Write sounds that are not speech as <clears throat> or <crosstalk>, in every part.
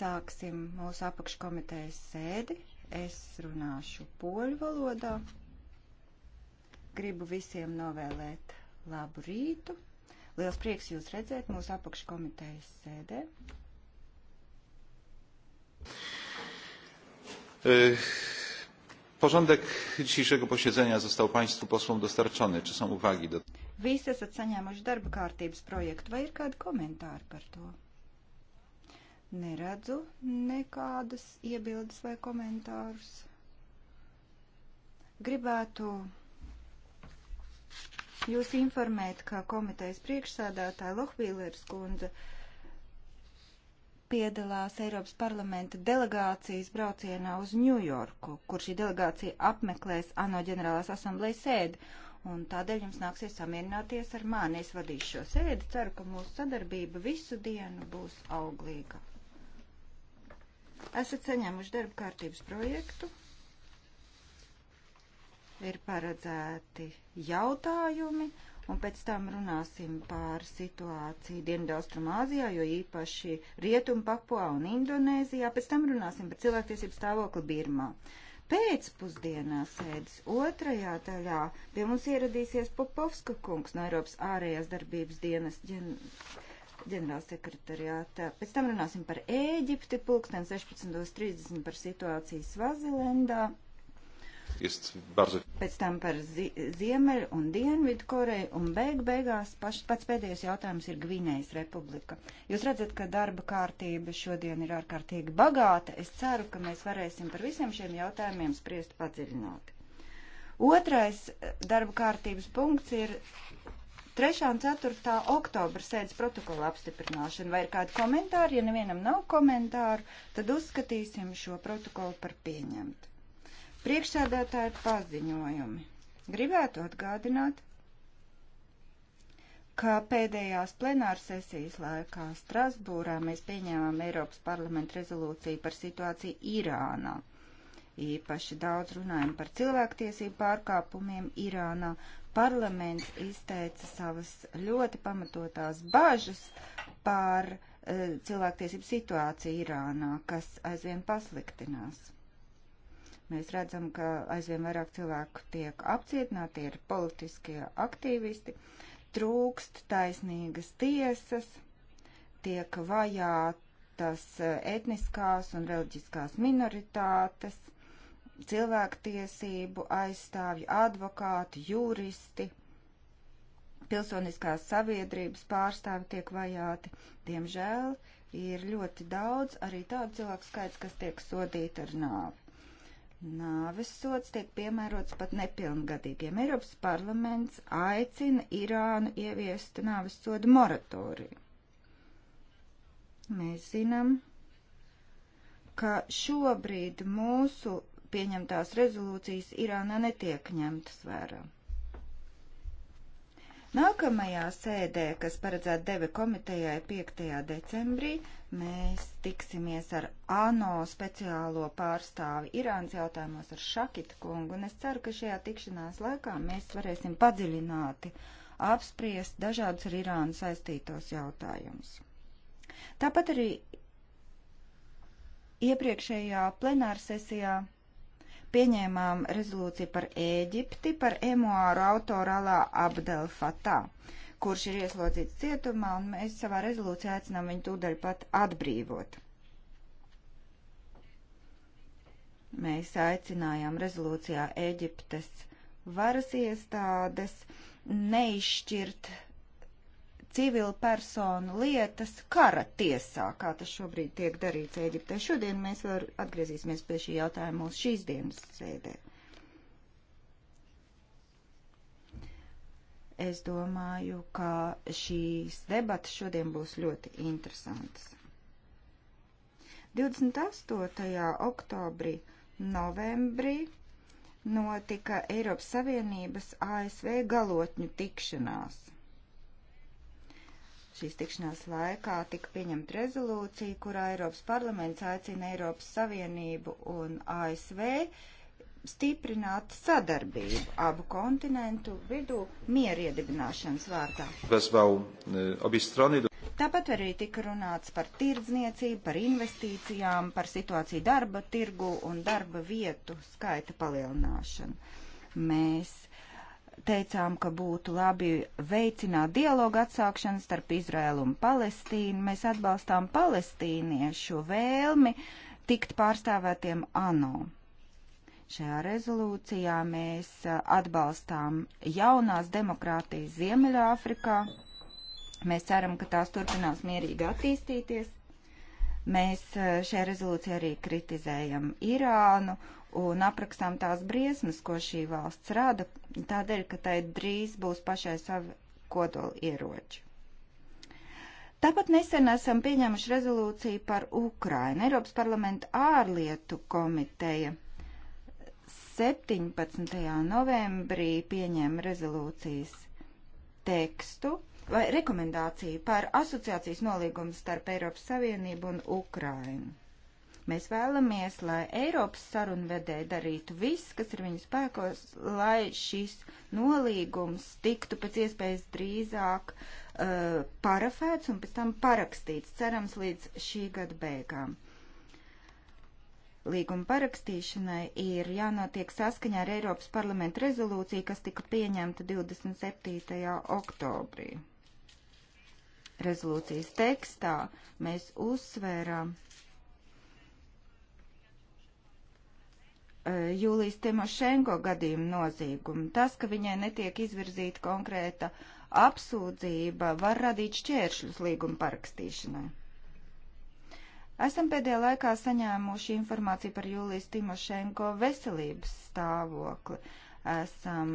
Sāksim mūsu apakškomitejas sēdi. Es runāšu poļu valodā. Gribu visiem novēlēt labu rītu. Liels prieks jūs redzēt mūsu apakškomitejas sēdē. E, porządek dzisiejszego posiedzenia został Państwu posłom dostarczony. Czy są uwagi do... Visi esat saņēmuši darba kārtības projektu, vai ir kādi komentāri par to? Neredzu nekādas iebildes vai komentārus. Gribētu jūs informēt, ka komitejas priekšsādātāja Lohbīlers kundze piedalās Eiropas parlamenta delegācijas braucienā uz Ņujorku, kur šī delegācija apmeklēs ANO ģenerālās asamblejas sēdi. Un tādēļ jums nāksies samierināties ar mani. Es vadīšu šo sēdi. Ceru, ka mūsu sadarbība visu dienu būs auglīga. Esat saņēmuši darba kārtības projektu. Ir paredzēti jautājumi, un pēc tam runāsim par situāciju Dienvidaustrumāzijā, jo īpaši Rietumpapuā un Indonēzijā. Pēc tam runāsim par cilvēktiesību stāvokli Birmā. Pēcpusdienā sēdes otrajā daļā pie mums ieradīsies Popovska kungs no Eiropas ārējās darbības dienas ģenerāla ģenerālsekretariātā. Pēc tam runāsim par Ēģipti, pulksten 16.30 par situāciju Svazilendā. Pēc tam par zi Ziemeļu un Dienvidu Koreju un beig beigās paš, pats pēdējais jautājums ir Gvinējas republika. Jūs redzat, ka darba kārtība šodien ir ārkārtīgi bagāta. Es ceru, ka mēs varēsim par visiem šiem jautājumiem spriest padziļināti. Otrais eh, darba kārtības punkts ir 3. un 4. oktobra sēdes protokola apstiprināšana. Vai ir kādi komentāri? Ja nevienam nav komentāru, tad uzskatīsim šo protokolu par pieņemtu. Priekšsēdētāji paziņojumi. Gribētu atgādināt, ka pēdējās plenāras sesijas laikā Strasbūrā mēs pieņēmām Eiropas parlamenta rezolūciju par situāciju Irānā. Īpaši daudz runājam par cilvēktiesību pārkāpumiem Irānā Parlaments izteica savas ļoti pamatotās bažas par e, cilvēktiesību situāciju Irānā, kas aizvien pasliktinās. Mēs redzam, ka aizvien vairāk cilvēku tiek apcietināti, ir politiskie aktīvisti, trūkst taisnīgas tiesas, tiek vajātas e, etniskās un reliģiskās minoritātes – cilvēktiesību aizstāvji, advokāti, juristi, pilsoniskās sabiedrības pārstāvi tiek vajāti. Diemžēl ir ļoti daudz arī tādu cilvēku skaits, kas tiek sodīti ar nāvi. Nāves sods tiek piemērots pat nepilngadīgiem. Eiropas parlaments aicina Irānu ieviest nāves sodu moratoriju. Mēs zinām, ka šobrīd mūsu pieņemtās rezolūcijas Irānā netiek ņemtas vērā. Nākamajā sēdē, kas paredzēta deve komitejai 5. decembrī, mēs tiksimies ar ANO speciālo pārstāvi Irānas jautājumos ar Šakita kungu, un es ceru, ka šajā tikšanās laikā mēs varēsim padziļināti apspriest dažādus ar Irānu saistītos jautājumus. Tāpat arī iepriekšējā plenārsesijā sesijā pieņēmām rezolūciju par Ēģipti, par emuāru autoru Alā Abdel Fatā, kurš ir ieslodzīts cietumā, un mēs savā rezolūcijā aicinām viņu tūdaļ pat atbrīvot. Mēs aicinājām rezolūcijā Ēģiptes varas iestādes neizšķirt civila personu lietas kara tiesā, kā tas šobrīd tiek darīts Eģiptē. Šodien mēs vēl atgriezīsimies pie šī jautājuma mūsu šīs dienas sēdē. Es domāju, ka šīs debatas šodien būs ļoti interesantas. 28. oktobrī, novembrī notika Eiropas Savienības ASV galotņu tikšanās šīs tikšanās laikā tika pieņemta rezolūcija, kurā Eiropas parlaments aicina Eiropas Savienību un ASV stiprināt sadarbību abu kontinentu vidū mieru iedibināšanas vārdā. E, Tāpat arī tika runāts par tirdzniecību, par investīcijām, par situāciju darba tirgu un darba vietu skaita palielināšanu. Mēs teicām, ka būtu labi veicināt dialogu atsākšanu starp Izraēlu un Palestīnu. Mēs atbalstām palestīniešu vēlmi tikt pārstāvētiem ANO. Šajā rezolūcijā mēs atbalstām jaunās demokrātijas Ziemeļāfrikā. Mēs ceram, ka tās turpinās mierīgi attīstīties. Mēs šajā rezolūcijā arī kritizējam Irānu un aprakstām tās briesmas, ko šī valsts rada, tādēļ, ka tai drīz būs pašai savi kodoli ieroči. Tāpat nesen esam pieņēmuši rezolūciju par Ukrainu. Eiropas parlamenta ārlietu komiteja 17. novembrī pieņēma rezolūcijas tekstu vai rekomendāciju par asociācijas nolīgumu starp Eiropas Savienību un Ukrainu. Mēs vēlamies, lai Eiropas sarunvedēji darītu viss, kas ir viņu spēkos, lai šis nolīgums tiktu pēc iespējas drīzāk uh, parafēts un pēc tam parakstīts, cerams, līdz šī gada beigām. Līguma parakstīšanai ir jānotiek saskaņā ar Eiropas parlamenta rezolūciju, kas tika pieņemta 27. oktobrī. Rezolūcijas tekstā mēs uzsvērām Jūlijas Timošenko gadījuma nozīgumu. Tas, ka viņai netiek izvirzīta konkrēta apsūdzība, var radīt šķēršļus līguma parakstīšanai. Esam pēdējā laikā saņēmuši informāciju par Jūlijas Timošenko veselības stāvokli. Esam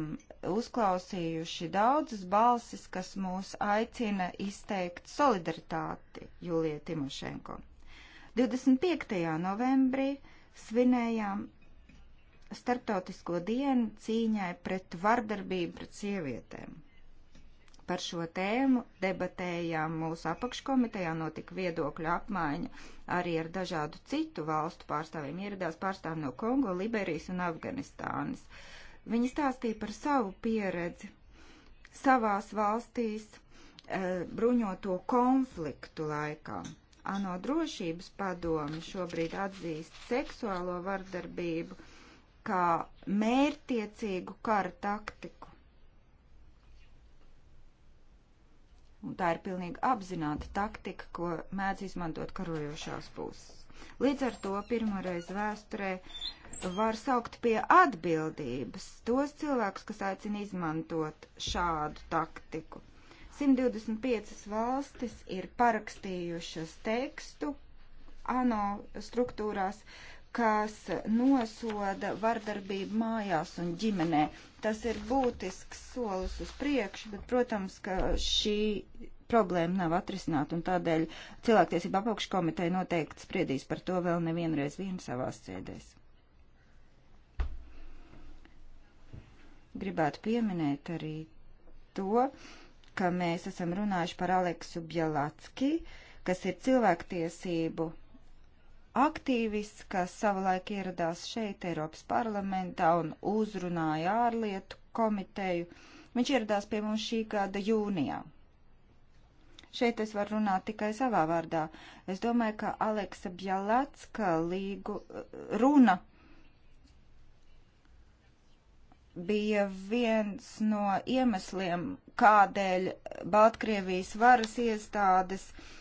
uzklausījuši daudzas balsis, kas mūs aicina izteikt solidaritāti Jūlijai Timošenko. 25. novembrī svinējām starptautisko dienu cīņai pret vardarbību pret sievietēm. Par šo tēmu debatējām mūsu apakškomitejā, notika viedokļu apmaiņa arī ar dažādu citu valstu pārstāvjiem. Ieradās pārstāvi no Kongo, Liberijas un Afganistānas. Viņi stāstīja par savu pieredzi savās valstīs e, bruņoto konfliktu laikā. ANO drošības padomi šobrīd atzīst seksuālo vardarbību kā mērtiecīgu kara taktiku. Un tā ir pilnīgi apzināta taktika, ko mēdz izmantot karojošās puses. Līdz ar to pirmoreiz vēsturē var saukt pie atbildības tos cilvēkus, kas aicina izmantot šādu taktiku. 125 valstis ir parakstījušas tekstu ANO struktūrās, uh, kas nosoda vardarbību mājās un ģimenē. Tas ir būtisks solis uz priekšu, bet, protams, ka šī problēma nav atrisināta un tādēļ cilvēktiesība apakškomiteja noteikti spriedīs par to vēl nevienreiz vien savās sēdēs. Gribētu pieminēt arī to, ka mēs esam runājuši par Aleksu Bjalacki, kas ir cilvēktiesību aktīvists, kas savulaik ieradās šeit Eiropas parlamentā un uzrunāja ārlietu komiteju. Viņš ieradās pie mums šī gada jūnijā. Šeit es varu runāt tikai savā vārdā. Es domāju, ka Aleksa Bjalatska līgu runa bija viens no iemesliem, kādēļ Baltkrievijas varas iestādes uh,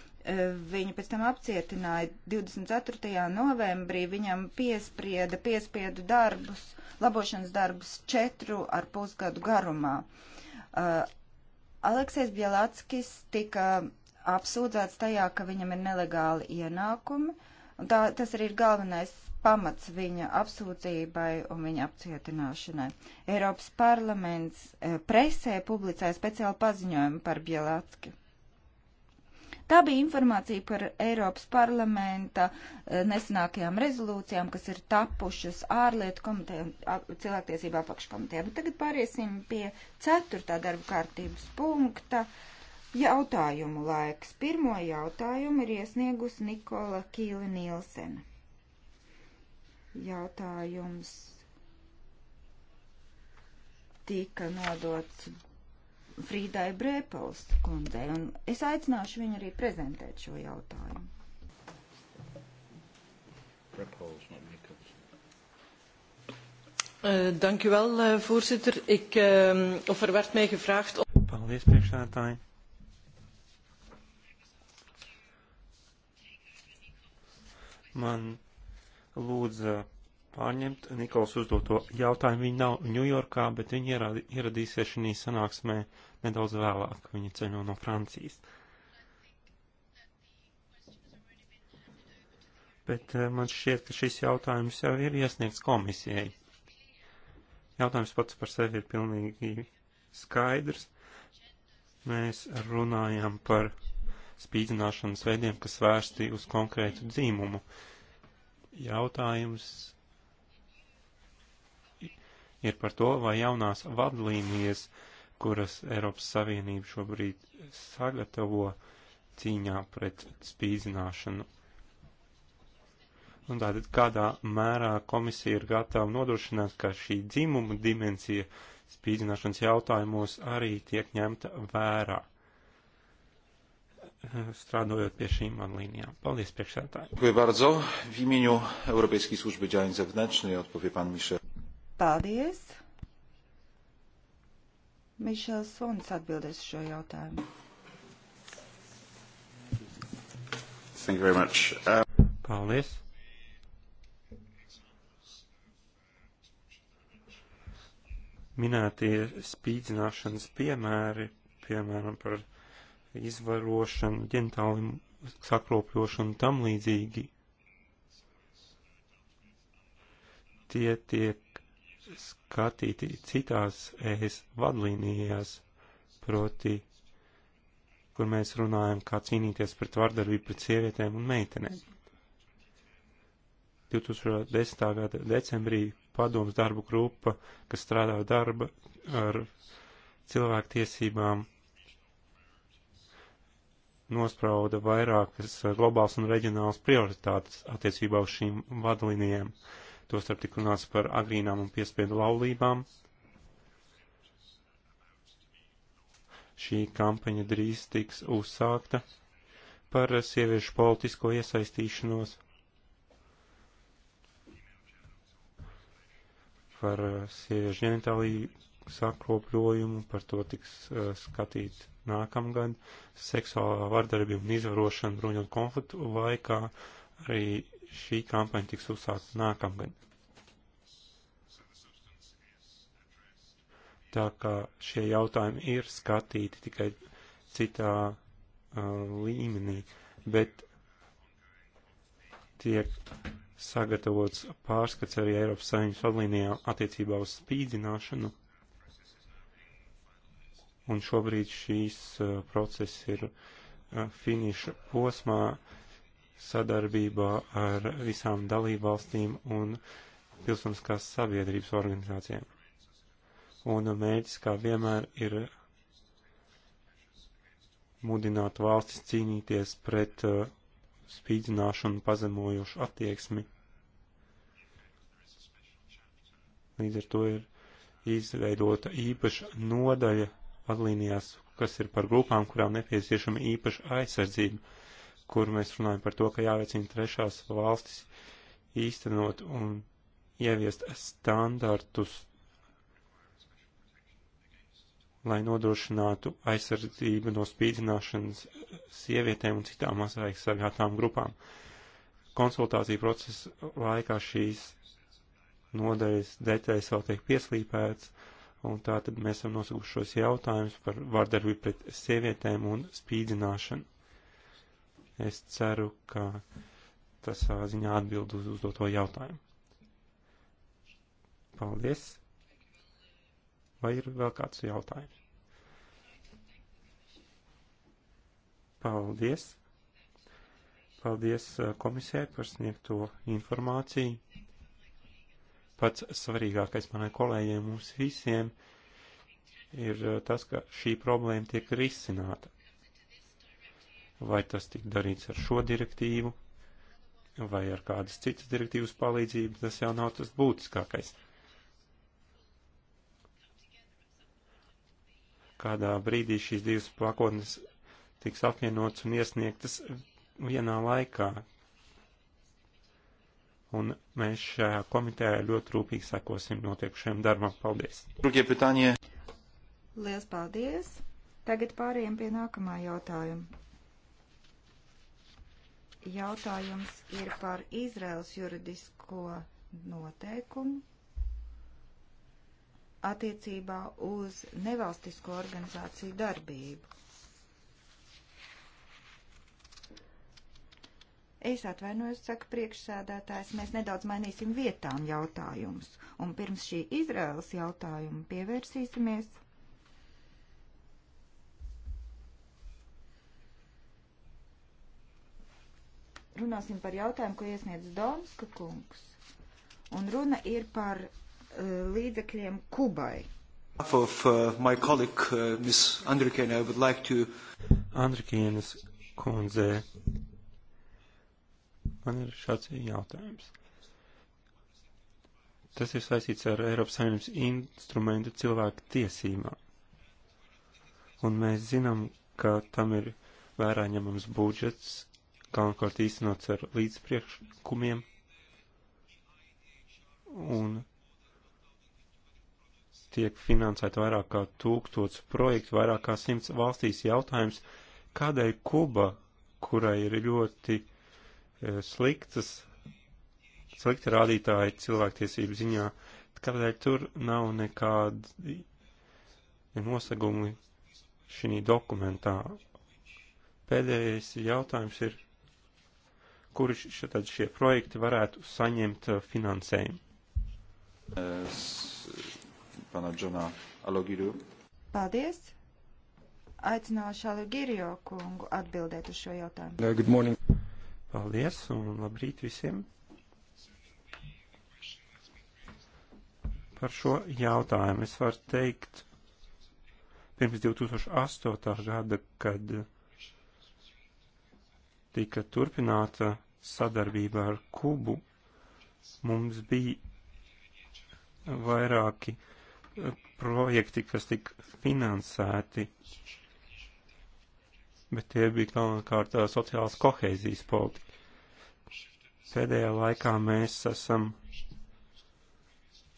Viņu pēc tam apcietināja 24. novembrī, viņam piesprieda piespiedu darbus, labošanas darbus četru ar pusgadu garumā. Uh, Aleksis Bielackis tika apsūdzēts tajā, ka viņam ir nelegāli ienākumi, un tā, tas arī ir galvenais pamats viņa apsūdzībai un viņa apcietināšanai. Eiropas parlaments eh, presē publicēja speciālu paziņojumu par Bielacki. Tā bija informācija par Eiropas parlamenta eh, nesenākajām rezolūcijām, kas ir tapušas ārlietu komiteja un cilvēktiesība apakškomiteja. Bet tagad pāriesim pie ceturtā darba kārtības punkta. Jautājumu laiks. Pirmo jautājumu ir iesniegusi Nikola Kīla Nielsena. Jautājums tika nodots Frīdai Brēpels kundzei, un es aicināšu viņu arī prezentēt šo jautājumu. Brēpels, no Mikls. Eh, dank u wel, eh, voorzitter. Ik, uh, eh, of er werd mij gevraagd om... Paldies, priekšsēdētāji. Man lūdza pārņemt Nikolas uzdoto jautājumu. Viņa nav Ņujorkā, bet viņa ierad, ieradīsies šī sanāksmē nedaudz vēlāk viņi ceļo no Francijas. Bet eh, man šķiet, ka šis jautājums jau ir iesniegts komisijai. Jautājums pats par sevi ir pilnīgi skaidrs. Mēs runājam par spīdzināšanas veidiem, kas vērsti uz konkrētu dzīmumu. Jautājums ir par to, vai jaunās vadlīnijas uh, kuras Eiropas Savienība šobrīd sagatavo cīņā pret spīdzināšanu. Un tātad kādā mērā komisija ir gatava nodrošināt, ka šī dzimuma dimensija spīdzināšanas jautājumos arī tiek ņemta vērā, strādājot pie šīm vadlīnijām. Paldies, priekšsētāji. Paldies. Mišels Fons atbildēs šo jautājumu. Thank you very much. Uh... Paldies. Minētie spīdzināšanas piemēri, piemēram, par izvarošanu, ģentālu sakropļošanu un tam līdzīgi, tie tiek skatīti citās ES vadlīnijās, proti, kur mēs runājam, kā cīnīties pret vardarbību pret sievietēm un meitenēm. 2010. gada decembrī padoms darbu grupa, kas strādā darba ar cilvēktiesībām, nosprauda vairākas globāls un reģionāls prioritātes attiecībā uz šīm vadlinijām. Uh, tostarp tik runāts par agrīnām un piespiedu laulībām. Šī kampaņa drīz tiks uzsākta par sieviešu politisko iesaistīšanos, par sieviešu ģenitāliju sakropļojumu, par to tiks uh, skatīt nākamgad, seksuālā vardarbība un izvarošana bruņotu konfliktu laikā, arī šī kampaņa tiks uzsākta nākamgad. Tā kā šie jautājumi ir skatīti tikai citā uh, līmenī, bet tiek sagatavots pārskats arī Eiropas Savienības vadlīnijām attiecībā uz spīdzināšanu. Un šobrīd šīs uh, process ir uh, finiša posmā. Uh, sadarbībā ar visām dalībvalstīm un pilsoniskās sabiedrības organizācijām. Un mērķis, kā vienmēr, ir mudināt valstis cīnīties pret uh, spīdzināšanu pazemojošu attieksmi. Līdz ar to ir izveidota īpaša nodaļa vadlīnijās, kas ir par grupām, kurām nepieciešama īpaša aizsardzība kur mēs runājam par to, ka jāveicina trešās valstis īstenot un ieviest standartus, lai nodrošinātu aizsardzību no spīdzināšanas sievietēm un citām mazāk sargātām grupām. Konsultāciju procesa laikā šīs nodaļas detaļas vēl tiek pieslīpētas, un tā tad mēs esam nosakušos jautājumus par vardarbību pret sievietēm un spīdzināšanu. Es ceru, ka tas savā ziņā atbild uz uzdoto jautājumu. Paldies! Vai ir vēl kāds jautājums? Paldies! Paldies uh, komisē par sniegto informāciju. Pats svarīgākais manai kolēģiem mums visiem ir uh, tas, ka šī problēma tiek risināta vai tas tik darīts ar šo direktīvu, vai ar kādas citas direktīvas palīdzību, tas jau nav tas būtiskākais. Kādā brīdī šīs divas pakotnes tiks apvienotas un iesniegtas vienā laikā. Un mēs šajā komitejā ļoti rūpīgi sekosim notiekušajam darbam. Paldies! Liels paldies! Tagad pārējiem pie nākamā jautājuma jautājums ir par Izraels juridisko noteikumu attiecībā uz nevalstisko organizāciju darbību. Es atvainojos, saka priekšsēdētājs, mēs nedaudz mainīsim vietām jautājumus, un pirms šī Izraels jautājuma pievērsīsimies runāsim par jautājumu, ko iesniedz Domska kungs. Un runa ir par uh, līdzekļiem Kubai. Of, uh, my colleague, uh, eh, Ms. Andrikēne, I would like to... Andrikēnes kundze, man ir šāds jautājums. Tas ir saistīts ar Eiropas Savienības instrumentu cilvēku tiesībām. Un mēs zinām, ka tam ir vērā ņemams budžets, galvenokārt īstenots ar līdzpriekšlikumiem un tiek finansēta vairāk kā tūkstots projektu vairāk kā simts valstīs jautājums, kādēļ Kuba, kurai ir ļoti e, sliktas, slikti rādītāji cilvēktiesību ziņā, kādēļ tur nav nekādi nosagumi šī dokumentā. Pēdējais jautājums ir, kuri šitad šie projekti varētu saņemt uh, finansējumu. Eh, pana Džona Alogiru. Paldies. Aicināšu Alogirio kungu atbildēt uz šo jautājumu. Eh, good morning. Paldies un labrīt visiem. Par šo jautājumu es varu teikt, pirms 2008. gada, kad tika turpināta sadarbībā ar Kubu mums bija vairāki eh, projekti, kas tika finansēti, bet tie bija galvenokārt eh, sociālas koheizijas politika. Pēdējā laikā mēs esam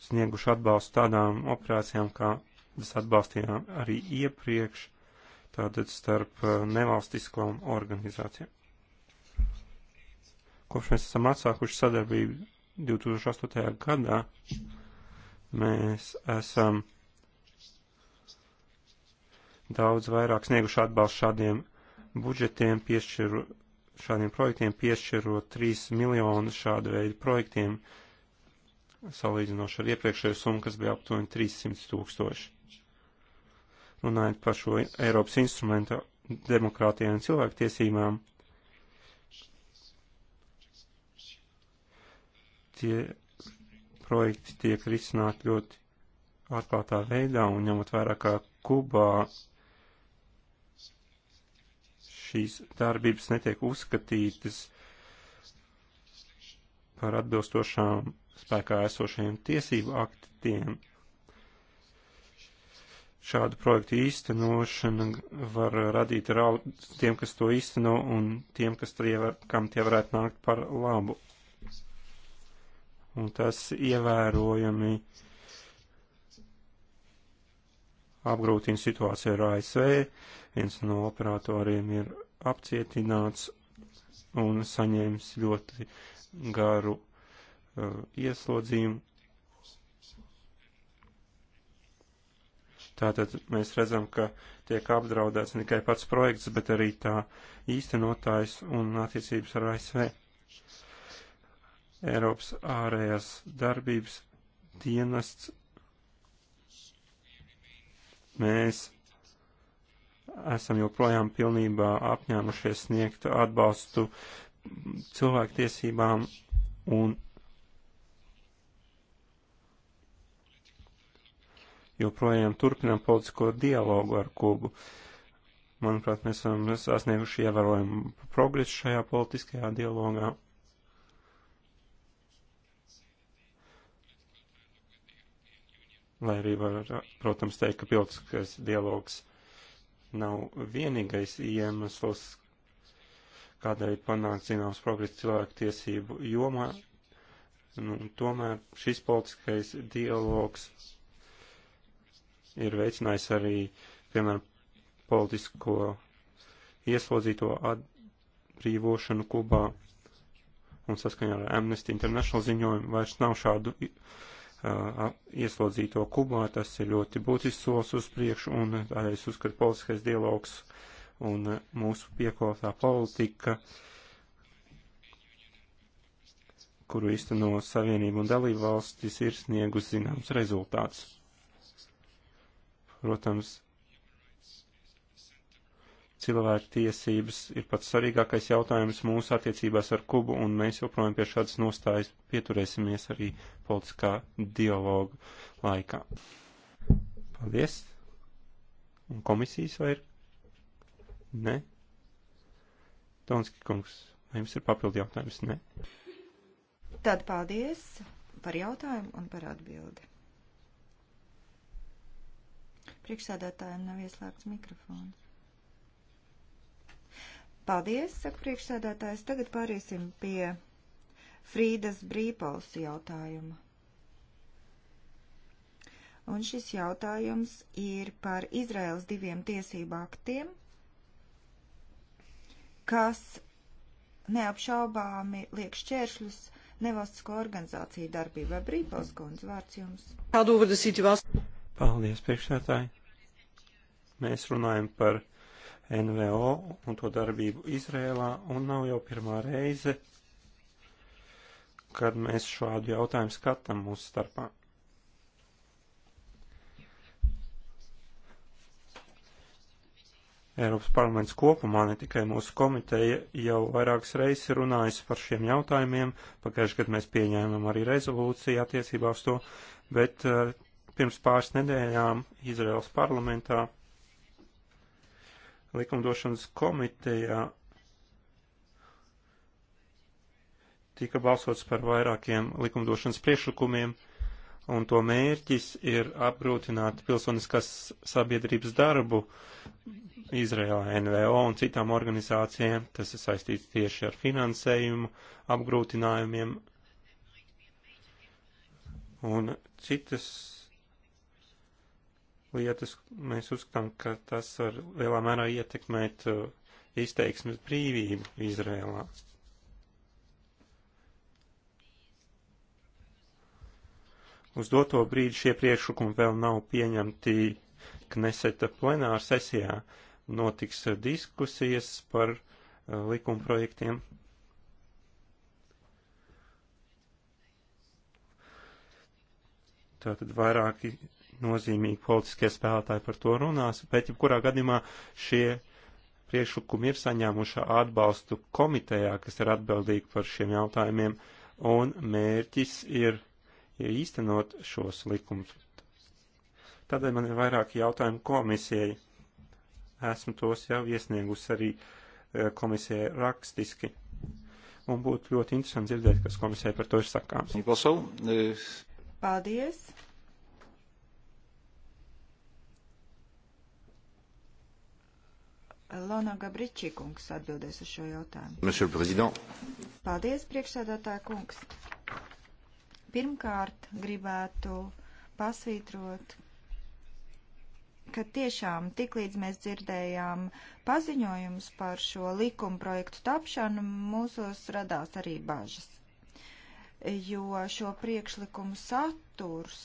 snieguši atbalstu tādām operācijām, kā mēs atbalstījām arī iepriekš, tātad starp eh, nevalstiskām organizācijām. Kopš mēs esam atsākuši sadarbību 2008. gadā, mēs esam daudz vairāk snieguši atbalstu šādiem budžetiem, piešķiru, šādiem projektiem, piešķirot 3 miljonus šādu veidu projektiem, salīdzinoši ar iepriekšējo summu, kas bija aptuveni 300 tūkstoši. Runājot par šo Eiropas instrumentu demokrātiem un cilvēktiesībām, tie projekti tiek risināti ļoti atklātā veidā un ņemot vērā, ka Kubā šīs darbības netiek uzskatītas par atbilstošām spēkā esošajiem tiesību aktiem. Šādu projektu īstenošana var radīt raud tiem, kas to īsteno, un tiem, kas tie var, kam tie varētu nākt par labu un tas ievērojami apgrūtina situāciju ar ASV. Viens no operatoriem ir apcietināts un saņēmis ļoti garu uh, ieslodzījumu. Tātad mēs redzam, ka tiek apdraudēts ne tikai pats projekts, bet arī tā īstenotājs un attiecības ar ASV. Eiropas ārējās darbības dienests. Mēs esam joprojām pilnībā apņēmušies sniegt atbalstu cilvēktiesībām un joprojām turpinām politisko dialogu ar Kubu. Manuprāt, mēs esam sasnieguši ievērojumu progresu šajā politiskajā dialogā. Lai arī var, protams, teikt, ka pilsētiskais dialogs nav vienīgais iemesls, kādēļ panākt zināms progress cilvēku tiesību jomā. Nu, tomēr šis politiskais dialogs ir veicinājis arī, piemēram, politisko ieslodzīto atbrīvošanu Kubā un saskaņā ar Amnesty International ziņojumu vairs nav šādu ieslodzīto Kubā. Tas ir ļoti būtisks solis uz priekšu, un arī es uzskatu politiskais dialogs un mūsu piekoptā politika, kuru izteno Savienība un dalība valstis, ir sniegus zināms rezultāts. Protams, Cilvēktiesības ir pats svarīgākais jautājums mūsu attiecībās ar Kubu, un mēs joprojām pie šādas nostājas pieturēsimies arī politiskā dialoga laikā. Paldies! Un komisijas vai ir? Nē. Tonski kungs, vai jums ir papildi jautājums? Nē. Tad paldies par jautājumu un par atbildi. Priekšsēdētājiem nav ieslēgts mikrofons. Paldies, saka priekšsēdētājs. Tagad pāriesim pie Frīdas Brīpols jautājuma. Un šis jautājums ir par Izraels diviem tiesību aktiem, kas neapšaubāmi liek šķēršļus nevalstisko organizāciju darbībai. Brīpols kundze, vārds jums. Paldies, priekšsētāji. Mēs runājam par NVO un to darbību Izrēlā, un nav jau pirmā reize, kad mēs šādu jautājumu skatām mūsu starpā. Eiropas parlaments kopumā, ne tikai mūsu komiteja, jau vairākas reizes runājas par šiem jautājumiem. Pagājuši gadu mēs pieņēmām arī rezolūciju attiecībā uz to, bet uh, pirms pāris nedēļām Izraels parlamentā likumdošanas komitejā tika balsots par vairākiem likumdošanas priešlikumiem, un to mērķis ir apgrūtināt pilsoniskās sabiedrības darbu Izrēlā, NVO un citām organizācijām. Tas ir saistīts tieši ar finansējumu, apgrūtinājumiem un citas lietas, mēs uzskatām, ka tas var lielā mērā ietekmēt uh, izteiksmes brīvību Izrēlā. Uz doto brīdi šie priekšlikumi vēl nav pieņemti Kneseta plenāra sesijā. Notiks uh, diskusijas par uh, likumprojektiem. Tātad vairāki nozīmīgi politiskie spēlētāji par to runās, bet jebkurā gadījumā šie priekšlikumi ir saņēmuši atbalstu komitejā, kas ir atbildīgi par šiem jautājumiem, un mērķis ir, ir īstenot šos likumus. Tādēļ man ir vairāki jautājumi komisijai. Esmu tos jau iesniegusi arī e, komisijai rakstiski. Un būtu ļoti interesanti dzirdēt, kas komisijai par to ir sakāms. Paldies! Lona Gabričī kungs atbildēs uz šo jautājumu. Paldies, priekšsēdētāja kungs. Pirmkārt, gribētu pasvītrot, ka tiešām tiklīdz mēs dzirdējām paziņojumus par šo likuma projektu tapšanu, mūsos radās arī bažas, jo šo priekšlikumu saturs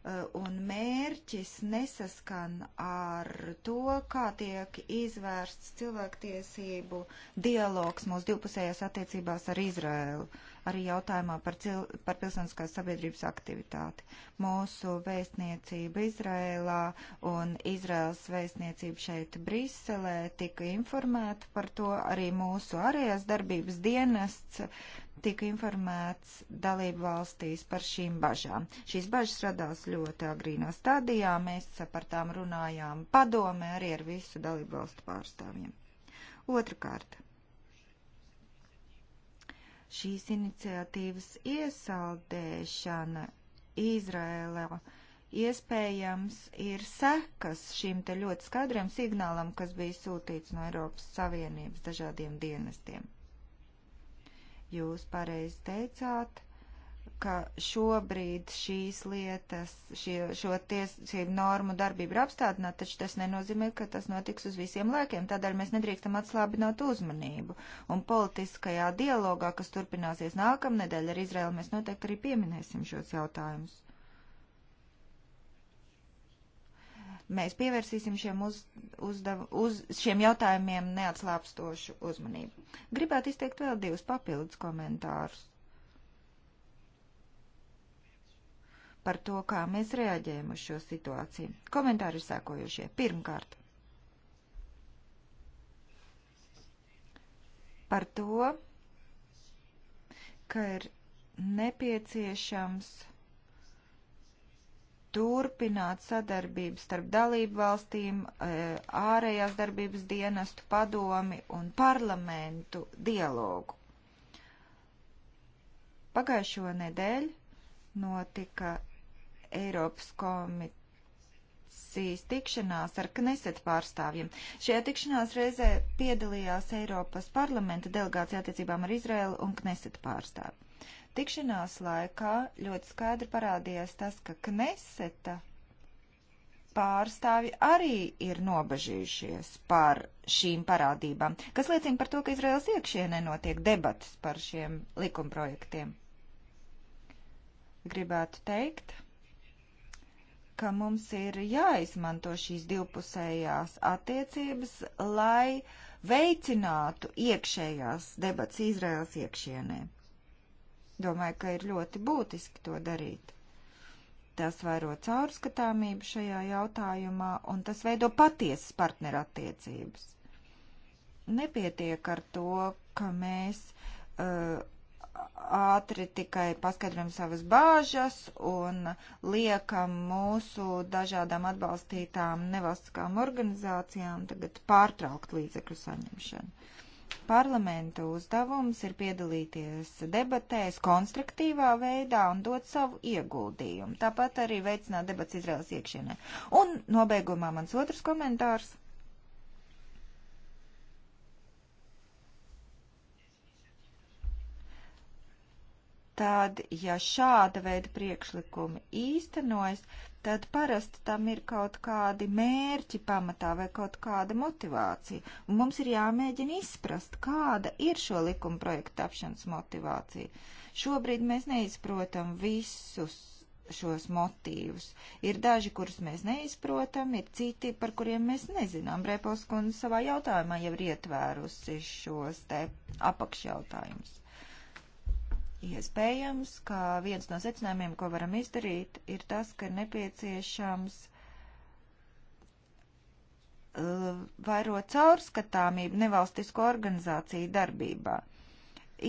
Eh, un mērķis nesaskan ar to, kā tiek izvērsts cilvēktiesību dialogs mūsu divpusējās attiecībās ar Izraēlu, arī jautājumā par, cil, par pilsoniskās sabiedrības aktivitāti. Mūsu vēstniecība Izrēlā un Izraēlas vēstniecība šeit Briselē tika informēta par to, arī mūsu ārējās darbības dienests tika informēts dalību valstīs par šīm bažām. Šīs bažas radās ļoti agrīnā stadijā, mēs par tām runājām padomē arī ar visu dalību valstu pārstāvjiem. Otrakārt, šīs iniciatīvas iesaldēšana Izrēlē iespējams ir sekas šim te ļoti skaidriem signālam, kas bija sūtīts no Eiropas Savienības dažādiem dienestiem. Jūs pareizi teicāt, ka šobrīd šīs lietas, šie, šo tiesību normu darbību ir apstādināta, taču tas nenozīmē, ka tas notiks uz visiem laikiem. Tādēļ mēs nedrīkstam atslābināt uzmanību. Un politiskajā dialogā, kas turpināsies nākamnedēļ ar Izraelu, mēs noteikti arī pieminēsim šos jautājumus. Mēs pievērsīsim šiem, uz, uzdev, uz, šiem jautājumiem neatslāpstošu uzmanību. Gribētu izteikt vēl divus papildus komentārus par to, kā mēs reaģējam uz šo situāciju. Komentāri ir sēkojošie. Pirmkārt, par to, ka ir nepieciešams turpināt sadarbību starp dalību valstīm, e, ārējās darbības dienestu padomi un parlamentu dialogu. Pagājušo nedēļu notika Eiropas komisijas tikšanās ar Kneset pārstāvjiem. Šajā tikšanās reizē piedalījās Eiropas parlamenta delegācija attiecībām ar Izraelu un Kneset pārstāvjiem. Tikšanās laikā ļoti skaidri parādījās tas, ka Kneseta pārstāvi arī ir nobežījušies par šīm parādībām, kas liecina par to, ka Izraels iekšienē notiek debatas par šiem likumprojektiem. Gribētu teikt, ka mums ir jāizmanto šīs divpusējās attiecības, lai veicinātu iekšējās debats Izraels iekšienē. Domāju, ka ir ļoti būtiski to darīt. Tas vairo caurskatāmību šajā jautājumā, un tas veido patiesas partnerattiecības. Nepietiek ar to, ka mēs uh, ātri tikai paskaidrojam savas bāžas un liekam mūsu dažādām atbalstītām nevalstiskām organizācijām tagad pārtraukt līdzekļu saņemšanu. Parlamenta uzdevums ir piedalīties debatēs konstruktīvā veidā un dot savu ieguldījumu. Tāpat arī veicināt debats Izraels iekšienē. Un nobeigumā mans otrs komentārs. tad, ja šāda veida priekšlikumi īstenojas, tad parasti tam ir kaut kādi mērķi pamatā vai kaut kāda motivācija. Un mums ir jāmēģina izprast, kāda ir šo likuma projektu tapšanas motivācija. Šobrīd mēs neizprotam visus šos motīvus. Ir daži, kurus mēs neizprotam, ir citi, par kuriem mēs nezinām. Brepos kundze savā jautājumā jau ir ietvērusi šos te apakšjautājumus. Iespējams, ka viens no secinājumiem, ko varam izdarīt, ir tas, ka ir nepieciešams uh, vairot caurskatāmību nevalstisko organizāciju darbībā.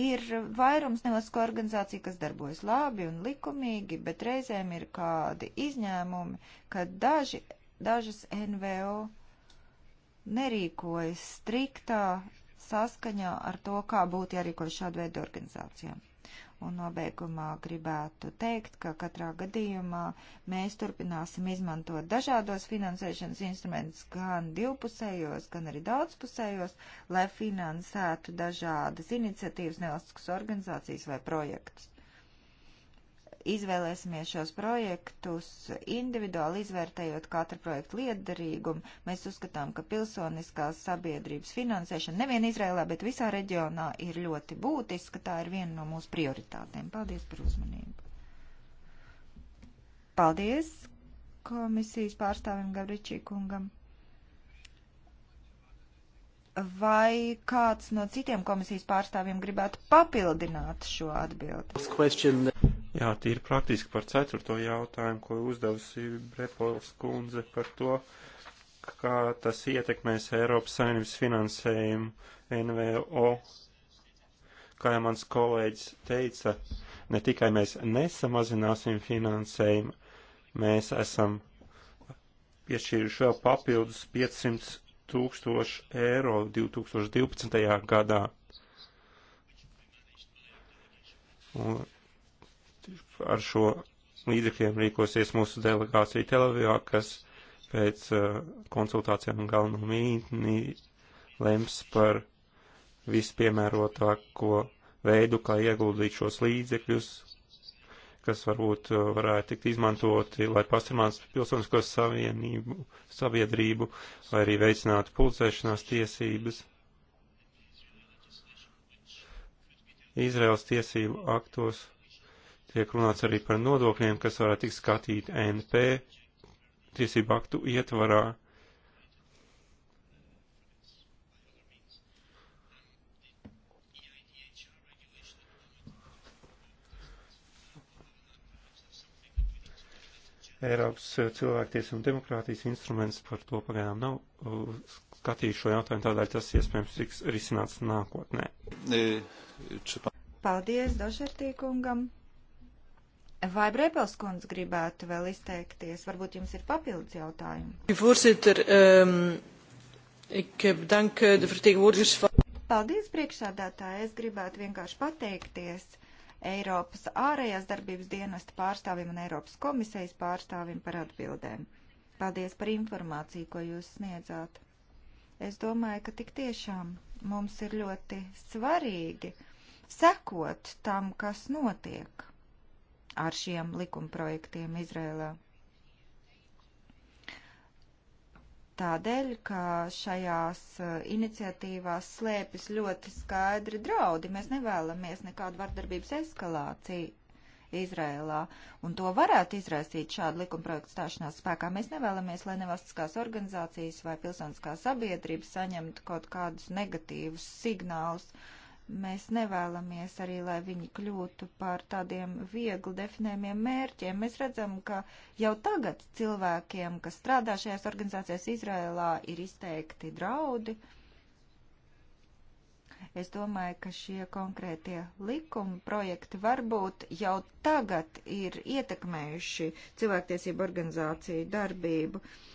Ir vairums nevalstisko organizāciju, kas darbojas labi un likumīgi, bet reizēm ir kādi izņēmumi, kad daži, dažas NVO nerīkojas striktā saskaņā ar to, kā būtu jārīkojas šāda veida organizācijām. Un nobeigumā gribētu teikt, ka katrā gadījumā mēs turpināsim izmantot dažādos finansēšanas instrumentus, gan divpusējos, gan arī daudzpusējos, lai finansētu dažādas iniciatīvas, nevalstiskas organizācijas vai projektus izvēlēsimies šos projektus individuāli izvērtējot katru projektu liederīgumu. Mēs uzskatām, ka pilsoniskās sabiedrības finansēšana nevien Izrēlā, bet visā reģionā ir ļoti būtiska. Tā ir viena no mūsu prioritātēm. Paldies par uzmanību. Paldies komisijas pārstāvim Gavričī kungam. Vai kāds no citiem komisijas pārstāvjiem gribētu papildināt šo atbildi? Jā, tīri praktiski par ceturto jautājumu, ko uzdevusi Brepols kundze par to, kā tas ietekmēs Eiropas Savienības finansējumu NVO. Kā jau mans kolēģis teica, ne tikai mēs nesamazināsim finansējumu, mēs esam piešķīruši vēl papildus 500 tūkstoši eiro 2012. gadā. Un ar šo līdzekļiem rīkosies mūsu delegācija Telavijā, kas pēc uh, konsultācijām galveno mītni lems par vispiemērotāko veidu, kā ieguldīt šos līdzekļus, kas varbūt uh, varētu tikt izmantoti, lai pastiprinātu pilsonisko savienību, sabiedrību, vai arī veicinātu pulcēšanās tiesības. Izraels tiesību aktos Tiek runāts arī par nodokļiem, kas varētu tikt skatīti NP tiesību aktu ietvarā. Eiropas cilvēkties un demokrātijas instruments par to pagaidām nav uh, skatījis šo jautājumu, tādēļ tas iespējams tiks risināts nākotnē. Paldies Dožertīkungam! Vai Brepels kundze gribētu vēl izteikties? Varbūt jums ir papildus jautājumi. Ehm, eh, Paldies, priekšsādātāji. Es gribētu vienkārši pateikties Eiropas ārējās darbības dienesta pārstāvim un Eiropas komisijas pārstāvim par atbildēm. Paldies par informāciju, ko jūs sniedzāt. Es domāju, ka tik tiešām mums ir ļoti svarīgi sekot tam, kas notiek ar šiem likumprojektiem Izrēlā. tādēļ, ka šajās e, iniciatīvās slēpjas ļoti skaidri draudi. Mēs nevēlamies nekādu vardarbības eskalāciju Izrēlā, un to varētu izraisīt šādu likumprojektu stāšanās spēkā. Mēs nevēlamies, lai nevalstiskās organizācijas vai pilsoniskā sabiedrība saņemtu kaut kādus negatīvus signālus uh, Mēs nevēlamies arī, lai viņi kļūtu par tādiem viegli definējumiem mērķiem. Mēs redzam, ka jau tagad cilvēkiem, kas strādā šajās organizācijās Izrēlā, ir izteikti draudi. Es domāju, ka šie konkrētie likuma projekti varbūt jau tagad ir ietekmējuši cilvēktiesību organizāciju darbību. Uh,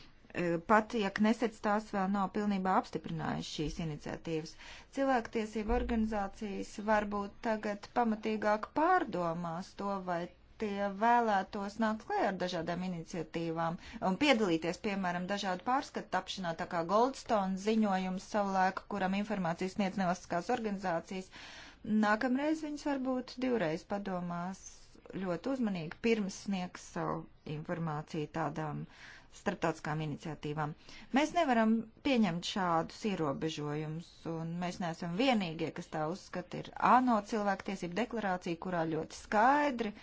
pat ja Knesets tās vēl nav pilnībā apstiprinājuši šīs iniciatīvas. Cilvēktiesība organizācijas varbūt tagad pamatīgāk pārdomās to, vai tie vēlētos nākt klajā ar dažādām iniciatīvām un piedalīties, piemēram, dažādu pārskatu tapšanā, tā kā Goldstone ziņojums savulaik, kuram informācijas sniedz nevalstiskās organizācijas. Nākamreiz viņas varbūt divreiz padomās ļoti uzmanīgi pirms sniegs savu informāciju tādām uh, starptautiskām iniciatīvām. Mēs nevaram pieņemt šādus ierobežojumus, un mēs neesam vienīgie, kas tā uzskata. Ir ANO cilvēktiesība deklarācija, kurā ļoti skaidri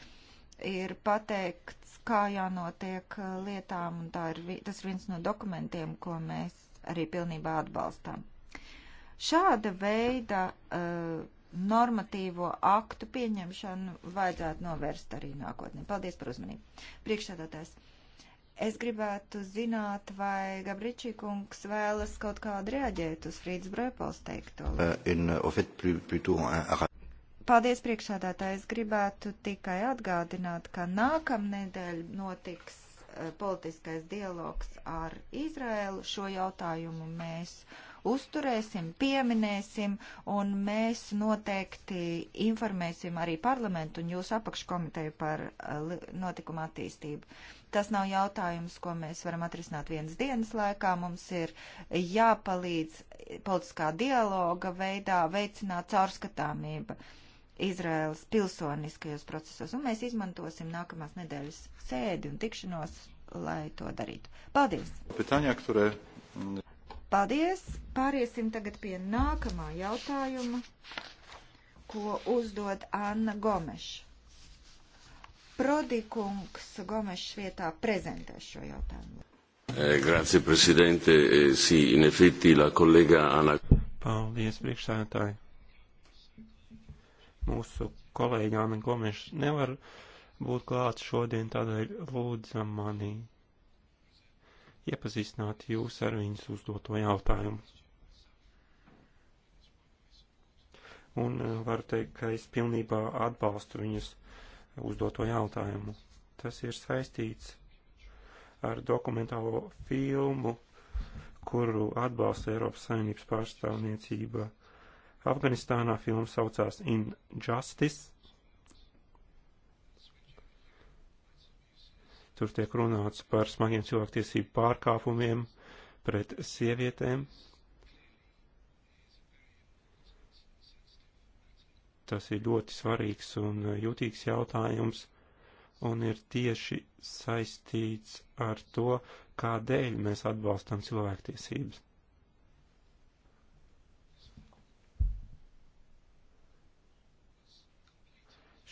ir pateikts, kā jānotiek uh, lietām, un ir, tas ir viens no dokumentiem, ko mēs arī pilnībā atbalstām. Šāda veida uh, normatīvo aktu pieņemšanu vajadzētu novērst arī nākotnē. Paldies par uzmanību. Priekšsēdētājs. Es gribētu zināt, vai Gabričī kungs vēlas kaut kādu reaģēt uz Frīdas Brēpols teikto. Euh, Paldies priekšādātāji. Es gribētu tikai atgādināt, ka nākamnedēļ notiks eh, politiskais dialogs ar Izraēlu. Šo jautājumu mēs uzturēsim, pieminēsim, un mēs noteikti informēsim arī parlamentu un jūsu apakškomiteju par eh, notikumu attīstību. Tas nav jautājums, ko mēs varam atrisināt vienas dienas laikā. Mums ir jāpalīdz politiskā dialoga veidā veicināt caurskatāmību Izraels pilsoniskajos procesos. Un mēs izmantosim nākamās nedēļas sēdi un tikšanos, lai to darītu. Paldies! Pitāņā, kurē... Paldies! Pāriesim tagad pie nākamā jautājuma, ko uzdod Anna Gomeša. Prodikungs Gomešs vietā prezentēs šo jautājumu. Eh, grazie, prezidente. Eh, sì, in effetti la collega Anna. Paldies, priekšsēdētāji. Mūsu kolēģi Anna Gomeša nevar būt klāt šodien, tādēļ lūdzam mani iepazīstināt jūs ar viņas uzdoto jautājumu. Un eh, varu teikt, ka es pilnībā atbalstu viņas uzdoto jautājumu. Tas ir saistīts ar dokumentālo filmu, kuru atbalsta Eiropas Savienības pārstāvniecība. Afganistānā filma saucās Injustice. Tur tiek runāts par smagiem cilvēktiesību pārkāpumiem pret sievietēm, Tas ir ļoti svarīgs un jūtīgs jautājums un ir tieši saistīts ar to, kādēļ mēs atbalstam cilvēktiesības.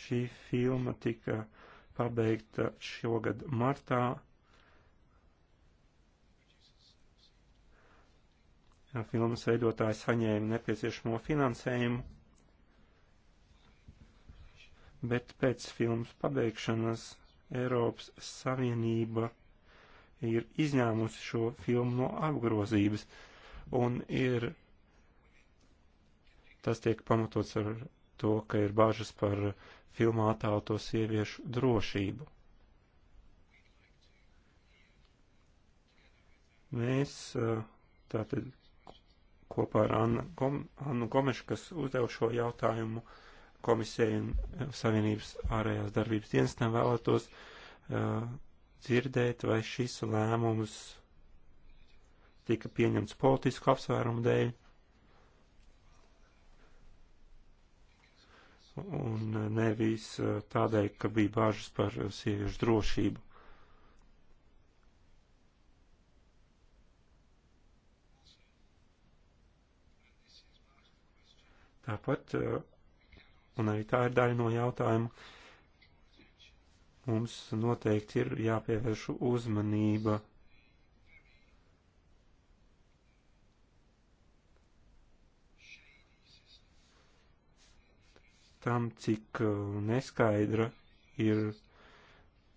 Šī filma tika pabeigta šogad martā. Filmas veidotājs saņēma nepieciešamo finansējumu bet pēc filmas pabeigšanas Eiropas Savienība ir izņēmusi šo filmu no apgrozības un ir tas tiek pamatots ar to, ka ir bažas par filmā attēloto sieviešu drošību. Mēs eh, tātad kopā ar Annu, Gom, Annu Gomešu, kas uzdev šo jautājumu, uh, komisijai un eh, Savienības ārējās darbības dienestam vēlētos uh, dzirdēt, vai šis lēmums tika pieņemts politisku apsvērumu dēļ. Un eh, nevis tādēļ, ka bija bāžas par sieviešu drošību. Tāpat un arī tā ir daļa no jautājuma. Mums noteikti ir jāpievērš uzmanība. Tam, cik uh, neskaidra ir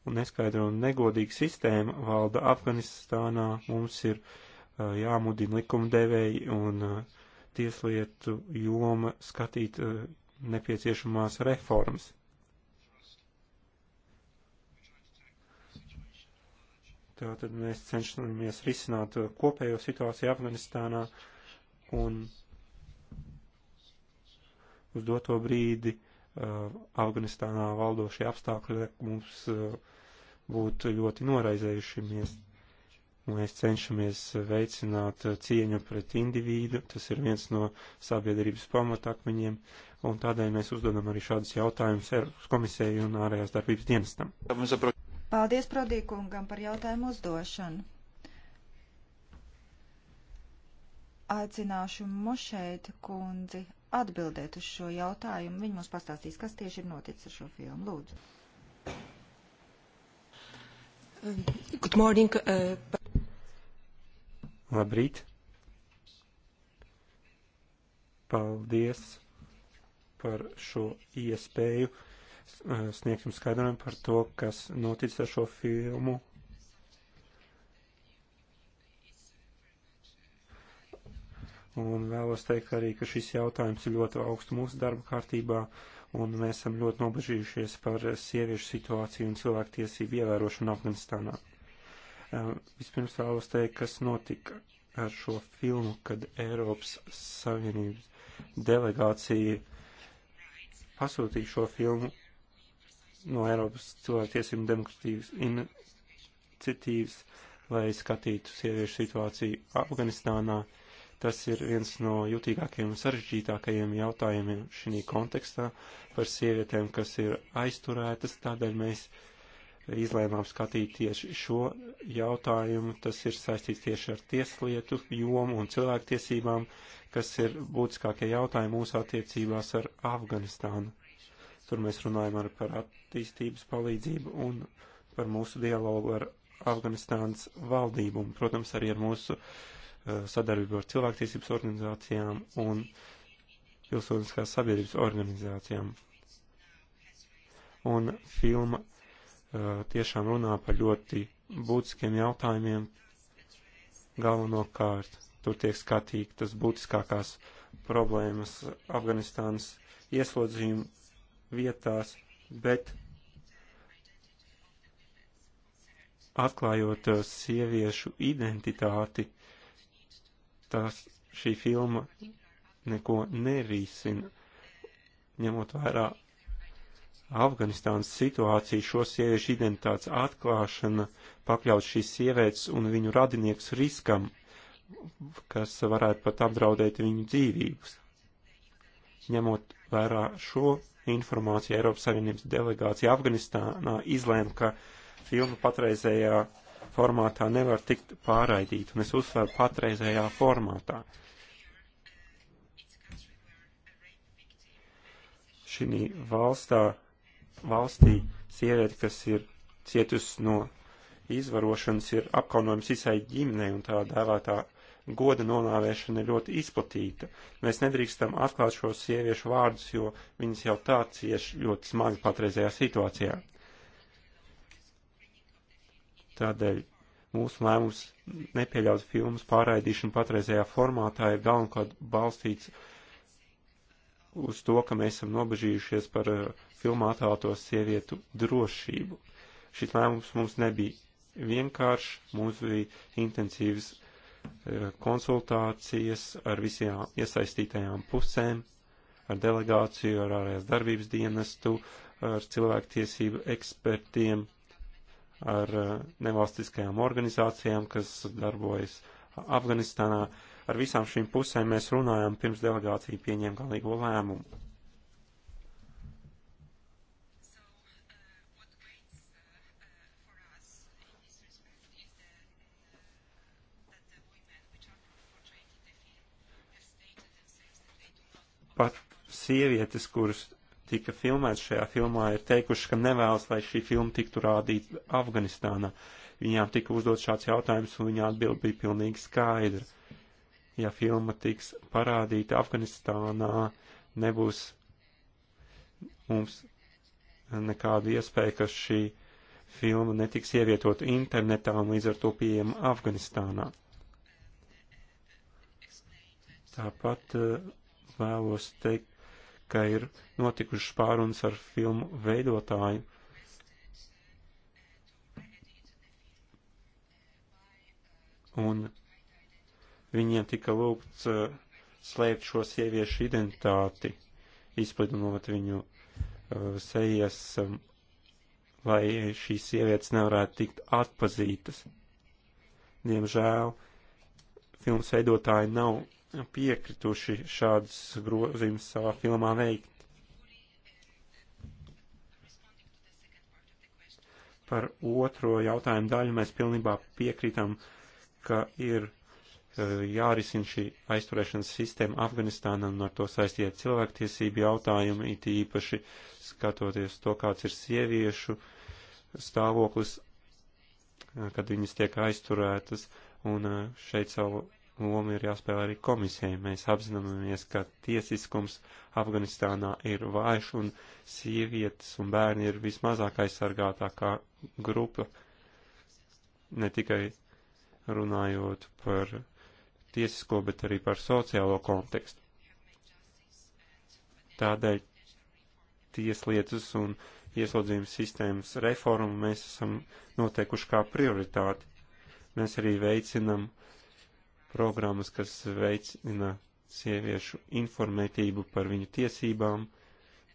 un neskaidra un negodīga sistēma valda Afganistānā, mums ir uh, jāmudina likumdevēji un uh, tieslietu joma skatīt uh, nepieciešamās reformas. Tātad mēs cenšamies risināt kopējo situāciju Afganistānā un uz doto brīdi uh, Afganistānā valdošie apstākļi mums uh, būtu ļoti noraizējušamies. Mēs cenšamies veicināt cieņu pret individu, tas ir viens no sabiedrības pamatakmeņiem, un tādēļ mēs uzdodam arī šādus jautājumus Eiropas komisijai un ārējās darbības dienestam. Paldies Prodīkungam par jautājumu uzdošanu. Aicināšu Mošeit kundzi atbildēt uz šo jautājumu. Viņa mums pastāstīs, kas tieši ir noticis ar šo filmu. Lūdzu. Good morning. Uh, Labrīt. Paldies par šo iespēju eh, sniegt jums skaidrojumu par to, kas noticis ar šo filmu. Un vēlos teikt arī, ka šis jautājums ir ļoti augstu mūsu darba kārtībā, un mēs esam ļoti nobežījušies par sieviešu situāciju un cilvēktiesību ievērošanu Afganistānā. Eh, vispirms vēlos teikt, kas notika ar šo filmu, kad Eiropas Savienības delegācija uh, pasūtīju šo filmu no Eiropas cilvēktiesību demokratīvas iniciatīvas, lai skatītu sieviešu situāciju Afganistānā. Tas ir viens no jutīgākajiem un sarežģītākajiem jautājumiem šī kontekstā par sievietēm, kas ir aizturētas, tādēļ mēs uh, izlēmām skatīt tieši šo jautājumu. Tas ir saistīts tieši ar tieslietu jomu un cilvēktiesībām, kas ir būtiskākie jautājumi mūsu attiecībās ar Afganistānu. Tur mēs runājam ar par attīstības palīdzību un par mūsu dialogu ar Afganistānas valdību un, protams, arī ar mūsu eh, sadarbību ar cilvēktiesības organizācijām un pilsoniskās sabiedrības organizācijām. Un filma tiešām runā par ļoti būtiskiem jautājumiem. Galvenokārt tur tiek skatītas būtiskākās problēmas Afganistānas ieslodzījuma vietās, bet atklājot sieviešu identitāti, tās šī filma neko nerīsina, ņemot vērā Afganistānas situācija, šo sieviešu identitātes atklāšana pakļaut šīs sievietes un viņu radinieks riskam, kas varētu pat apdraudēt viņu dzīvības. Ņemot vērā šo informāciju, Eiropas Savienības delegācija Afganistānā izlēma, ka filma patreizējā formātā nevar tikt pārraidīta, un es uzsveru patreizējā formātā. šī valstā valstī sieviete, kas ir cietusi no izvarošanas, ir apkaunojums visai ģimnei un tā dēvētā goda nonāvēšana ir ļoti izplatīta. Mēs nedrīkstam atklāt šos sieviešu vārdus, jo viņas jau tā cieši ļoti smagi patreizējā situācijā. Tādēļ mūsu lēmums nepieļaut filmas pārraidīšanu patreizējā formātā ir galvenokārt balstīts uz to, ka mēs esam nobežījušies par eh, filmā attēloto sievietu drošību. Šis lēmums mums nebija vienkāršs, mums bija intensīvas eh, konsultācijas ar visām iesaistītajām pusēm, ar delegāciju, ar ārējās darbības dienestu, ar cilvēktiesību ekspertiem, ar eh, nevalstiskajām organizācijām, kas darbojas Afganistānā. Ar visām šīm pusēm mēs runājām pirms delegācija pieņēma galīgo lēmumu. Pat sievietes, kuras tika filmētas šajā filmā, ir teikušas, ka nevēlas, lai šī filma tiktu rādīta Afganistānā. Viņām tika uzdot šāds jautājums, un viņa atbild bija pilnīgi skaidra. Ja filma tiks parādīta Afganistānā, nebūs mums nekāda iespēja, ka šī filma netiks ievietota internetā un līdz ar to pieejama Afganistānā. Tāpat uh, vēlos teikt, ka ir notikušas pārunas ar filmu veidotāju. Un viņiem tika lūgts uh, slēpt šo sieviešu identitāti, izplidinot viņu uh, sejas, um, lai šīs sievietes nevarētu tikt atpazītas. Diemžēl filmas veidotāji nav piekrituši šādas grozījumus savā filmā veikt. Par otro jautājumu daļu mēs pilnībā piekrītam, ka ir e, jārisina šī aizturēšanas sistēma Afganistānam un ar to saistītie cilvēktiesību jautājumi, it īpaši skatoties to, kāds ir sieviešu stāvoklis, e, kad viņas tiek aizturētas, un e, šeit savu loma ir jāspēlē arī komisijai. Mēs apzināmies, ka tiesiskums Afganistānā ir vājš un sievietes un bērni ir vismazāk aizsargātākā grupa. Ne tikai runājot par tiesisko, bet arī par sociālo kontekstu. Tādēļ tieslietas un ieslodzījuma sistēmas reformu mēs esam noteikuši kā prioritāti. Mēs arī veicinam uh, programmas, kas veicina sieviešu informētību par viņu tiesībām,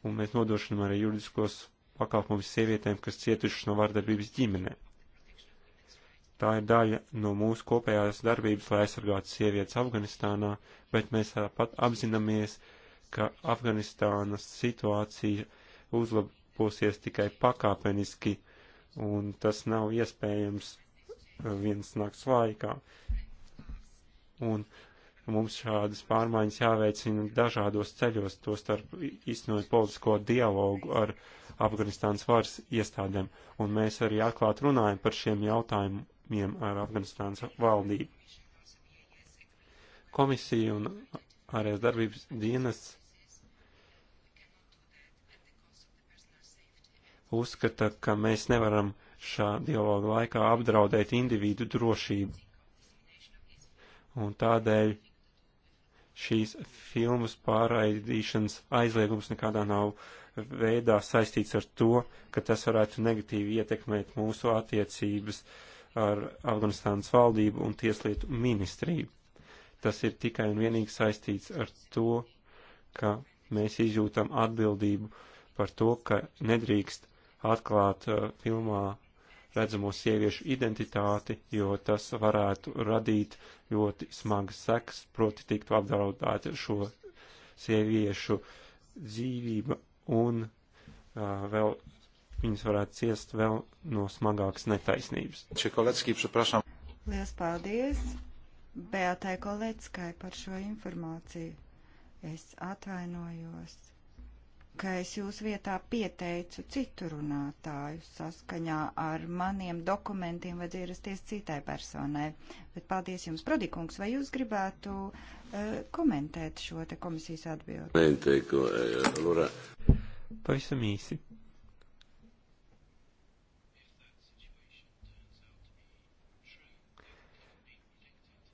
un mēs nodrošinām arī juridiskos pakalpojumus sievietēm, kas cietušas no vardarbības ģimenē. Tā ir daļa no mūsu kopējās darbības, lai aizsargātu sievietes Afganistānā, bet mēs pat apzināmies, ka Afganistānas situācija uzlabosies tikai pakāpeniski, un tas nav iespējams viens nakts laikā un mums šādas pārmaiņas jāveicina dažādos ceļos, to starp īstenot politisko dialogu ar Afganistānas varas iestādēm, un mēs arī atklāt runājam par šiem jautājumiem ar Afganistānas valdību. Komisija un ārējās darbības dienas uzskata, ka mēs nevaram šā dialoga laikā apdraudēt individu drošību un tādēļ šīs filmas pārraidīšanas aizliegums nekādā nav veidā saistīts ar to, ka tas varētu negatīvi ietekmēt mūsu attiecības ar Afganistānas valdību un tieslietu ministriju. Tas ir tikai un vienīgi saistīts ar to, ka mēs izjūtam atbildību par to, ka nedrīkst atklāt uh, filmā redzamo sieviešu identitāti, jo tas varētu radīt ļoti smagas sekas, proti tiktu apdraudēta šo sieviešu dzīvība un uh, vēl viņas varētu ciest vēl no smagākas netaisnības. Lielas paldies Beatai Koleckai par šo informāciju. Es atvainojos ka es jūs vietā pieteicu citu runātāju saskaņā ar maniem dokumentiem vajadzēja ierasties citai personai. Bet paldies jums, Prodikungs, vai jūs gribētu uh, komentēt šo te komisijas atbildi? Neinteiku, eh, Lura. Pavisam īsi.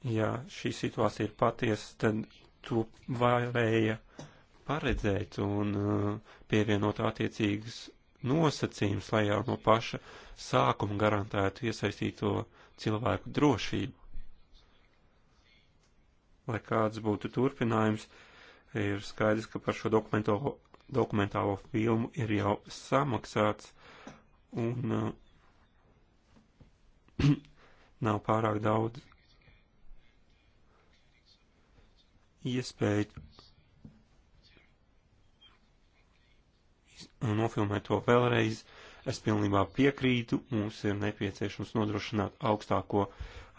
Ja šī situācija ir patiesa, tad to varēja uh, paredzēt un uh, pievienot attiecīgas nosacījums, lai jau no paša sākuma garantētu iesaistīto cilvēku drošību. Lai kāds būtu turpinājums, ir skaidrs, ka par šo dokumentālo filmu ir jau samaksāts un uh, <clears throat> nav pārāk daudz iespēju un nofilmēt to vēlreiz. Es pilnībā piekrītu, mums ir nepieciešams nodrošināt augstāko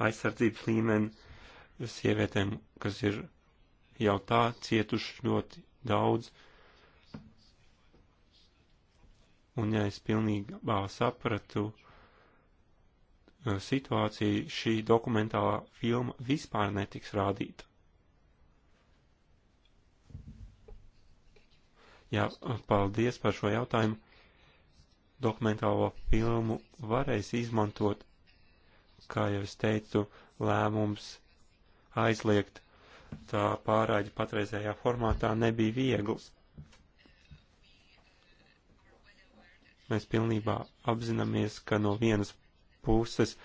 aizsardzības līmeni sievietēm, kas ir jau tā cietuši ļoti daudz. Un ja es pilnībā sapratu uh, situāciju, šī dokumentālā filma vispār netiks rādīta. Jā, paldies par šo jautājumu. Dokumentālo filmu varēs izmantot, kā jau es teicu, lēmums aizliegt tā pārraidi patreizējā formātā nebija viegls. Mēs pilnībā apzināmies, ka no vienas puses,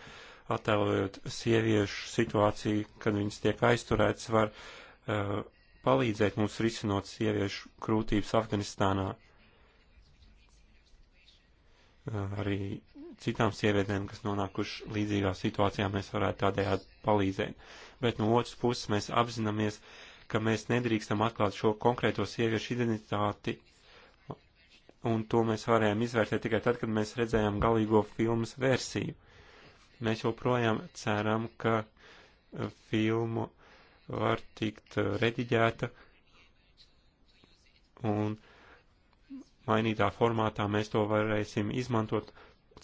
attēlojot sieviešu situāciju, kad viņas tiek aizturētas, var uh, palīdzēt mums risinot sieviešu krūtības Afganistānā. Eh, arī citām sievietēm, kas nonākuši līdzīgā situācijā, mēs varētu tādējādi palīdzēt. Bet no otras puses mēs apzināmies, ka mēs nedrīkstam atklāt šo konkrēto sieviešu identitāti, un to mēs varējām izvērtēt tikai tad, kad mēs redzējām galīgo filmas versiju. Mēs joprojām ceram, ka eh, filmu uh, var tikt eh, rediģēta un mainītā formātā mēs to varēsim izmantot,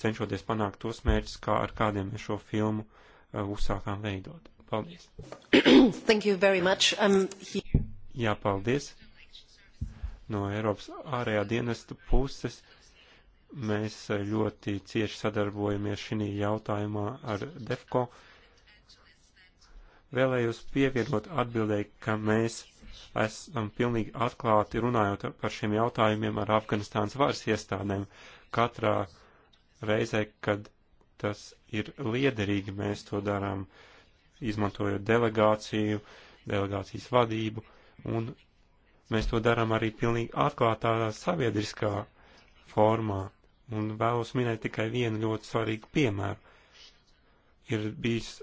cenšoties panākt tos mērķus, kā ar kādiem mēs šo filmu uh, uzsākām veidot. Paldies! <coughs> Thank you very much. Um, he... Jā, paldies! No Eiropas ārējā dienesta puses mēs eh, ļoti cieši sadarbojamies šī jautājumā ar DEFCO. Uh, Vēlējos pievienot atbildēji, ka mēs esam pilnīgi atklāti runājot par šiem jautājumiem ar Afganistānas varas iestādēm. Katrā reizē, kad tas ir liederīgi, mēs to darām, izmantojot delegāciju, delegācijas vadību, un mēs to darām arī pilnīgi atklātā sabiedriskā formā. Un vēlos minēt tikai vienu ļoti svarīgu piemēru. Ir bijis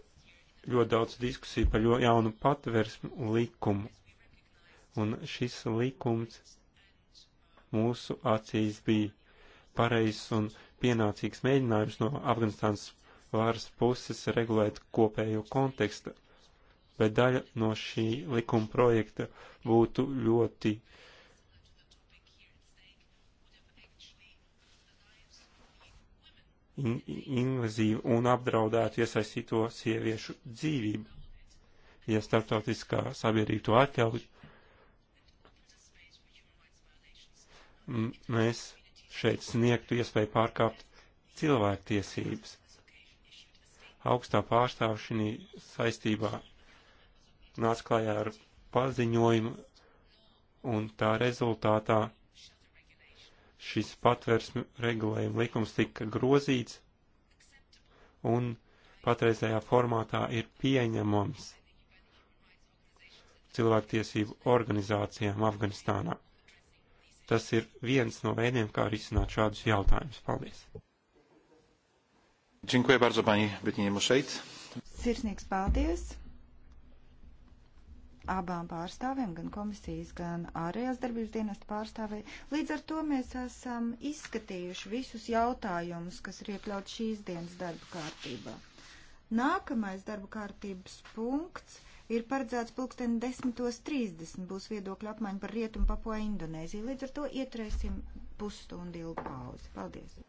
ļoti daudz diskusiju par jaunu patversmu likumu. Un šis likums mūsu acīs bija pareizs un pienācīgs mēģinājums no Afganistānas varas puses regulēt kopējo kontekstu, bet daļa no šī likuma projekta būtu ļoti uh, in invazīvu un apdraudētu iesaistīto sieviešu dzīvību. Ja starptautiskā sabiedrība to atļauj, mēs šeit sniegtu iespēju pārkāpt cilvēktiesības. Augstā pārstāvšanī saistībā nāca klajā ar paziņojumu, un tā rezultātā šis patvērsme regulējuma likums tika grozīts un patreizējā formātā ir pieņemams cilvēktiesību organizācijām Afganistānā. Tas ir viens no veidiem, kā risināt šādus jautājumus. Paldies! Dziękuję bardzo pani Bytniemu Szejt. Sirsnīgs paldies! abām pārstāvēm, gan komisijas, gan ārējās darbības dienesta pārstāvē. Līdz ar to mēs esam izskatījuši visus jautājumus, kas ir iekļauts šīs dienas darba kārtībā. Nākamais darba kārtības punkts ir paredzēts pulksten 10.30 būs viedokļu apmaiņa par rietumu papoja Indonēziju. Līdz ar to ieturēsim pusstundu ilgu pauzi. Paldies!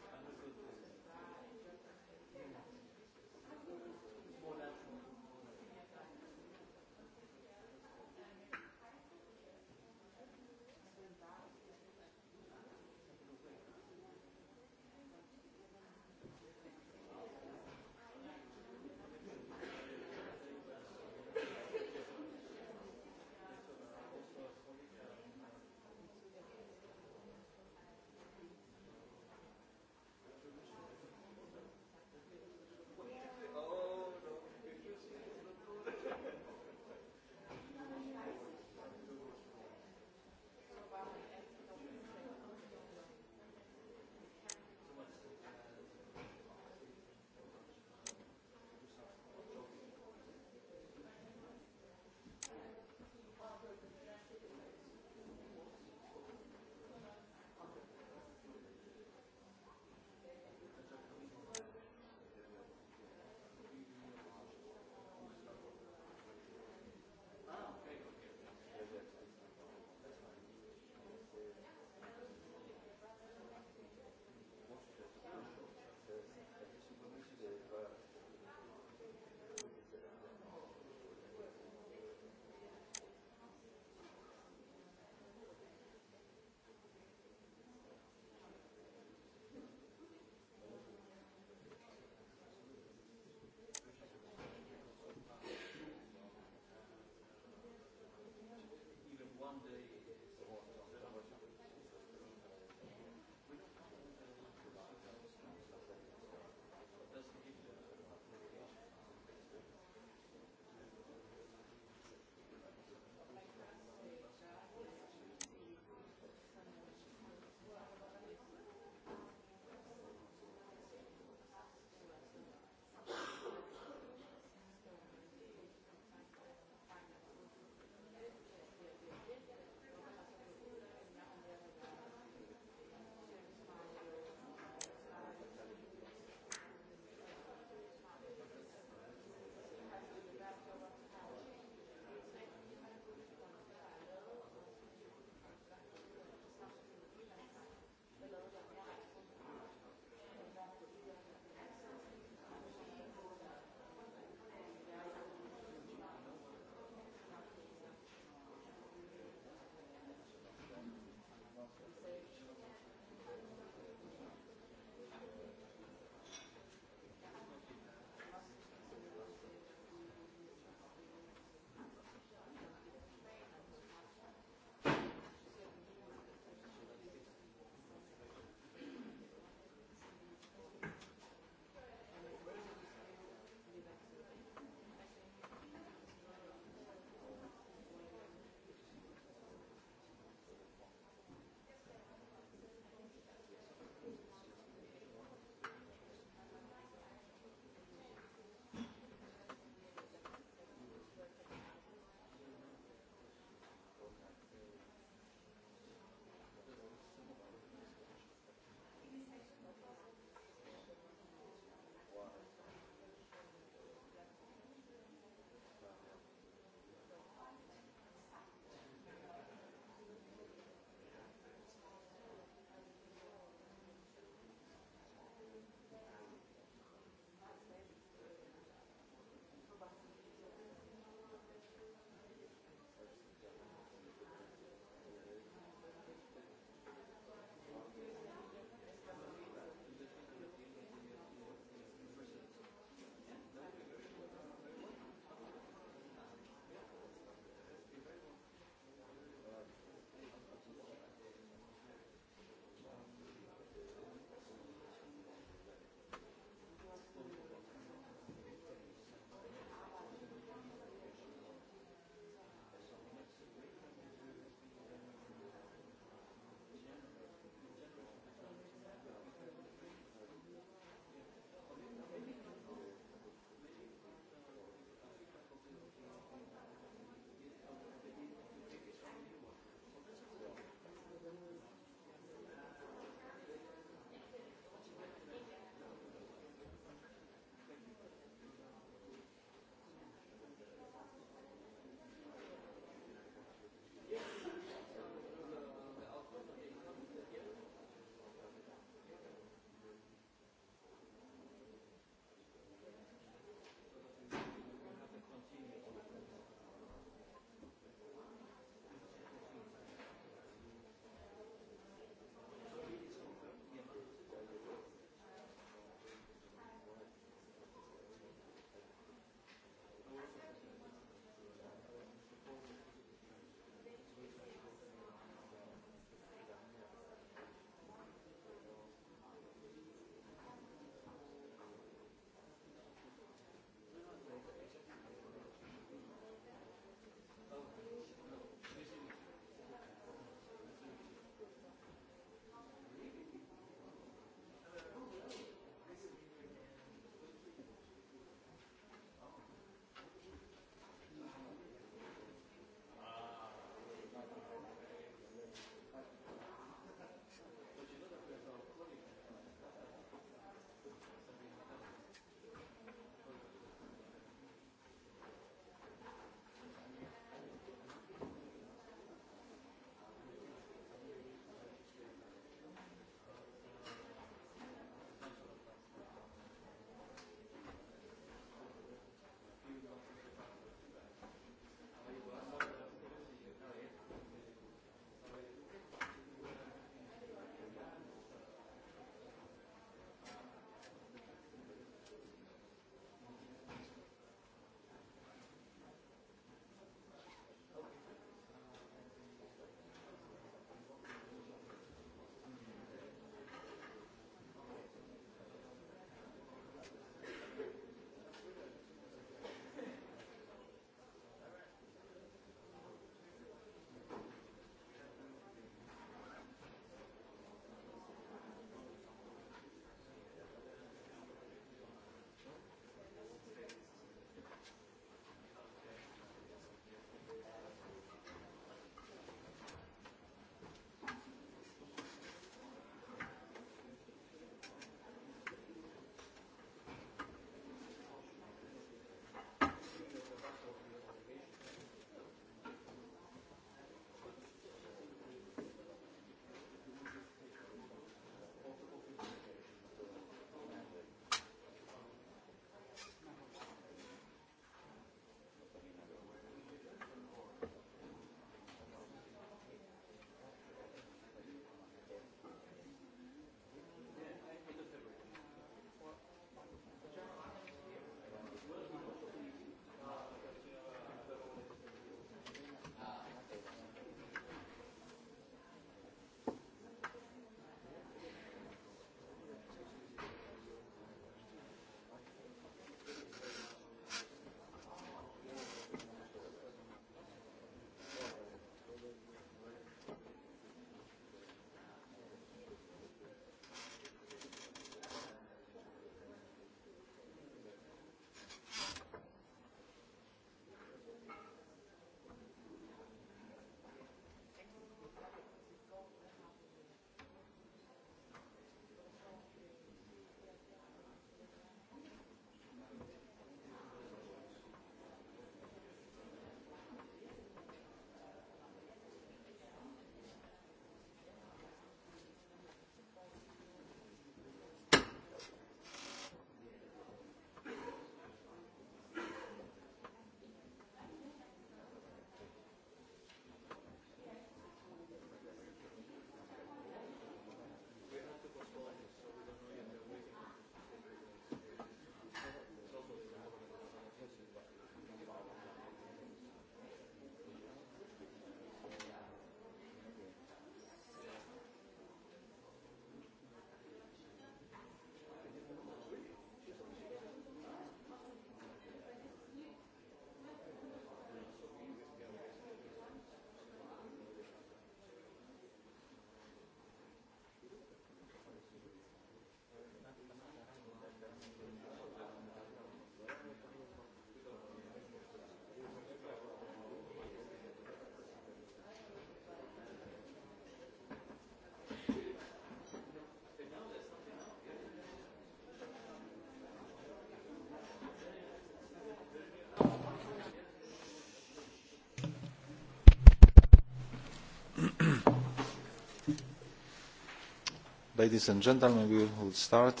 Ladies and gentlemen, we will start.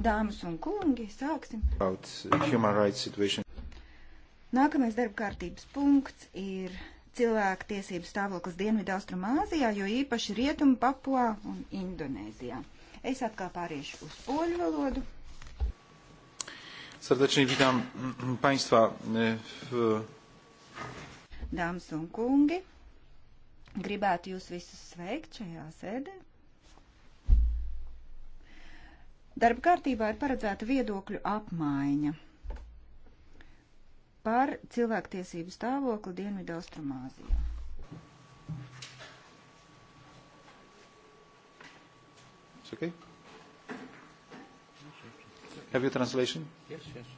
Dāmas un kungi, sāksim. About human rights situation. Nākamais darba kārtības punkts ir cilvēku tiesību stāvoklis Dienvidu Austrumāzijā, jo īpaši Rietumu Papuā un Indonēzijā. Es atkal pāriešu uz poļu valodu. Serdecznie witam Państwa w... Dāmas un kungi, gribētu jūs visus sveikt šajā sēdē. Darba kārtībā ir paredzēta viedokļu apmaiņa par cilvēktiesību stāvokli Dienvidu Austrumāzijā. It's okay? Have you translation? Yes, yes.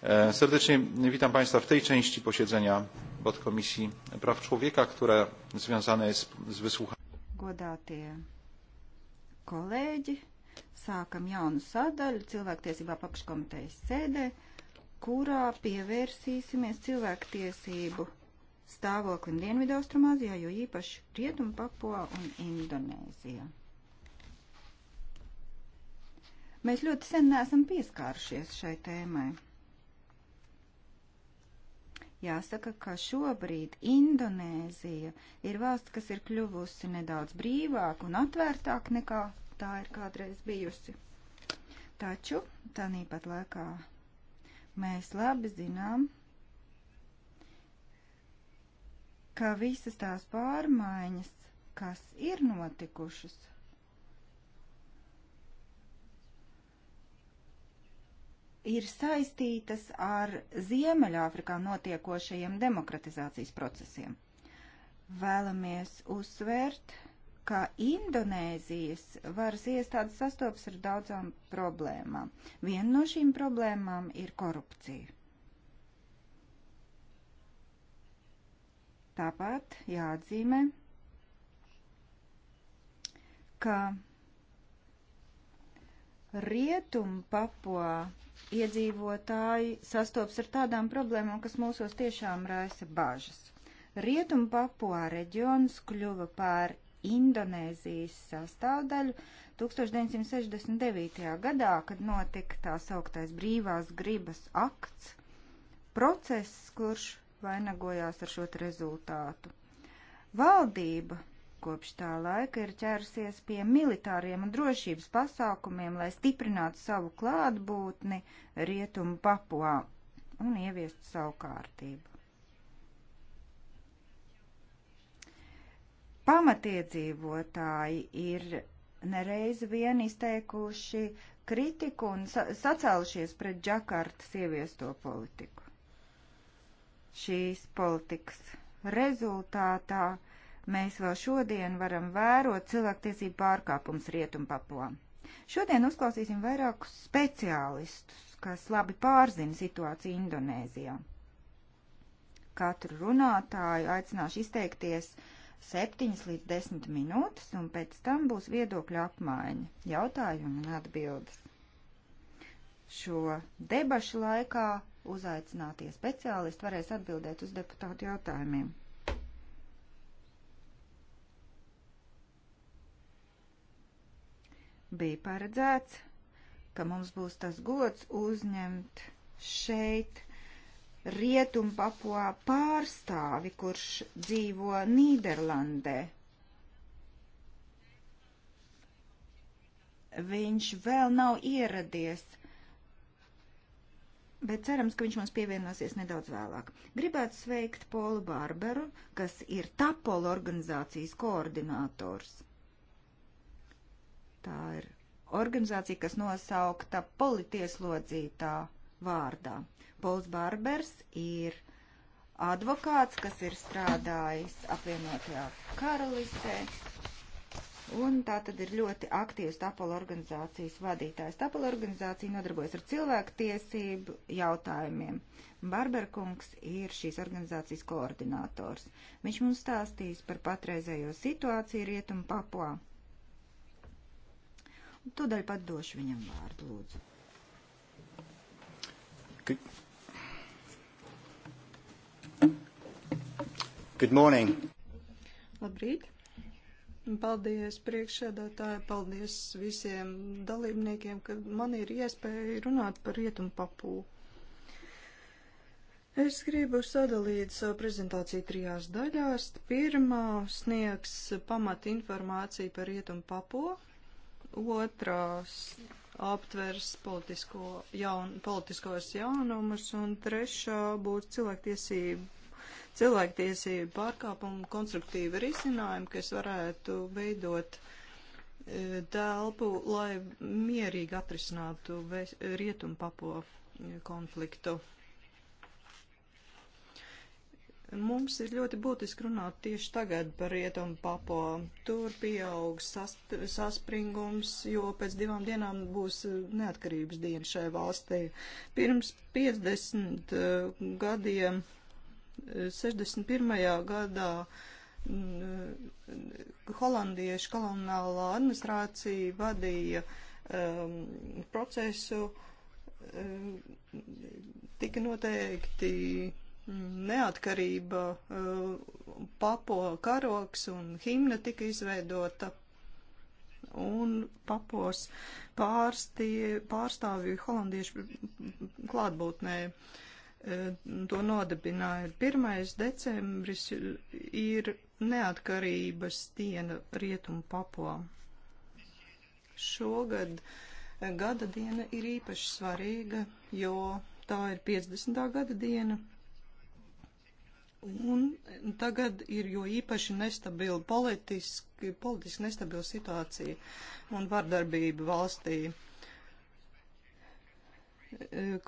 E, serdecznie witam Państwa w tej części posiedzenia podkomisji praw człowieka, która związana jest z wysłuchaniem. Godātie kolēģi, Sākam jaunu sadaļu cilvēktiesībā papškomitejas sēdē, kurā pievērsīsimies cilvēktiesību stāvoklim Dienvidaustrumāzijā, jo īpaši Rietumu Papua un Indonēzijā. Mēs ļoti sen neesam pieskārušies šai tēmai. Jāsaka, ka šobrīd Indonēzija ir valsts, kas ir kļuvusi nedaudz brīvāk un atvērtāk nekā tā ir kādreiz bijusi. Taču tāpat laikā mēs labi zinām, ka visas tās pārmaiņas, kas ir notikušas, ir saistītas ar Ziemeļāfrikā notiekošajiem demokratizācijas procesiem. Vēlamies uzsvērt, ka Indonēzijas varas iestādes sastopas ar daudzām problēmām. Viena no šīm problēmām ir korupcija. Tāpat jāatzīmē, ka rietumpapua iedzīvotāji sastopas ar tādām problēmām, kas mūsos tiešām raisa bažas. Rietumpapua reģions kļuva par Indonēzijas sastāvdaļu 1969. gadā, kad notika tā sauktais brīvās gribas akts, process, kurš vainagojās ar šo rezultātu. Valdība kopš tā laika ir ķērusies pie militāriem un drošības pasākumiem, lai stiprinātu savu klātbūtni rietumu papuā un ieviestu savu kārtību. pamatiedzīvotāji ir nereiz vien izteikuši kritiku un sa sacēlušies pret Džakartas ieviesto politiku. Šīs politikas rezultātā mēs vēl šodien varam vērot cilvēktiesību pārkāpums Rietumpapuā. Šodien uzklausīsim vairākus speciālistus, kas labi pārzina situāciju Indonēzijā. Katru runātāju aicināšu izteikties uh, 7 līdz 10 minūtes, un pēc tam būs viedokļa apmaiņa, jautājumi un atbildes. Šo debašu laikā uzaicinātie speciālisti varēs atbildēt uz deputātu jautājumiem. Bija paredzēts, ka mums būs tas gods uzņemt šeit Rietumpapuā pārstāvi, kurš dzīvo Nīderlandē. Viņš vēl nav ieradies, bet cerams, ka viņš mums pievienosies nedaudz vēlāk. Gribētu sveikt Polu Barberu, kas ir Tapola organizācijas koordinators. Tā ir organizācija, kas nosaukta politieslodzītā vārdā. Pols Barbers ir advokāts, kas ir strādājis apvienotajā karalistē. Un tā tad ir ļoti aktīvs Tapala organizācijas vadītājs. Tapala organizācija nodarbojas ar cilvēku tiesību jautājumiem. Barberkungs ir šīs organizācijas koordinators. Viņš mums stāstīs par patreizējo situāciju Rietumu Papua. Tūdaļ pat došu viņam vārdu, lūdzu. K Good morning. Labrīt. Paldies priekšsēdētāji, paldies visiem dalībniekiem, ka man ir iespēja runāt par rietumu papū. Es gribu sadalīt savu prezentāciju trijās daļās. Pirmā sniegs pamat informāciju par rietumu papū, otrās aptvers politisko jaun, politiskos jaunumus, un trešā būtu cilvēktiesība, cilvēktiesība pārkāpuma konstruktīva risinājuma, kas varētu veidot e, telpu, lai mierīgi atrisinātu rietumu papo konfliktu. Mums ir ļoti būtiski runāt tieši tagad par rietumu papo. Tur pieaug sasp saspringums, jo pēc divām dienām būs eh, neatkarības diena šai valstī. Pirms 50 eh, gadiem, 61. Eh, gadā, mm, holandiešu kolonālā administrācija vadīja um, procesu, um, tika noteikti neatkarība, uh, papo karoks un himna tika izveidota. Un papos pārstie, pārstāvju holandiešu klātbūtnē uh, to nodabināja. 1. decembris ir neatkarības diena rietumu papā. Šogad gada diena ir īpaši svarīga, jo tā ir 50. gada diena Un tagad ir jo īpaši nestabila politiski, politiski nestabila situācija un vardarbība valstī.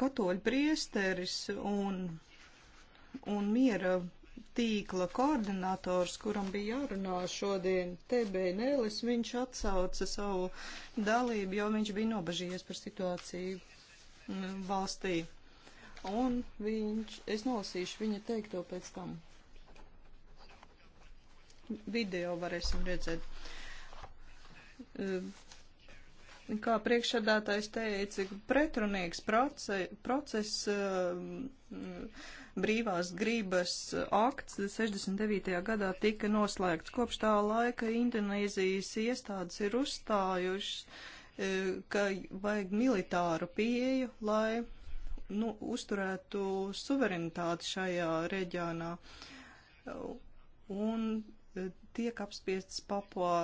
Katoļu priesteris un, un miera tīkla koordinators, kuram bija jārunā šodien, TB Nēlis, viņš atsauca savu dalību, jo viņš bija nobažījies par situāciju mm, valstī un viņš, es nolasīšu viņa teikto pēc tam. Video varēsim redzēt. Ehm, kā priekšsēdētājs teica, pretrunīgs proces, process, ehm, brīvās grības akts 69. gadā tika noslēgts. Kopš tā laika Indonēzijas iestādes ir uzstājušas, ehm, ka vajag militāru pieju, lai nu, uzturētu suverenitāti šajā reģionā. Un tiek apspiestas papua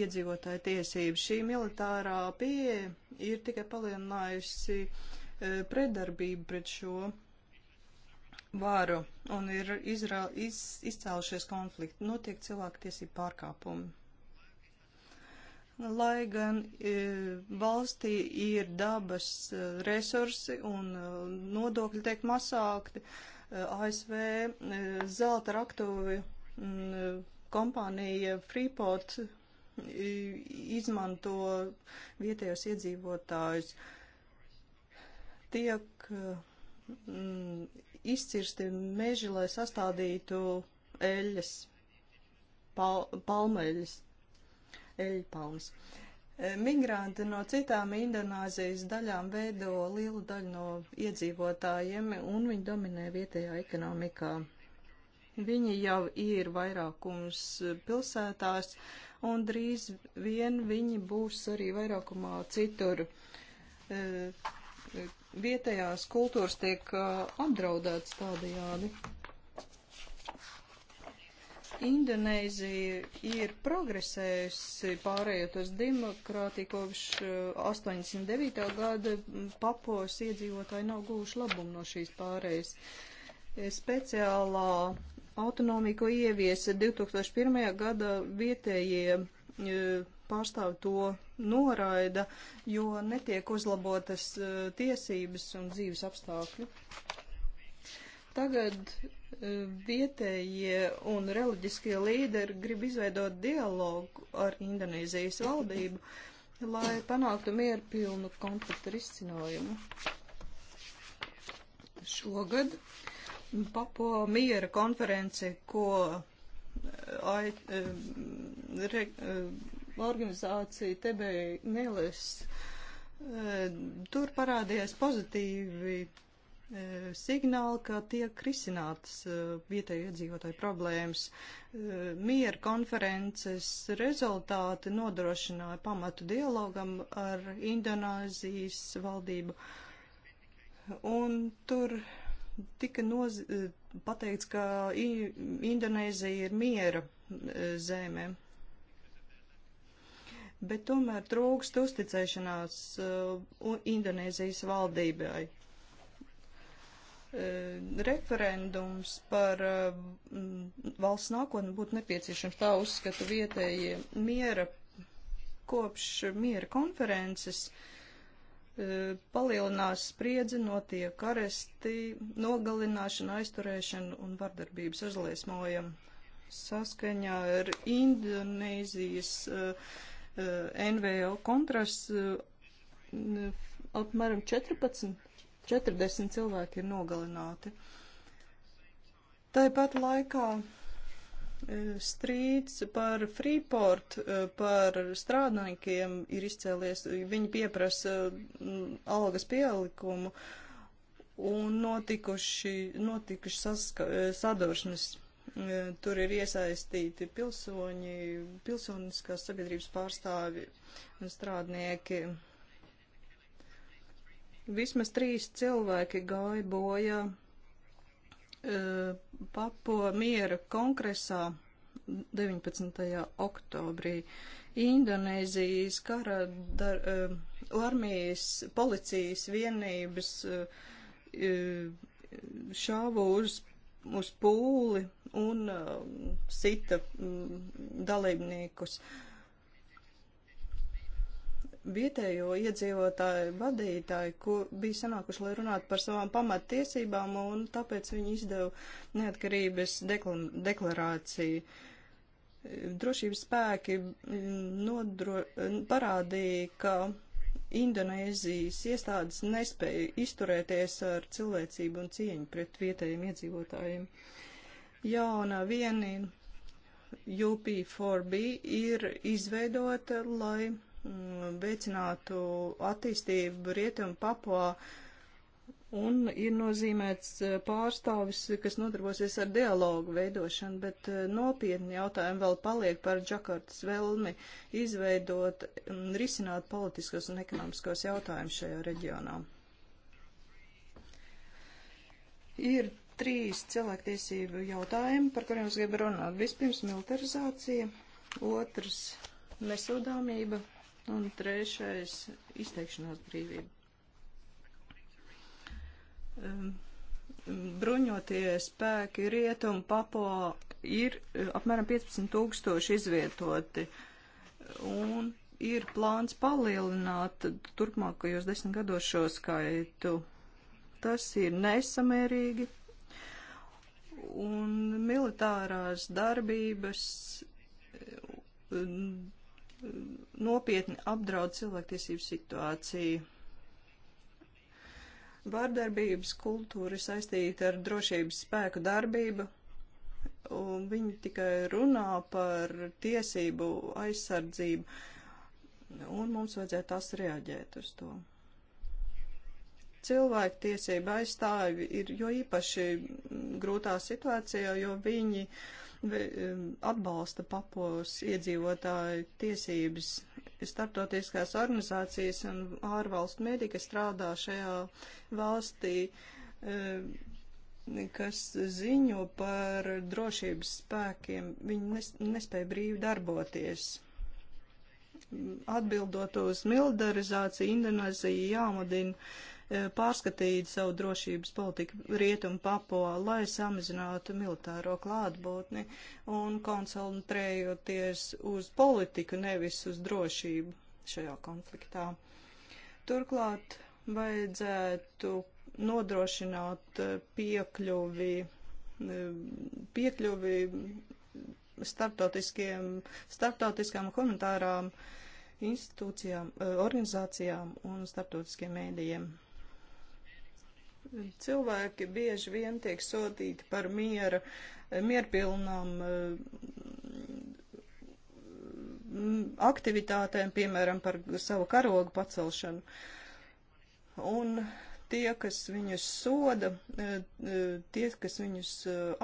iedzīvotāja tiesības. Šī militārā pieeja ir tikai palielinājusi e, predarbību pret šo varu un ir izra, iz, izcēlušies konflikti. Notiek cilvēku tiesību pārkāpumi lai gan e, valstī ir dabas e, resursi un e, nodokļi tiek masākti, ASV zelta raktuvi kompānija Freeport izmanto vietējos iedzīvotājus. Tiek mm, izcirsti meži, lai sastādītu eļas, pal palmeļas eļpaus. E, migranti no citām Indonāzijas daļām veido lielu daļu no iedzīvotājiem un viņi dominē vietējā ekonomikā. Viņi jau ir vairākums pilsētās un drīz vien viņi būs arī vairākumā citur. E, vietējās kultūras tiek e, apdraudētas tādajādi. Indonēzija ir progresējusi pārējot uz demokrātiju kopš 89. Uh, gada. Papos iedzīvotāji nav guvuši labumu no šīs pārējas. Speciālā autonomija, ko ieviesa 2001. gada vietējie uh, pārstāvi to noraida, jo netiek uzlabotas uh, tiesības un dzīves apstākļi. Tagad e, vietējie un reliģiskie līderi grib izveidot dialogu ar Indonēzijas valdību, lai panāktu mieru pilnu konfliktu risinājumu. Šogad Papo miera konference, ko e, ai, e, re, organizācija TB Neles, tur parādījās pozitīvi E, signāli, ka tiek risinātas e, vietēju iedzīvotāju problēmas. E, miera konferences rezultāti nodrošināja pamatu dialogam ar Indonēzijas valdību. Un tur tika noz... pateikts, ka Indonēzija ir miera zeme. Bet tomēr trūkst uzticēšanās Indonēzijas valdībai E, referendums par e, valsts nākotni būtu nepieciešams. Tā uzskata vietējie miera kopš miera konferences e, palielinās spriedzi, notiek aresti, nogalināšana, aizturēšana un vardarbības aizliesmojam. Saskaņā ar Indonēzijas uh, uh, NVO kontras uh, apmēram 14 40 cilvēki ir nogalināti. Tāpat laikā e, strīds par Freeport, e, par strādniekiem ir izcēlies. Viņi pieprasa algas pielikumu un notikuši, notikuši saska, e, saduršanas. Tur ir iesaistīti pilsoņi, pilsoniskās sabiedrības pārstāvi un strādnieki. Vismaz trīs cilvēki gāja bojā e, papo miera kongresā 19. oktobrī. Indonēzijas kara dar, e, armijas policijas vienības e, šāva uz, uz pūli un sita dalībniekus. Uh, vietējo iedzīvotāju vadītāji, kur bija sanākuši, lai runātu par savām pamattiesībām, un tāpēc viņi izdeva neatkarības dekla deklarāciju. Drošības spēki mm, nodro, parādīja, ka Indonēzijas iestādes nespēja izturēties ar cilvēcību un cieņu pret vietējiem iedzīvotājiem. Jauna vieni UP4B ir izveidota, lai Mm, veicinātu attīstību rietumu papuā. Un ir nozīmēts eh, pārstāvis, kas nodarbosies ar dialogu veidošanu, bet eh, nopietni jautājumi vēl paliek par Džakartas vēlmi izveidot un mm, risināt politiskos un ekonomiskos jautājumus šajā reģionā. Ir trīs cilvēktiesību jautājumi, par kuriem es gribu runāt. Vispirms militarizācija, otrs nesodāmība Un trešais - izteikšanās brīvība. Um, bruņotie spēki rietumu papo ir e, apmēram 15 tūkstoši izvietoti. Un ir plāns palielināt turpmākajos desmit gados šo skaitu. Tas ir nesamērīgi, un militārās darbības e, nopietni apdraud cilvēktiesību situāciju. Vārdarbības kultūra ir saistīta ar drošības spēku darbību, un viņi tikai runā par tiesību aizsardzību, un mums vajadzētu tas reaģēt uz to. Cilvēku tiesība aizstāvi ir jo īpaši grūtā situācijā, jo viņi uh, Um, atbalsta papos iedzīvotāju tiesības. Startautiskās organizācijas un ārvalstu medika strādā šajā valstī, um, kas ziņo par drošības spēkiem. Viņi nespēja brīvi darboties. Atbildot uz militarizāciju, Indonēzija jāmudina E, pārskatīt savu drošības politiku rietumu papoā, lai samazinātu militāro klātbūtni un koncentrējoties uz politiku, nevis uz drošību šajā konfliktā. Turklāt vajadzētu nodrošināt e, piekļuvi, e, piekļuvi starptautiskām humanitārām institūcijām, organizācijām un starptautiskiem mēdījiem. Cilvēki bieži vien tiek sodīti par miera, mierpilnām eh, aktivitātēm, piemēram, par savu karogu pacelšanu. Un tie, kas viņus soda, eh, eh, tie, kas viņus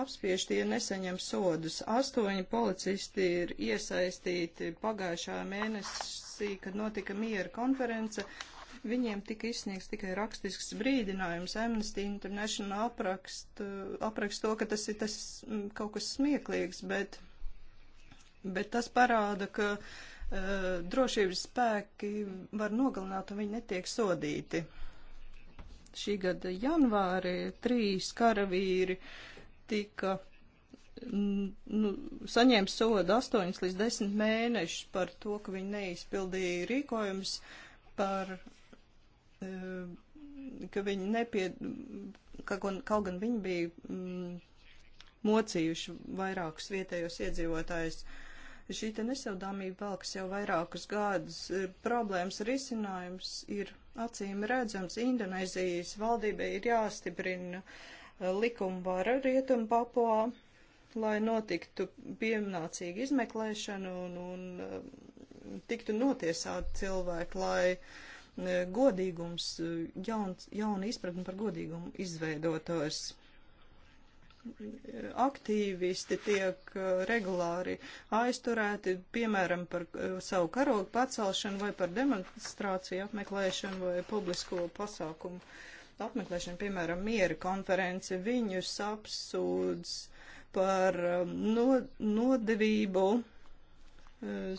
apspiež, tie nesaņem sodus. Astoņi policisti ir iesaistīti pagājušā mēnesī, kad notika miera konference viņiem tika izsniegts tikai rakstisks brīdinājums. Amnesty International aprakst, aprakst to, ka tas ir tas mm, kaut kas smieklīgs, bet, bet tas parāda, ka uh, drošības spēki var nogalināt un viņi netiek sodīti. Šī gada janvāri trīs karavīri tika mm, nu, saņēma sodu 8 līdz 10 mēnešus par to, ka viņi neizpildīja rīkojumus par Ehm, ka viņi nepied, ka, kaut gan viņi bija mm, mocījuši vairākus vietējos iedzīvotājus. Šī te nesavdāmība valks jau vairākus gadus. Ehm, problēmas risinājums ir acīm redzams. Indonēzijas valdībai ir jāstiprina ehm, likumvara rietumu papuā, lai notiktu piemnācīga izmeklēšana un, un tiktu notiesāti cilvēki, lai uh, E, godīgums, e, jauns, jauna izpratne par godīgumu izveidotājs. Aktīvisti tiek e, regulāri aizturēti, piemēram, par savu karogu pacelšanu vai par demonstrāciju apmeklēšanu vai publisko pasākumu apmeklēšanu, piemēram, miera konferenci. Viņus apsūdz par no, nodevību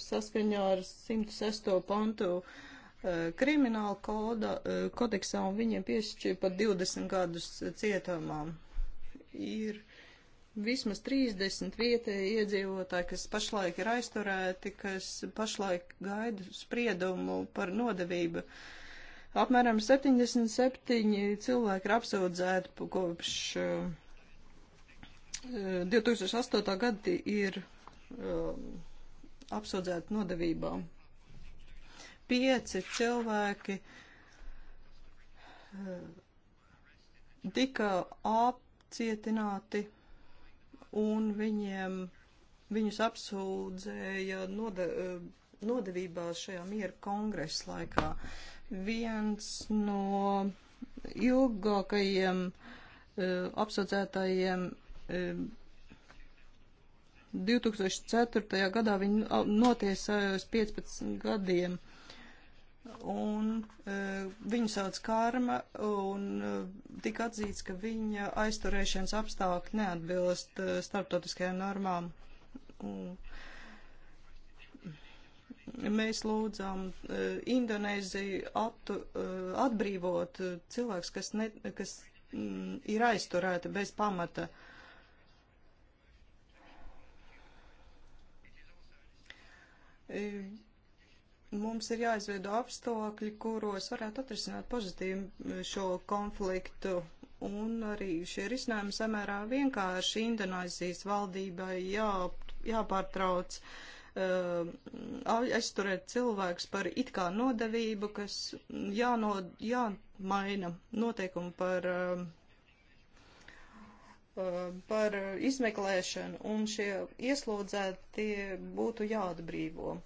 saskaņā ar 106. pantu uh, krimināla koda, eh, kodeksā un viņiem piešķir pat 20 gadus cietumā. Ir vismaz 30 vietēji iedzīvotāji, kas pašlaik ir aizturēti, kas pašlaik gaida spriedumu par nodevību. Apmēram 77 cilvēki ir apsūdzēti kopš 2008. Eh, gada ir um, apsūdzēti nodevībām pieci cilvēki eh, tika apcietināti un viņiem, viņus apsūdzēja node, eh, nodevībās šajā miera kongresa laikā. Viens no ilgākajiem eh, apsūdzētājiem 2004. gadā viņi notiesāja uz 15 gadiem un uh, viņu sauc Karma, un uh, tika atzīts, ka viņa aizturēšanas apstākļi neatbilst uh, starptautiskajām normām. Un mēs lūdzām uh, Indonēziju atu, uh, atbrīvot uh, cilvēks, kas, ne, kas mm, ir aizturēti bez pamata. Uh, mums ir jāizveido apstākļi, kuros varētu atrisināt pozitīvi eh, šo konfliktu. Un arī šie risinājumi samērā vienkārši Indonēzijas valdībai jā, jāpārtrauc uh, aizturēt cilvēks par it kā nodevību, kas jāno, jāmaina noteikumu par uh, par izmeklēšanu, un šie ieslodzētie būtu jāatbrīvo.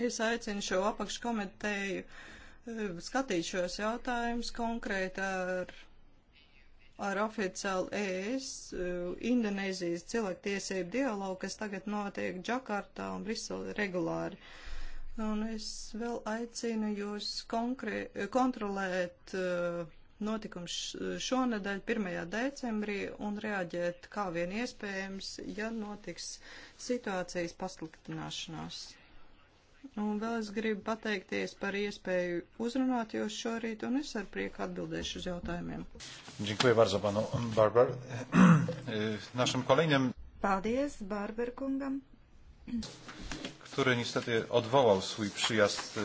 Es aicinu šo apakškomiteju eh, skatīt šos jautājumus konkrēti ar, ar oficiālu ES eh, Indonēzijas cilvēktiesību dialogu, kas tagad notiek Džakartā un Brisele regulāri. Un es vēl aicinu jūs konkrē, eh, kontrolēt notikums šonadēļ, 1. decembrī, un reaģēt kā vien iespējams, ja notiks situācijas pasliktināšanās. Un vēl es gribu pateikties par iespēju uzrunāt jūs šorīt, un es ar prieku atbildēšu uz jautājumiem. Dziękuję bardzo panu Barbar. <clears throat> Naszym kolejnym... Paldies Barber kungam. Który niestety odwołał swój przyjazd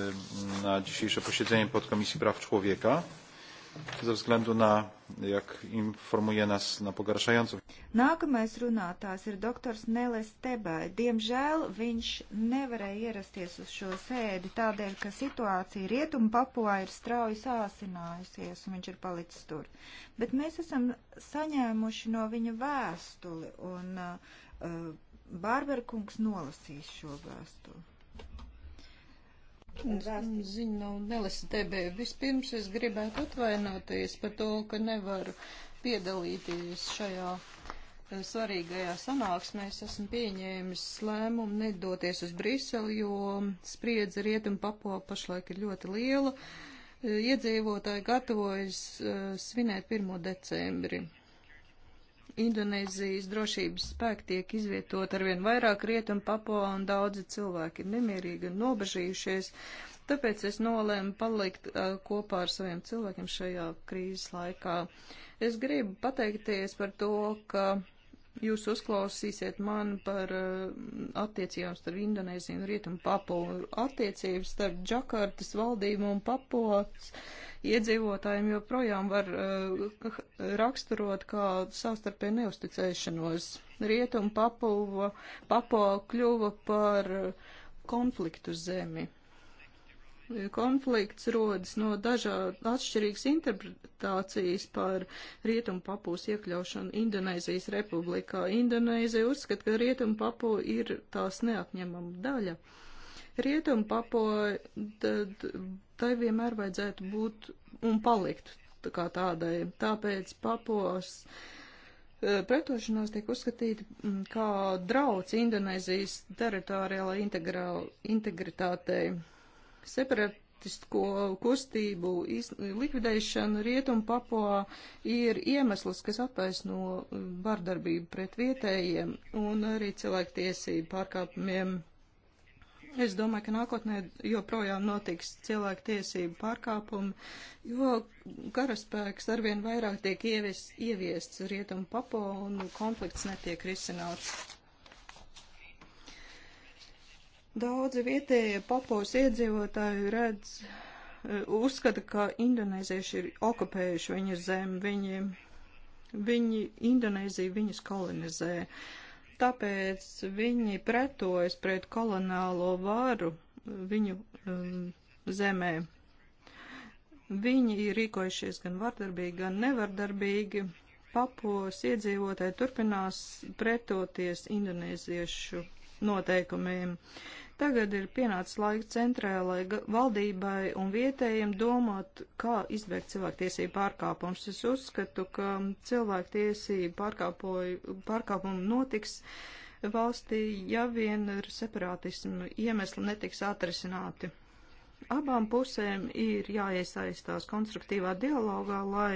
na dzisiejsze posiedzenie podkomisji praw człowieka ze względu na, jak informuje nas, na pogarszającą. Nākamais runātājs ir doktors Neles Tebai. Diemžēl viņš nevarēja ierasties uz šo sēdi tādēļ, ka situācija Rietuma Papuā ir strauji sāsinājusies un viņš ir palicis tur. Bet mēs esam saņēmuši no viņa vēstuli un uh, uh Bārberkungs nolasīs šo vēstuli. Ziņo Nelis Debē. Vispirms es gribētu atvainoties par to, ka nevaru piedalīties šajā eh, svarīgajā sanāksmē es esmu pieņēmis lēmumu nedoties uz Briseli, jo spriedze rietumu papo pašlaik ir ļoti liela. Eh, iedzīvotāji gatavojas eh, svinēt 1. decembri. Indonēzijas drošības spēki tiek izvietot arvien vairāk rietumu papo un daudzi cilvēki ir nemierīgi un nobežījušies. Tāpēc es nolēmu palikt uh, kopā ar saviem cilvēkiem šajā krīzes laikā. Es gribu pateikties par to, ka Jūs uzklausīsiet mani par eh, attiecībām starp Indonēziju un Rietumu Papua, attiecības starp Džakartas valdību un Papuas iedzīvotājiem joprojām var uh, raksturot kā savstarpēju neusticēšanos. Rietumu Papua, Papua kļuva par eh, konfliktu zemi konflikts rodas no dažādas atšķirīgas interpretācijas par Rietumu papūs iekļaušanu Indonēzijas republikā. Indonēzija uzskata, ka Rietumu papū ir tās neatņemama daļa. Rietumu papo, tad tai vienmēr vajadzētu būt un palikt tā kā tādai. Tāpēc papos e, pretošanās tiek uzskatīta mm, kā drauds Indonēzijas teritoriālai integritātei separatisko kustību likvidēšana Rietumu Papuā ir iemesls, kas attaisno um, vardarbību pret vietējiem un arī cilvēktiesību pārkāpumiem. Es domāju, ka nākotnē joprojām notiks cilvēku tiesību pārkāpumi, jo karaspēks arvien vairāk tiek ievies, ieviests rietumu papo un konflikts netiek risināts. Daudzi vietējie papūs iedzīvotāji redz, eh, uzskata, ka indonēzieši ir okupējuši viņu zemi, viņi, viņi Indonēziju viņus kolonizē. Tāpēc viņi pretojas pret kolonālo varu viņu um, zemē. Viņi ir rīkojušies gan vardarbīgi, gan nevardarbīgi. Papos iedzīvotāji turpinās pretoties indonēziešu noteikumiem. Tagad ir pienācis laiks centrālajai valdībai un vietējiem domāt, kā izbēgt cilvēktiesību pārkāpumus. Es uzskatu, ka cilvēktiesību pārkāpumu notiks valstī, ja vien ar separātismu iemesli netiks atrisināti. Abām pusēm ir jāiesaistās konstruktīvā dialogā, lai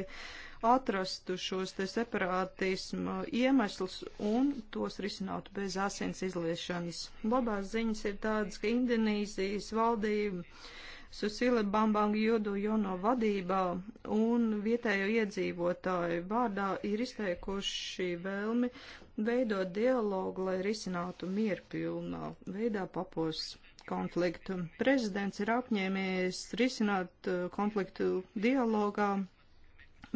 atrastu šos te separātismu iemeslus un tos risinātu bez asins izliešanas. Labās ziņas ir tādas, ka Indonīzijas valdība Susile Bambang Jodu Jono vadībā un vietējo iedzīvotāju vārdā ir izteikuši vēlmi veidot dialogu, lai risinātu mierpilnā veidā papos konfliktu. Prezidents ir apņēmies risināt uh, konfliktu dialogā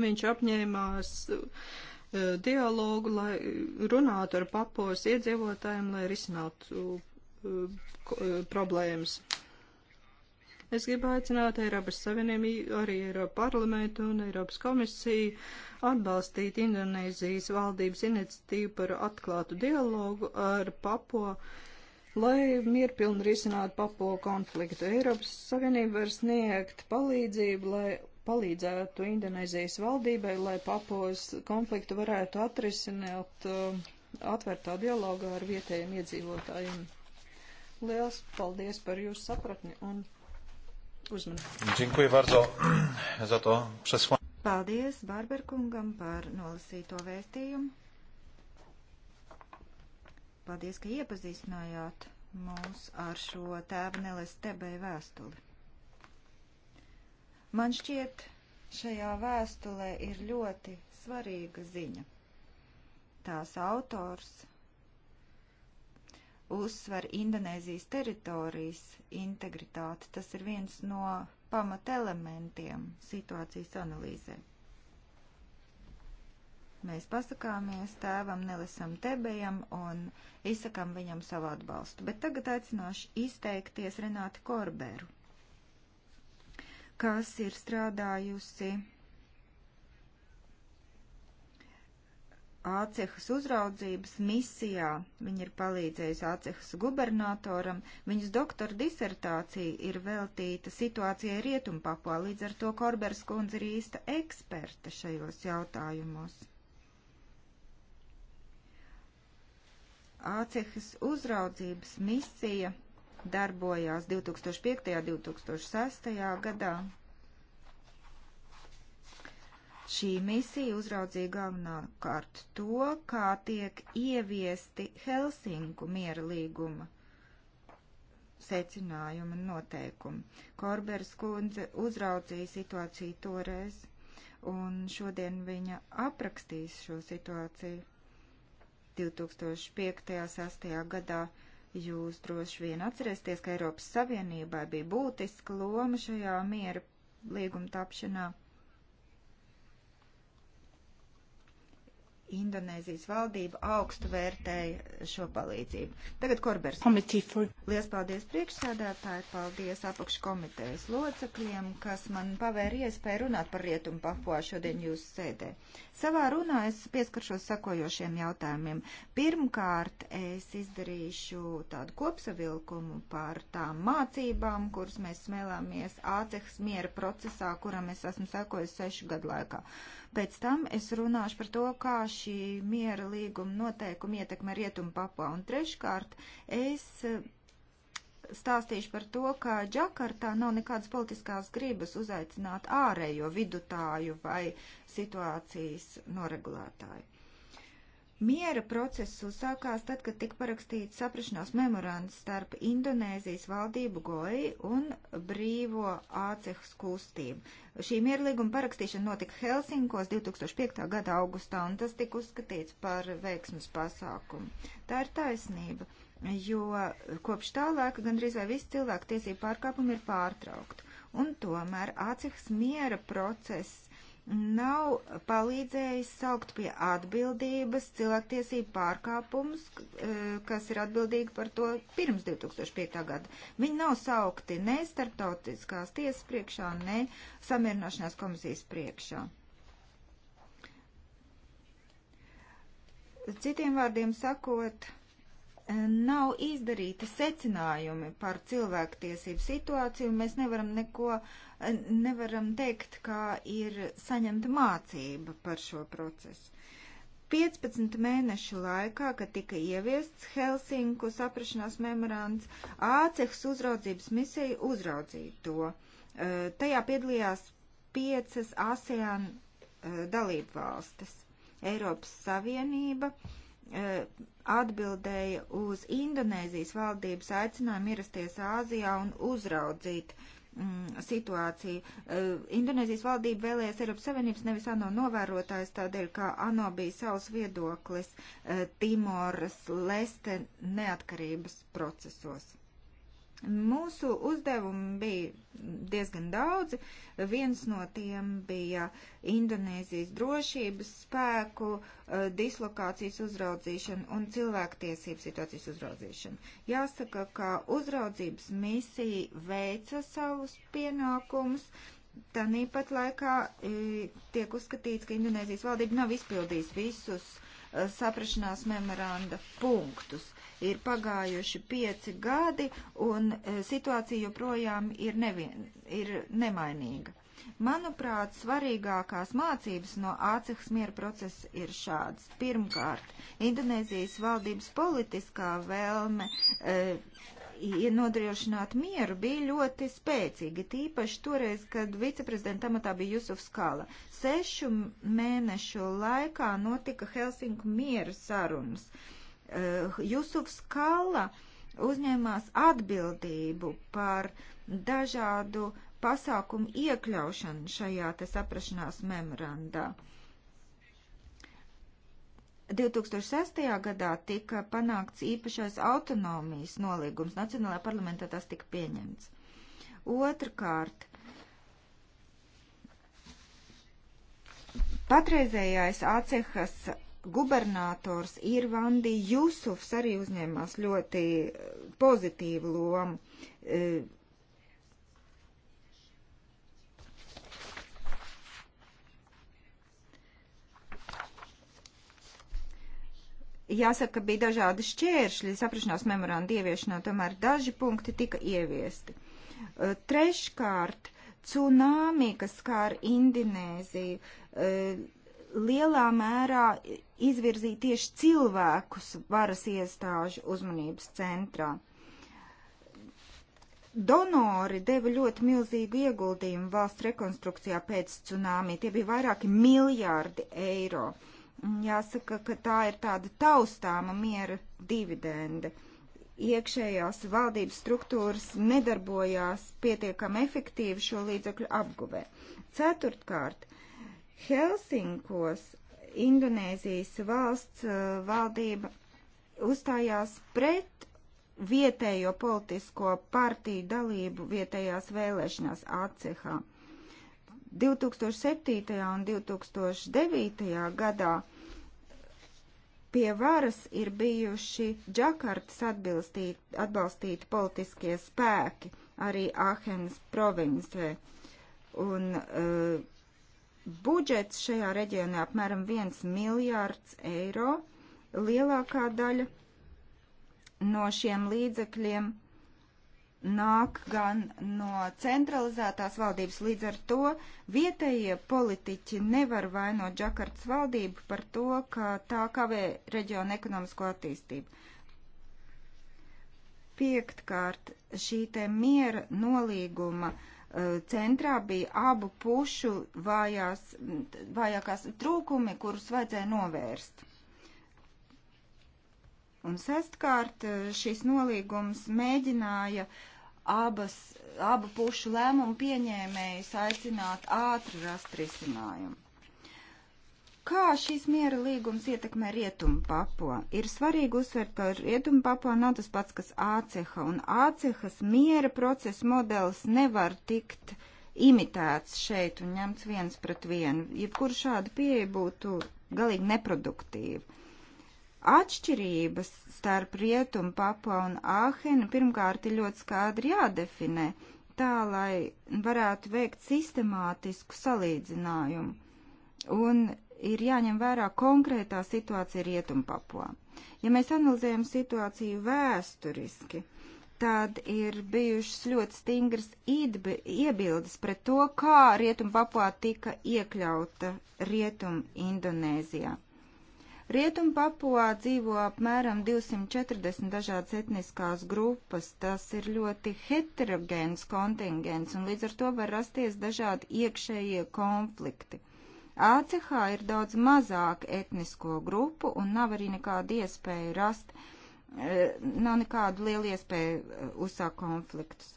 Viņš apņēmās e, dialogu, lai runātu ar papos iedzīvotājiem, lai risinātu e, e, problēmas. Es gribu aicināt Eiropas Savienību, arī Eiropas parlamentu un Eiropas komisiju atbalstīt Indonēzijas valdības iniciatīvu par atklātu dialogu ar Papo, lai mierpilni risinātu Papo konfliktu. Eiropas Savienība var sniegt palīdzību, lai palīdzētu Indonēzijas valdībai, lai papojas konfliktu varētu atrisināt uh, atvērtā dialogā ar vietējiem iedzīvotājiem. Liels paldies par jūsu sapratni un uzmanību. Dziękuję bardzo <clears throat> za to przesłanie. Paldies Barberkungam par nolasīto vēstījumu. Paldies, ka iepazīstinājāt mūs ar šo tēva Neles Tebei vēstuli. Man šķiet, šajā vēstulē ir ļoti svarīga ziņa. Tās autors uzsver Indonēzijas teritorijas integritāti. Tas ir viens no pamatelementiem situācijas analīzē. Mēs pasakāmies tēvam Nelisam Tebejam un izsakam viņam savu atbalstu. Bet tagad aicināšu izteikties Renāti Korberu kas ir strādājusi Ācehas uzraudzības misijā. Viņa ir palīdzējusi Ācehas gubernatoram. Viņas doktora disertācija ir veltīta situācijai Rietumpapā, līdz ar to Korbers kundze ir īsta eksperte šajos jautājumos. Ācehas uzraudzības misija darbojās 2005. un 2006. gadā. Šī misija uzraudzīja galvenokārt to, kā tiek ieviesti Helsinku miera līguma secinājumi un noteikumi. Korberas kundze uzraudzīja situāciju toreiz, un šodien viņa aprakstīs šo situāciju 2005. un 2006. gadā Jūs droši vien atcerēsieties, ka Eiropas Savienībai bija būtiska loma šajā miera līguma tapšanā. Indonēzijas valdība augstu vērtēja šo palīdzību. Tagad Korbers. For... Lielas paldies priekšsēdētāji, paldies apakškomitejas locekļiem, kas man pavēra iespēju runāt par rietumu papuā šodien jūsu sēdē. Savā runā es pieskaršos sakojošiem jautājumiem. Pirmkārt, es izdarīšu tādu kopsavilkumu par tām mācībām, kuras mēs smēlāmies Ācehas miera procesā, kuram es esmu sekojis sešu gadu laikā. Uh, Pēc tam es runāšu par to, kā šī miera līguma noteikuma ietekme rietumu papā. Un treškārt, es eh, stāstīšu par to, ka Džakartā nav nekādas politiskās gribas uzaicināt ārējo vidutāju vai situācijas noregulētāju. Miera process uzsākās tad, kad tika parakstīts saprašanās memorands starp Indonēzijas valdību goji un brīvo ācehas kustību. Šī mierlīguma parakstīšana notika Helsinkos 2005. gada augustā, un tas tika uzskatīts par veiksmas pasākumu. Tā ir taisnība, jo kopš tā laika gandrīz vai visi cilvēku tiesību pārkāpumi ir pārtraukti. Un tomēr ācehas miera process nav palīdzējis saukt pie atbildības cilvēktiesību pārkāpumus, e, kas ir atbildīgi par to pirms 2005. gada. Viņi nav saukti ne starptautiskās tiesas priekšā, ne samierināšanās komisijas priekšā. Citiem vārdiem sakot, nav izdarīti secinājumi par cilvēktiesību situāciju, mēs nevaram neko uh, nevaram teikt, ka ir saņemta mācība par šo procesu. 15 mēnešu laikā, kad tika ieviests Helsinku saprašanās memorands, Ācehs uzraudzības misija uzraudzīja to. Eh, tajā piedalījās piecas ASEAN eh, dalību valstis. Eiropas Savienība eh, atbildēja uz Indonēzijas valdības aicinājumu ierasties Āzijā un uzraudzīt uh, mm, situāciju. Uh, Indonēzijas valdība vēlējās Eiropas Savienības nevis ANO novērotājs, tādēļ, kā ANO bija savs viedoklis uh, Timoras leste neatkarības procesos. Mūsu uzdevumi bija diezgan daudzi. Viens no tiem bija Indonēzijas drošības spēku eh, dislokācijas uzraudzīšana un cilvēktiesību situācijas uzraudzīšana. Jāsaka, ka uzraudzības misija veica savus pienākumus. Tāpat laikā eh, tiek uzskatīts, ka Indonēzijas valdība nav izpildījusi visus eh, saprašanās memoranda punktus. Uh, Ir pagājuši pieci gadi, un e, situācija joprojām ir, nevien, ir nemainīga. Manuprāt, svarīgākās mācības no Ācehas miera procesa ir šādas. Pirmkārt, Indonēzijas valdības politiskā vēlme. E, nodrošināt mieru bija ļoti spēcīgi, tīpaši toreiz, kad viceprezidenta amatā bija Jusufs Kala. Sešu mēnešu laikā notika Helsinku miera sarunas. Uh, Eh, Jusufs Kalla uzņēmās atbildību par dažādu pasākumu iekļaušanu šajā te saprašanās memorandā. 2006. gadā tika panākts īpašais autonomijas nolīgums. Nacionālajā parlamentā tas tika pieņemts. Otrakārt, patreizējais ACHS gubernators Irvandi Jusufs arī uzņēmās ļoti eh, pozitīvu lomu. Eh, jāsaka, ka bija dažādi šķēršļi saprašanās memorandu ieviešanā, tomēr daži punkti tika ieviesti. Eh, treškārt, cunāmi, kas skār Indonēziju, lielā mērā izvirzīt tieši cilvēkus varas iestāžu uzmanības centrā. Donori deva ļoti milzīgu ieguldījumu valsts rekonstrukcijā pēc cunāmī. Tie bija vairāki miljārdi eiro. Jāsaka, ka tā ir tāda taustāma miera dividende iekšējās valdības struktūras nedarbojās pietiekami efektīvi šo līdzekļu apguvē. Ceturtkārt, Helsinkos Indonēzijas valsts uh, valdība uzstājās pret vietējo politisko partiju dalību vietējās vēlēšanās ACH. 2007. un 2009. gadā pie varas ir bijuši Džakartas atbalstīti politiskie spēki arī Ahenas provincē. Un uh, Budžets šajā reģionā apmēram 1 miljārds eiro. Lielākā daļa no šiem līdzekļiem nāk gan no centralizētās valdības, līdz ar to vietējie politiķi nevar vainot Džakartas valdību par to, ka tā kavē reģiona ekonomisko attīstību. Piektkārt, šī te miera nolīguma uh, centrā bija abu pušu vājās, vājākās trūkumi, kurus vajadzēja novērst. Un sestkārt šis nolīgums mēģināja abas, abu pušu lēmumu pieņēmējus aicināt ātri rast risinājumu. Kā šīs miera līgums ietekmē rietumu papo? Ir svarīgi uzsvert, ka rietumu papo nav tas pats, kas āceha, un ācehas miera procesa modelis nevar tikt imitēts šeit un ņemts viens pret vienu. Jebkur šāda pieeja būtu galīgi neproduktīva. Atšķirības starp rietumu papo un āhenu pirmkārt ir ļoti skaidri jādefinē, tā lai varētu veikt sistemātisku salīdzinājumu un ir jāņem vērā konkrētā situācija Rietumpapuā. Ja mēs analizējam situāciju vēsturiski, tad ir bijušas ļoti stingras idbi, iebildes pret to, kā Rietumpapuā tika iekļauta Rietum Indonēzijā. Rietumpapuā dzīvo apmēram 240 dažādas etniskās grupas, tas ir ļoti heterogēns kontingents, un līdz ar to var rasties dažādi iekšējie konflikti. ACH ir daudz mazāk etnisko grupu un nav arī nekāda iespēja rast, e, nav nekāda liela iespēja e, uzsākt konfliktus.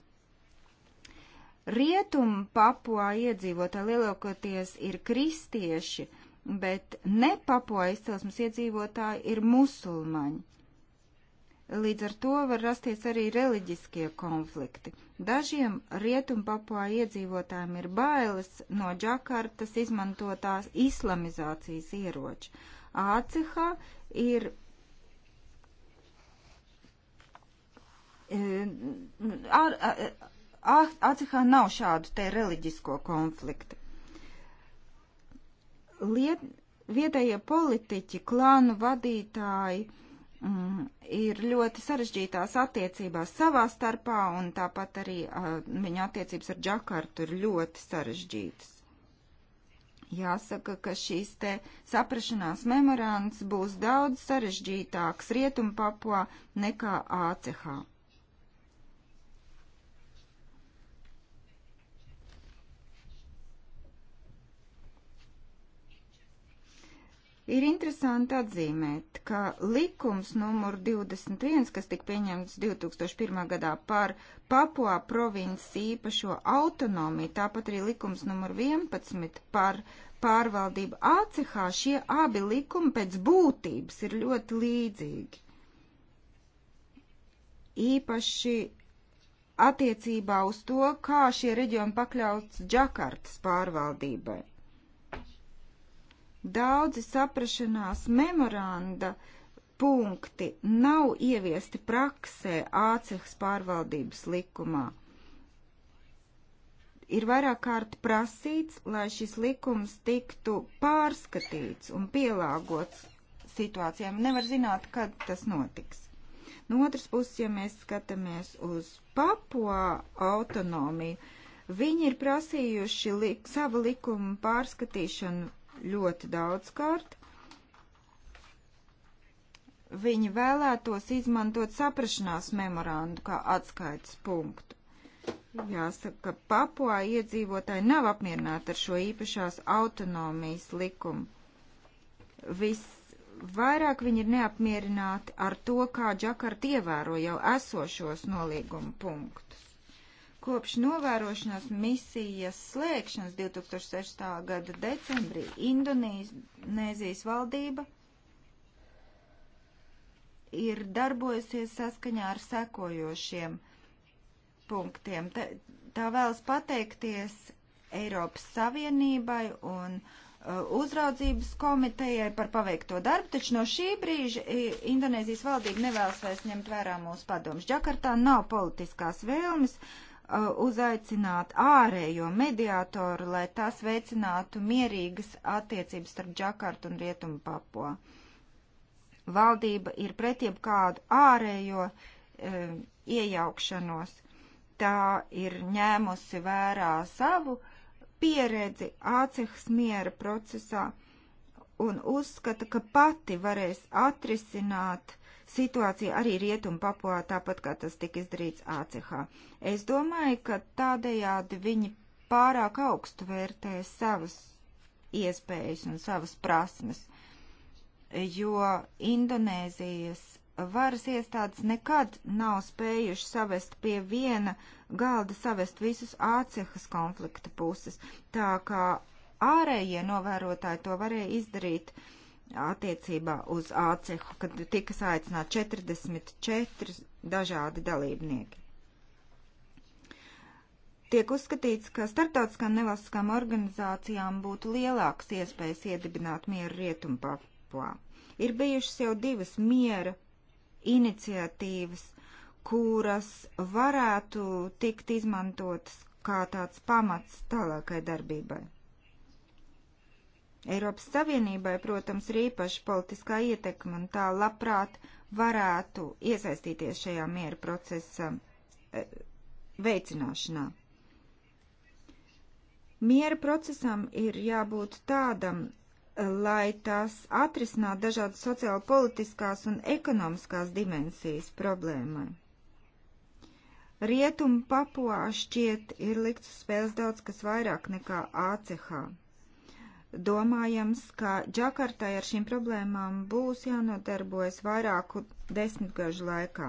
Rietumu papuā iedzīvotāji lielākoties ir kristieši, bet ne papuā izcelsmes iedzīvotāji ir musulmaņi. Līdz ar to var rasties arī reliģiskie konflikti. Dažiem rietumpapuā iedzīvotājiem ir bailes no Džakartas izmantotās islamizācijas ieroča. ACH ir e, ar, ar, ACH nav šādu te reliģisko konfliktu. Liet, vietējie politiķi, klānu vadītāji, mm, ir ļoti sarežģītās attiecībās savā starpā, un tāpat arī uh, viņa attiecības ar Džakartu ir ļoti sarežģītas. Jāsaka, ka šīs te saprašanās memorands būs daudz sarežģītāks Rietumpapua nekā ACH. Ir interesanti atzīmēt, ka likums numur 21, kas tika pieņemts 2001. gadā par Papua provinces īpašo autonomiju, tāpat arī likums numur 11 par pārvaldību ACH, šie abi likumi pēc būtības ir ļoti līdzīgi. Īpaši attiecībā uz to, kā šie reģioni pakļauts Džakartas pārvaldībai. Daudzi saprašanās memoranda punkti nav ieviesti praksē ācehas pārvaldības likumā. Ir vairāk kārt prasīts, lai šis likums tiktu pārskatīts un pielāgots situācijām. Nevar zināt, kad tas notiks. No otras puses, ja mēs skatāmies uz papuā autonomiju, viņi ir prasījuši lik, savu likumu pārskatīšanu ļoti daudzkārt. Viņi vēlētos izmantot saprašanās memorandu kā atskaites punktu. Jāsaka, ka papuā iedzīvotāji nav apmierināti ar šo īpašās autonomijas likumu. Visvairāk viņi ir neapmierināti ar to, kā Džakarta ievēro jau esošos nolīguma punktus. Kopš novērošanas misijas slēgšanas 2006. gada decembrī Indonēzijas valdība ir darbojusies saskaņā ar sekojošiem punktiem. Tā, tā vēlas pateikties Eiropas Savienībai un uh, uzraudzības komitejai par paveikto darbu, taču no šī brīža Indonēzijas valdība nevēlas vairs ņemt vērā mūsu padomus. Džakartā nav politiskās vēlmes Uh, uzaicināt ārējo mediātoru, lai tas veicinātu mierīgas attiecības starp Džakartu un Rietumu Papua. Valdība ir pret jebkādu ārējo e, iejaukšanos. Tā ir ņēmusi vērā savu pieredzi Ācehas miera procesā un uzskata, ka pati varēs atrisināt uh, situācija arī rietumu papuā, tāpat kā tas tika izdarīts ACH. Es domāju, ka tādējādi viņi pārāk augstu vērtē savas iespējas un savas prasmes, jo Indonēzijas varas iestādes nekad nav spējuši savest pie viena galda savest visus ācehas konflikta puses, tā kā ārējie novērotāji to varēja izdarīt uh, attiecībā uz ACEHu, kad tika saicināti 44 dažādi dalībnieki. Tiek uzskatīts, ka starptautiskām nevalstiskām organizācijām būtu lielāks iespējas iedibināt mieru rietumpapuā. Ir bijušas jau divas miera iniciatīvas, kuras varētu tikt izmantotas kā tāds pamats tālākai darbībai. Eiropas Savienībai, protams, ir īpaša politiskā ietekme un tā labprāt varētu iesaistīties šajā miera procesa eh, veicināšanā. Miera procesam ir jābūt tādam, eh, lai tas atrisināt dažādas sociāla politiskās un ekonomiskās dimensijas problēmai. Rietumu papuā šķiet ir likts uz spēles daudz kas vairāk nekā ACH domājams, ka Džakartai ar šīm problēmām būs jānodarbojas vairāku desmitgažu laikā.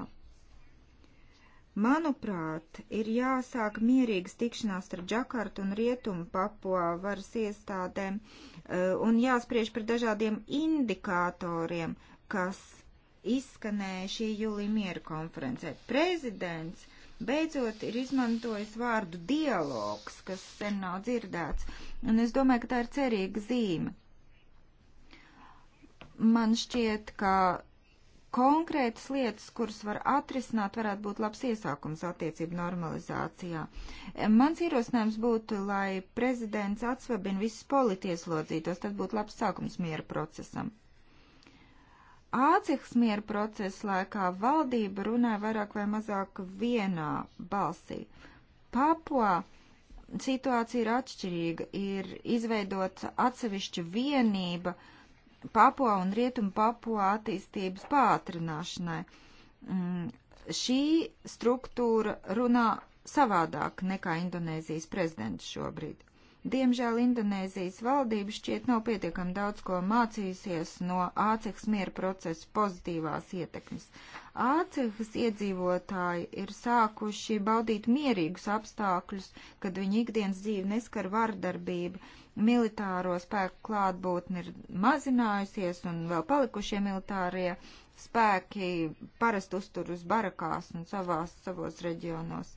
Manuprāt, ir jāsāk mierīgas tikšanās starp Džakartu un Rietumu papuā varas iestādēm eh, un jāspriež par dažādiem indikatoriem, kas izskanēja šī jūlija miera konferencē. Prezidents beidzot ir izmantojis vārdu dialogs, kas sen nav dzirdēts, un es domāju, ka tā ir cerīga zīme. Man šķiet, ka konkrētas lietas, kuras var atrisināt, varētu būt labs iesākums attiecību normalizācijā. Mans ierosinājums būtu, lai prezidents atsvabina visus politieslodzītos, tad būtu labs sākums miera procesam. Ācihas miera procesa laikā valdība runāja vairāk vai mazāk vienā balsī. Papua situācija ir atšķirīga, ir izveidota atsevišķa vienība Papua un Rietumu Papua attīstības pātrināšanai. Mm, šī struktūra runā savādāk nekā Indonēzijas prezidents šobrīd. Diemžēl Indonēzijas valdība šķiet nav pietiekami daudz ko mācījusies no Ācehas miera procesa pozitīvās ietekmes. Ācehas iedzīvotāji ir sākuši baudīt mierīgus apstākļus, kad viņu ikdienas dzīve neskar vardarbību, militāro spēku klātbūtne ir mazinājusies un vēl palikušie militārie spēki parasti uztur uz barakās un savās, savos reģionos.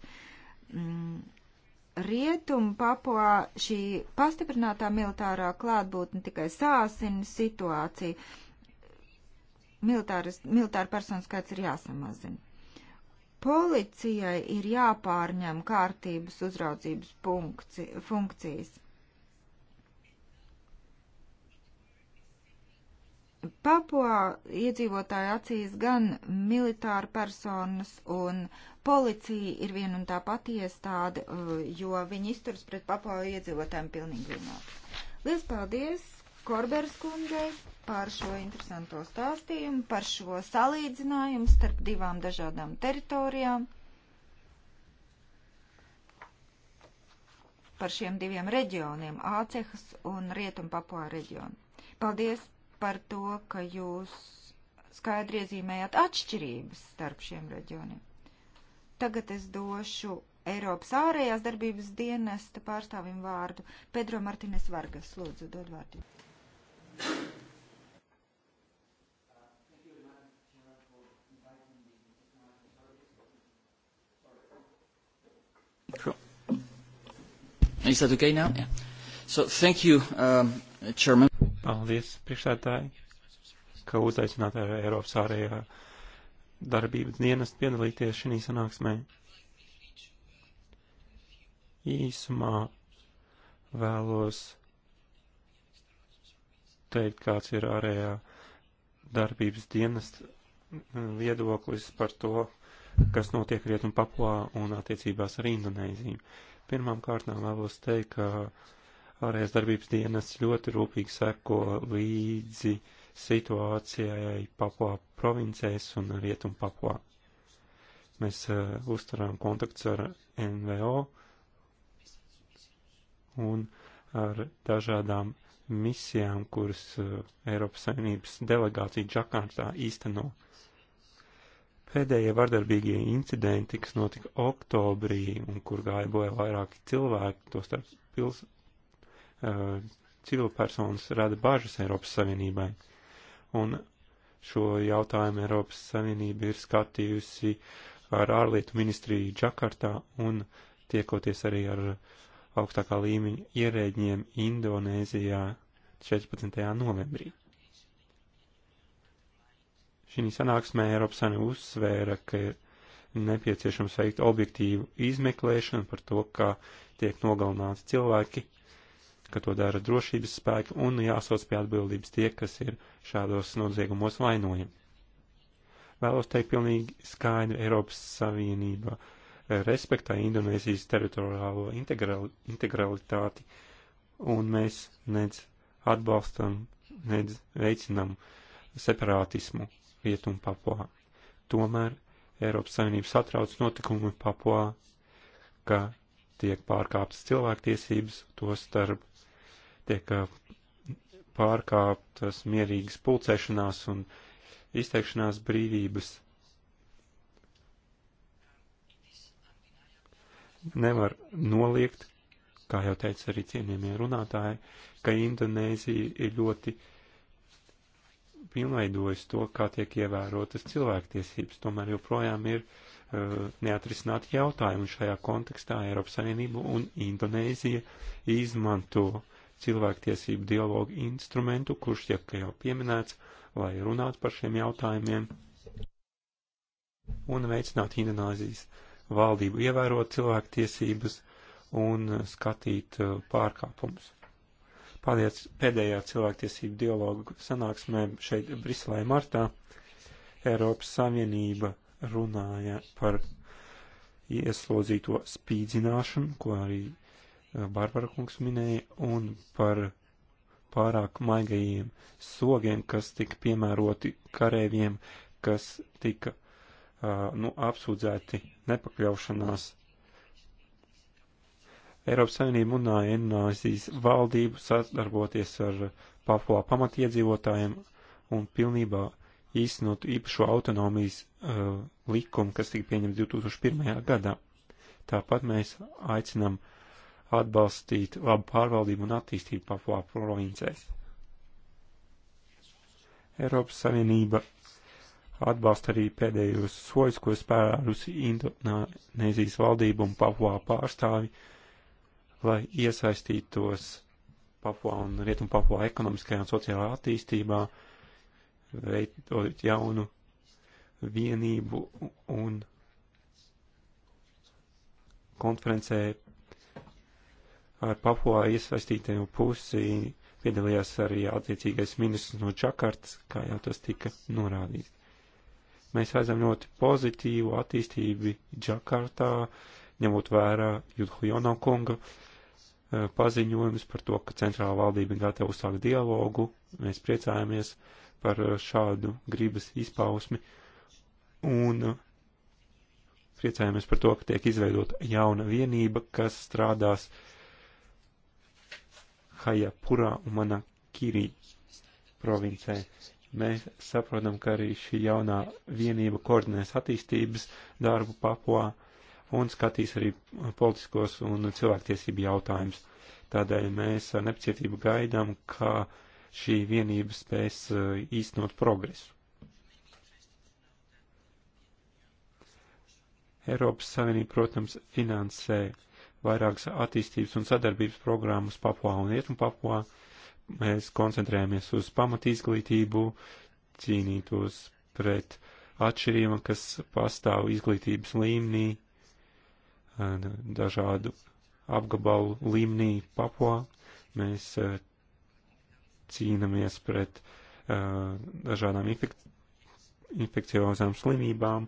Mm Rietumu papuā šī pastiprinātā militārā klātbūtne tikai sāsina situāciju. Militāras, militāra personu skaits ir jāsamazina. Policijai ir jāpārņem kārtības uzraudzības punkci, funkcijas. Papuā iedzīvotāji acīs gan militāra personas un uh, policija ir viena un tā pati iestāde, uh, jo viņi izturas pret papāju iedzīvotājiem pilnīgi vienādi. Lielas paldies Korbers kundzei par šo interesanto stāstījumu, par šo salīdzinājumu starp divām dažādām teritorijām, par šiem diviem reģioniem, Ācehas un Rietumpapuā reģionu. Paldies par to, ka jūs skaidri iezīmējāt atšķirības starp šiem reģioniem. Tagad es došu Eiropas ārējās darbības dienesta pārstāvim vārdu. Pedro Martines Vargas, lūdzu, dod vārdu. Is that okay now? Yeah. So thank you, um, Chairman. Paldies, priekšsētāji, ka uzaicināt Eiropas ārējā darbības dienas piedalīties šī sanāksmē. Īsumā vēlos teikt, kāds ir ārējā darbības dienas mm, viedoklis par to, kas notiek Rietumu Papuā un attiecībās ar Indonēziju. Pirmām kārtām vēlos teikt, ka ārējās darbības dienas ļoti rūpīgi seko līdzi uh, situācijai Papua provincēs un Rietum Papua. Mēs uh, eh, uzturām kontakts ar NVO un ar dažādām misijām, kuras uh, Eiropas Savienības delegācija Džakartā īsteno. Pēdējie vardarbīgie incidenti, kas notika oktobrī un kur gāja bojā vairāki cilvēki, to starp pils, uh, eh, civilpersonas, rada bažas Eiropas Savienībai. Uh, un šo jautājumu Eiropas Savienība ir skatījusi ar ārlietu ministriju Džakartā un tiekoties arī ar augstākā līmeņa ierēģiem Indonēzijā 14. novembrī. Šī sanāksmē Eiropas Savienība uzsvēra, ka ir nepieciešams veikt objektīvu izmeklēšanu par to, kā tiek nogalināti cilvēki ka to dara drošības spēki un jāsots pie atbildības tie, kas ir šādos noziegumos vainojami. Vēlos teikt pilnīgi skaidri, Eiropas Savienība eh, respektē Indonēzijas teritoriālo integrali, integralitāti, un mēs nedz atbalstam, nedz veicinam separātismu rietumu papuā. Tomēr Eiropas Savienības satrauc notikumi papuā, ka tiek pārkāptas cilvēktiesības, to starp tiek pārkāptas mierīgas pulcēšanās un izteikšanās brīvības. Nevar noliegt, kā jau teica arī cienījamie runātāji, ka Indonēzija ir ļoti pilnveidojusi to, kā tiek ievērotas cilvēktiesības. Tomēr joprojām ir uh, neatrisināti jautājumi šajā kontekstā Eiropas Savienību un Indonēzija izmanto cilvēktiesību dialogu instrumentu, kurš tiek jau pieminēts, lai runātu par šiem jautājumiem un veicinātu Indonēzijas valdību ievērot cilvēktiesības un skatīt uh, pārkāpumus. Paldies pēdējā cilvēktiesību dialogu sanāksmē šeit Briselē martā. Eiropas Savienība runāja par ieslodzīto spīdzināšanu, ko arī Barbara kungs minēja, un par pārāk maigajiem sogiem, kas tika piemēroti karēviem, kas tika nu, apsūdzēti nepakļaušanās. Eiropas Savienība un Indonēzijas valdību sadarboties ar Papua pamatiedzīvotājiem un pilnībā īstenot īpašo autonomijas uh, likumu, kas tika pieņemts 2001. gadā. Tāpat mēs aicinām uh, atbalstīt labu pārvaldību un attīstību Papua provincēs. Eiropas Savienība atbalsta arī pēdējos soļus, ko spērusi Indonēzijas valdība un Papua pārstāvi, lai iesaistītos Papua un Rietum Papua ekonomiskajā un sociālā attīstībā, veidot jaunu vienību un konferencē Ar Papua iesaistītajiem pusi piedalījās arī attiecīgais ministrs no Čakartas, kā jau tas tika norādīts. Mēs redzam ļoti pozitīvu attīstību Čakartā, ņemot vērā Judhujono kunga e, paziņojums par to, ka centrāla valdība ir gatava uzsākt dialogu. Mēs priecājamies par šādu gribas izpausmi un priecājamies par to, ka tiek izveidota jauna vienība, kas strādās uh, Hajapurā un Manakirī provincē. Mēs saprotam, ka arī šī jaunā vienība koordinēs attīstības darbu Papuā un skatīs arī politiskos un cilvēktiesību jautājumus. Tādēļ mēs ar nepacietību gaidām, ka šī vienība spēs uh, īstenot progresu. Eiropas Savienība, protams, finansē vairākas attīstības un sadarbības programmas Papua un Rietum Papua. Mēs koncentrējamies uz pamat izglītību, cīnītos pret atšķirībām, kas pastāv izglītības līmenī, dažādu apgabalu līmenī Papua. Mēs eh, cīnāmies pret eh, dažādām infek infekciozām slimībām,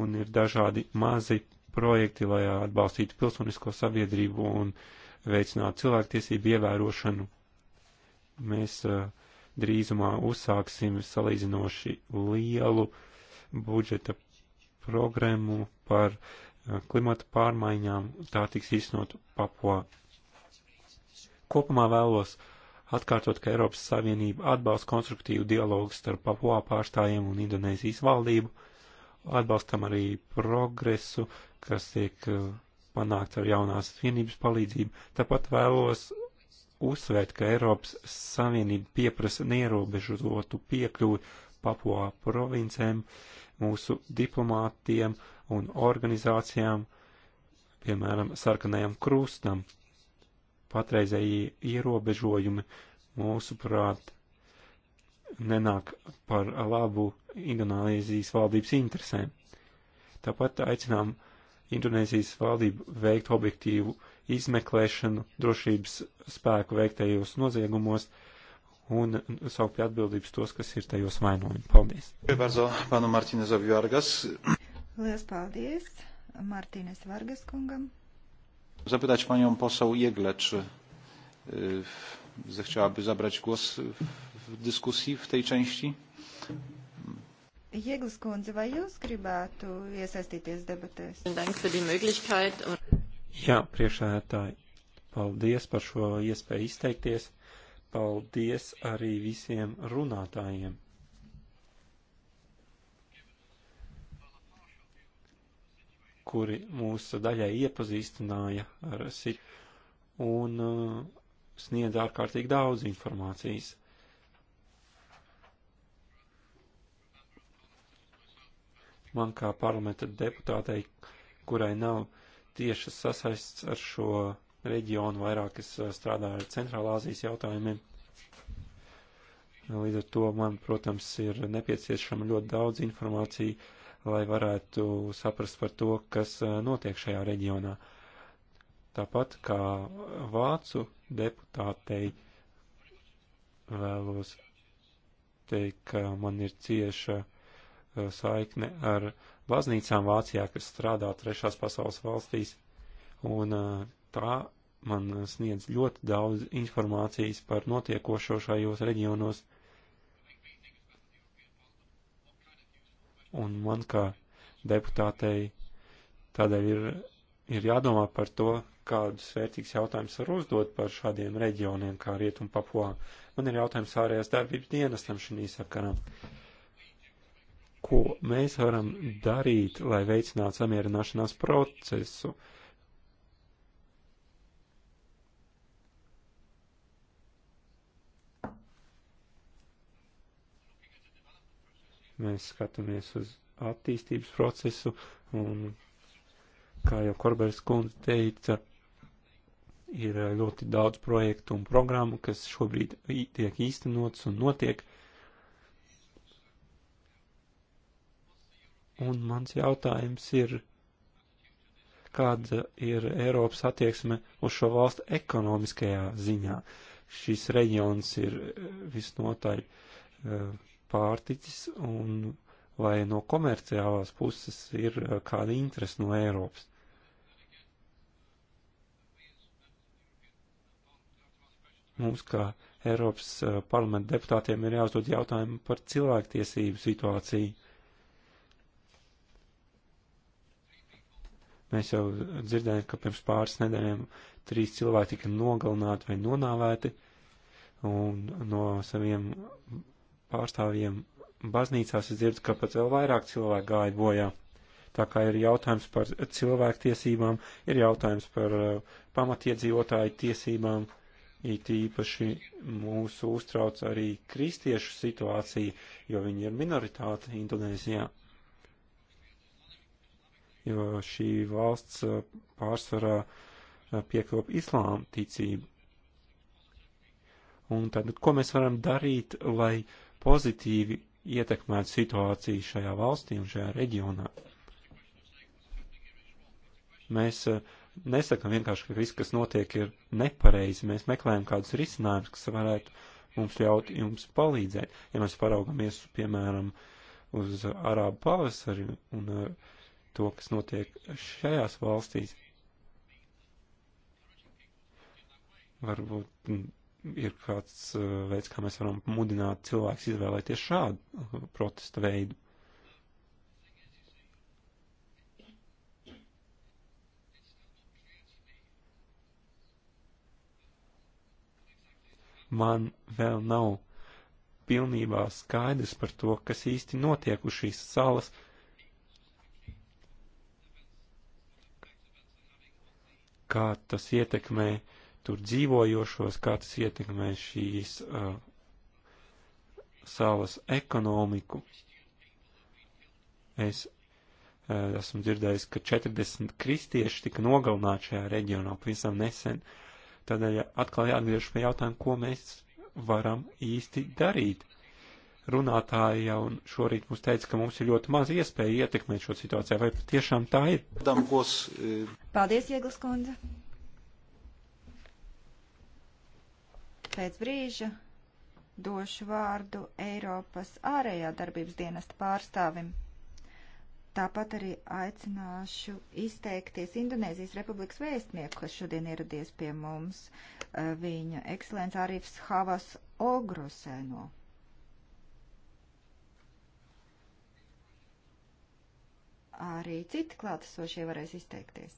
un ir dažādi mazi projekti, lai atbalstītu pilsonisko sabiedrību un veicinātu cilvēktiesību ievērošanu. Mēs drīzumā uzsāksim salīdzinoši lielu budžeta programmu par klimata pārmaiņām, tā tiks īstenot Papua. Kopumā vēlos atkārtot, ka Eiropas Savienība atbalsta konstruktīvu dialogu starp Papua pārstājiem un Indonēzijas valdību, atbalstam arī progresu kas tiek eh, panākts ar jaunās vienības palīdzību. Tāpat vēlos uzsvērt, ka Eiropas Savienība pieprasa neierobežotu piekļuvi Papua provincēm, mūsu diplomātiem un organizācijām, piemēram, sarkanajam krustam. Patreizēji ierobežojumi, mūsuprāt, nenāk par labu Indonēzijas valdības interesēm. Tāpat aicinām uh, Indonēzijas valdību veikt objektīvu izmeklēšanu drošības spēku veiktajos noziegumos un saukt pie atbildības tos, kas ir tajos vainojumi. Paldies! Lielas paldies Martīnes Vargas kungam. Zapytać panią poseł Jegle, czy zechciałaby zabrać głos w dyskusji w tej części? Jēglas kundze, vai jūs gribētu iesaistīties debatēs? Jā, priekšsēdētāji, paldies par šo iespēju izteikties. Paldies arī visiem runātājiem. kuri mūs daļai iepazīstināja ar sit un uh, sniedz ārkārtīgi daudz informācijas. man kā parlamenta deputātei, kurai nav tieši sasaists ar šo reģionu, vairāk es eh, strādāju ar Centrālāzijas jautājumiem. Līdz ar to man, protams, ir nepieciešama ļoti daudz informācija, lai varētu saprast par to, kas eh, notiek šajā reģionā. Tāpat kā vācu deputātei vēlos teikt, ka man ir cieša uh, Eh, saikne ar baznīcām Vācijā, kas strādā trešās pasaules valstīs, un eh, tā man sniedz ļoti daudz informācijas par notiekošo šajos reģionos. Un man kā deputātei tādēļ ir, ir jādomā par to, kādus vērtīgus jautājumus var uzdot par šādiem reģioniem kā Rietumpapuā. Man ir jautājums ārējās darbības dienestam šī sakarā. Uh, ko mēs varam darīt, lai veicinātu samierināšanās procesu. Mēs skatāmies uz attīstības procesu un, kā jau Korbers kundze teica, ir ļoti daudz projektu un programmu, kas šobrīd tiek īstenots un notiek. Uh, Un mans jautājums ir, kāda ir Eiropas attieksme uz šo valstu ekonomiskajā ziņā? Šis reģions ir eh, visnotaļ eh, pārticis un vai no komerciālās puses ir eh, kāda interese no Eiropas? Mums kā Eiropas parlamenta deputātiem ir jāuzdod jautājumu par cilvēktiesību situāciju Mēs jau dzirdējām, ka pirms pāris nedēļām trīs cilvēki tika nogalināti vai nonāvēti, un no saviem pārstāvjiem baznīcās es dzirdu, ka pat vēl vairāk cilvēku gāja bojā. Tā kā ir jautājums par cilvēktiesībām, ir jautājums par uh, pamatiedzīvotāju tiesībām, it īpaši mūsu uztrauc arī kristiešu situācija, jo viņi ir minoritāte Indonēzijā jo šī valsts uh, pārsvarā uh, piekop islāma ticību. Un tad, ko mēs varam darīt, lai pozitīvi ietekmētu situāciju šajā valstī un šajā reģionā? Mēs uh, nesakam vienkārši, ka viss, kas notiek, ir nepareizi. Mēs meklējam kādus risinājumus, kas varētu mums ļaut jums palīdzēt. Ja mēs paraugamies, piemēram, uz Arābu pavasari un uh, to, kas notiek šajās valstīs. Varbūt ir kāds uh, veids, kā mēs varam mudināt cilvēks izvēlēties šādu uh, protesta veidu. Man vēl nav pilnībā skaidrs par to, kas īsti notiek uz šīs salas, uh, kā tas ietekmē tur dzīvojošos, kā tas ietekmē šīs uh, salas ekonomiku. Es uh, esmu dzirdējis, ka 40 kristieši tika nogalināti šajā reģionā pavisam nesen. Tādēļ atkal jāatgriežas pie jautājuma, ko mēs varam īsti darīt. Uh, runātāji jau šorīt mums teica, ka mums ir ļoti maz iespēja ietekmēt šo situāciju. Vai tiešām tā ir? Paldies, Ieglas kundze. Pēc brīža došu vārdu Eiropas ārējā darbības dienesta pārstāvim. Tāpat arī aicināšu izteikties Indonēzijas Republikas vēstnieku, kas šodien ieradies pie mums, eh, viņa ekscelence Arifs Havas Ogroseno. arī citi klātesošie varēs izteikties.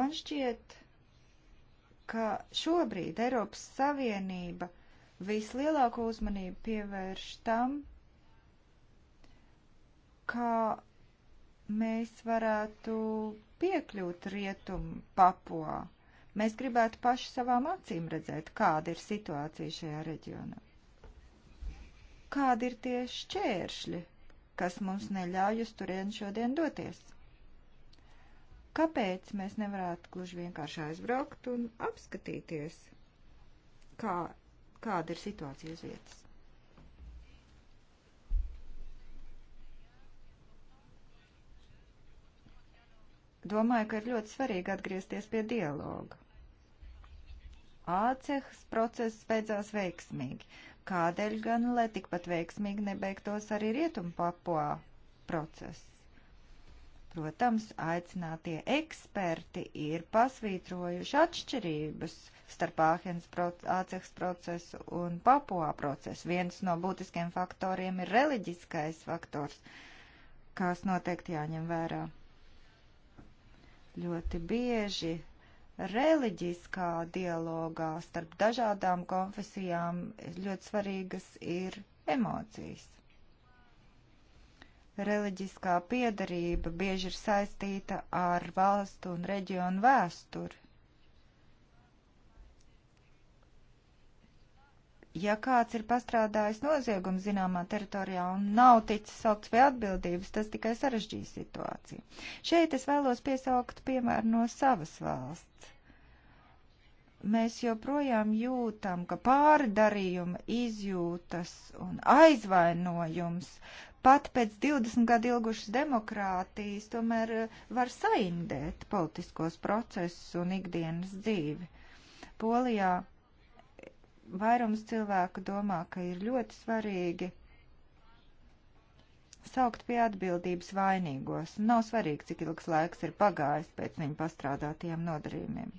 Man šķiet, ka šobrīd Eiropas Savienība vislielāko uzmanību pievērš tam, kā mēs varētu piekļūt rietumu papuā. Mēs gribētu paši savām acīm redzēt, kāda ir situācija šajā reģionā kādi ir tie šķēršļi, kas mums neļauj uz turieni šodien doties. Kāpēc mēs nevarētu gluži vienkārši aizbraukt un apskatīties, kā, kāda ir situācija uz vietas? Domāju, ka ir ļoti svarīgi atgriezties pie dialoga. Ācehas process beidzās veiksmīgi. Kādēļ gan, lai tikpat veiksmīgi nebeigtos arī rietumu papuā process? Protams, aicinātie eksperti ir pasvītrojuši atšķirības starp Āhenas proc Ācehs procesu un Papuā procesu. Viens no būtiskiem faktoriem ir reliģiskais faktors, kas noteikti jāņem vērā. Ļoti bieži reliģiskā dialogā starp dažādām konfesijām ļoti svarīgas ir emocijas. Reliģiskā piedarība bieži ir saistīta ar valstu un reģionu vēsturi. ja kāds ir pastrādājis noziegumu zināmā teritorijā un nav ticis saukts pie atbildības, tas tikai sarežģīs situāciju. Šeit es vēlos piesaukt piemēru no savas valsts mēs joprojām jūtam, ka pārdarījuma izjūtas un aizvainojums pat pēc 20 gadu ilgušas demokrātijas tomēr eh, var saindēt politiskos procesus un ikdienas dzīvi. Polijā vairums cilvēku domā, ka ir ļoti svarīgi saukt pie atbildības vainīgos. Nav svarīgi, cik ilgs laiks ir pagājis pēc viņu pastrādātajiem nodarījumiem.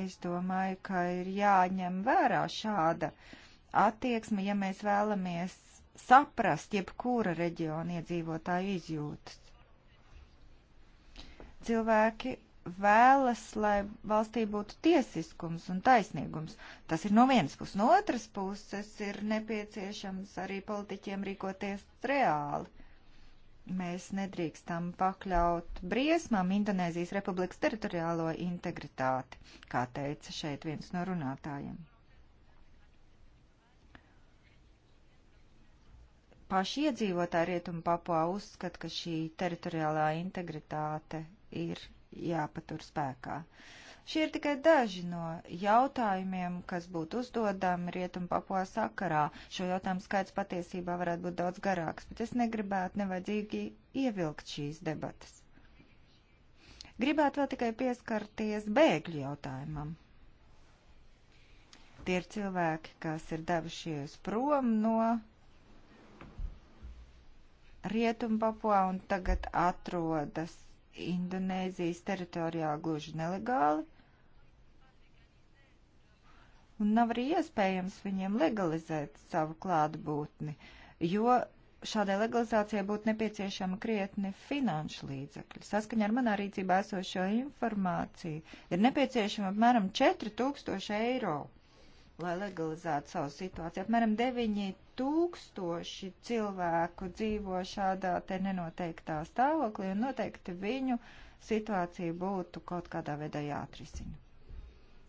Es domāju, ka ir jāņem vērā šāda attieksme, ja mēs vēlamies saprast jebkura reģiona iedzīvotāju izjūtas. Cilvēki vēlas, lai valstī būtu tiesiskums un taisnīgums. Tas ir no vienas puses. No otras puses ir nepieciešams arī politiķiem rīkoties reāli. Mēs nedrīkstam pakļaut briesmām Indonēzijas republikas teritoriālo integritāti, kā teica šeit viens no runātājiem. Paši iedzīvotāji Rietumu Papua uzskata, ka šī teritoriālā integritāte ir jāpatur spēkā. Uh, Šie ir tikai daži no jautājumiem, kas būtu uzdodami Rietumpapuā sakarā. Šo jautājumu skaits patiesībā varētu būt daudz garāks, bet es negribētu nevajadzīgi ievilkt šīs debatas. Gribētu vēl tikai pieskarties bēgļu jautājumam. Tie ir cilvēki, kas ir devušies prom no Rietumpapuā un tagad atrodas Indonēzijas teritorijā gluži nelegāli, un nav arī iespējams viņiem legalizēt savu klātbūtni, jo šādai legalizācijai būtu nepieciešama krietni finanšu līdzekļi. Saskaņā ar manā rīcībā esošo informāciju ir nepieciešama apmēram 4000 eiro, lai legalizētu savu situāciju. Apmēram 9 tūkstoši cilvēku dzīvo šādā te nenoteiktā stāvoklī, un noteikti viņu situācija būtu kaut kādā veidā jāatrisina.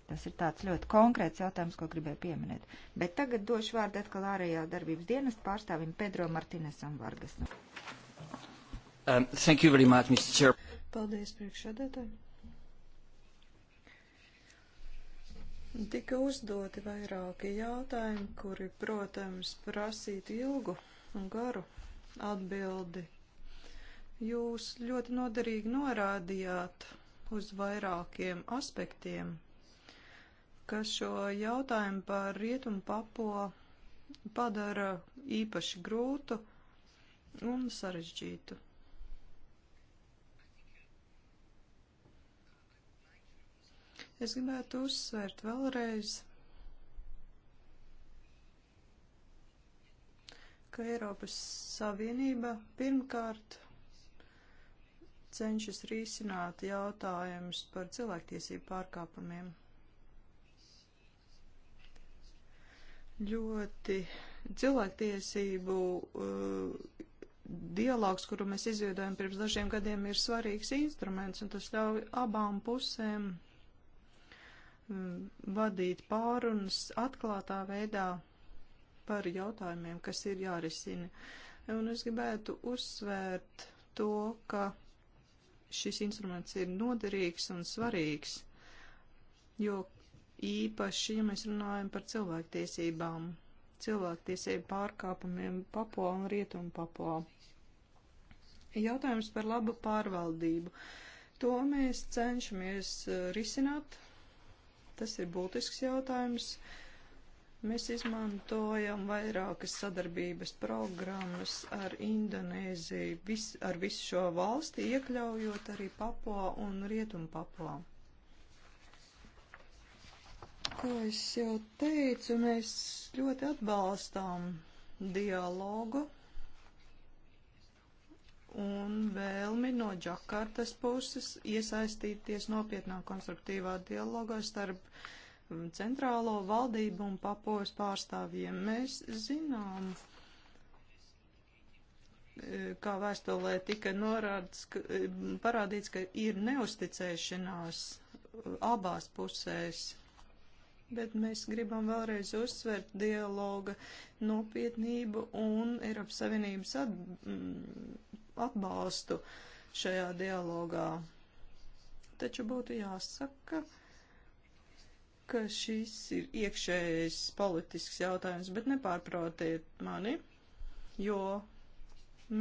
Tas ir tāds ļoti konkrēts jautājums, ko gribēju pieminēt. Bet tagad došu vārdu atkal ārējā darbības dienas pārstāvim Pedro Martinesam Vargasam. Um, thank you very much, Mr. Chair. Paldies, priekšsēdētāji. Tika uzdoti vairāki jautājumi, kuri, protams, prasītu ilgu un garu atbildi. Jūs ļoti noderīgi norādījāt uz vairākiem aspektiem, kas šo jautājumu par rietumu papo padara īpaši grūtu un sarežģītu. Es gribētu uzsvērt vēlreiz, ka Eiropas Savienība pirmkārt cenšas risināt jautājumus par cilvēktiesību pārkāpumiem. Ļoti cilvēktiesību uh, dialogs, kuru mēs izveidojam pirms dažiem gadiem, ir svarīgs instruments, un tas ļauj abām pusēm vadīt pārunas atklātā veidā par jautājumiem, kas ir jārisina. Un es gribētu uzsvērt to, ka šis instruments ir noderīgs un svarīgs, jo īpaši, ja mēs runājam par cilvēktiesībām, cilvēktiesību pārkāpumiem papo un rietumu papo. Jautājums par labu pārvaldību. To mēs cenšamies eh, risināt Tas ir būtisks jautājums. Mēs izmantojam vairākas sadarbības programmas ar Indonēziju, vis, ar visu šo valsti, iekļaujot arī Papua un Rietumu Papua. Kā es jau teicu, mēs ļoti atbalstām dialogu un vēlmi no Džakartas puses iesaistīties nopietnā konstruktīvā dialogā starp um, centrālo valdību un papojas pārstāvjiem. Mēs zinām, e, kā vēstulē tika norāds, ka, e, parādīts, ka ir neusticēšanās e, abās pusēs bet mēs gribam vēlreiz uzsvērt dialoga nopietnību un Eiropas Savienības at, mm, atbalstu šajā dialogā. Taču būtu jāsaka, ka šis ir iekšējais politisks jautājums, bet nepārprotiet mani, jo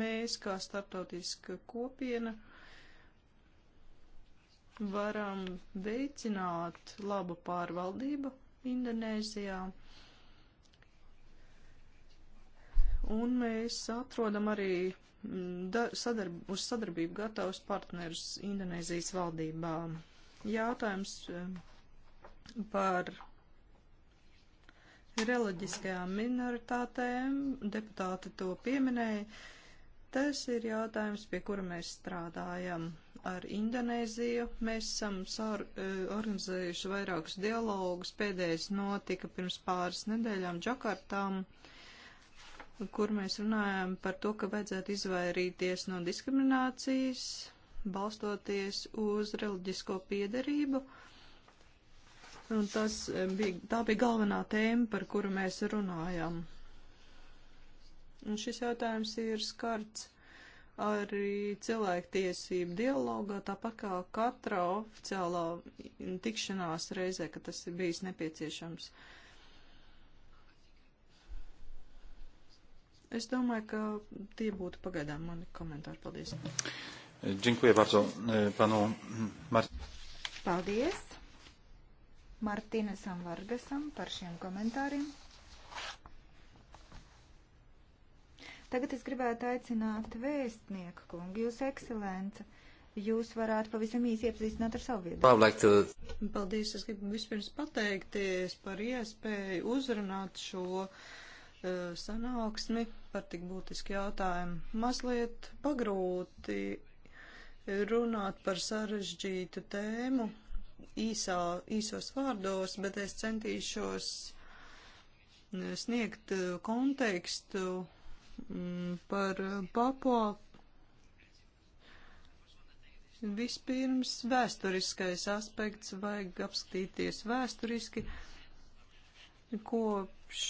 mēs kā starptautiska kopiena varam veicināt labu pārvaldību Indonēzijā. Un mēs atrodam arī da, sadarb, uz sadarbību gatavus partnerus Indonēzijas valdībā. Jautājums eh, par reliģiskajām minoritātēm, deputāti to pieminēja. Tas ir jautājums, pie kura mēs strādājam ar Indonēziju. Mēs esam sar, eh, organizējuši vairākus dialogus. Pēdējais notika pirms pāris nedēļām Džakartām kur mēs runājam par to, ka vajadzētu izvairīties no diskriminācijas, balstoties uz reliģisko piedarību. Un tas eh, bija, tā bija galvenā tēma, par kuru mēs runājam. Un šis jautājums ir skarts arī cilvēktiesību dialogā, tāpat kā katrā oficiālā tikšanās reizē, kad tas ir bijis nepieciešams. Uh, Es domāju, ka tie būtu pagaidām mani komentāri. Paldies. Dziękuję bardzo e, panu Martinu. Paldies Martīnesam Vargasam par šiem komentāriem. Tagad es gribētu aicināt vēstnieku kungu, jūs ekscelence. Jūs varētu pavisam īsi iepazīstināt ar savu viedokli. Paldies, es gribu vispirms pateikties par iespēju uzrunāt šo uh, E, sanāksmi par tik būtisku jautājumu. Mazliet pagrūti runāt par sarežģītu tēmu īsā, īsos vārdos, bet es centīšos e, sniegt e, kontekstu mm, par papo. Vispirms vēsturiskais aspekts vajag apskatīties vēsturiski, kopš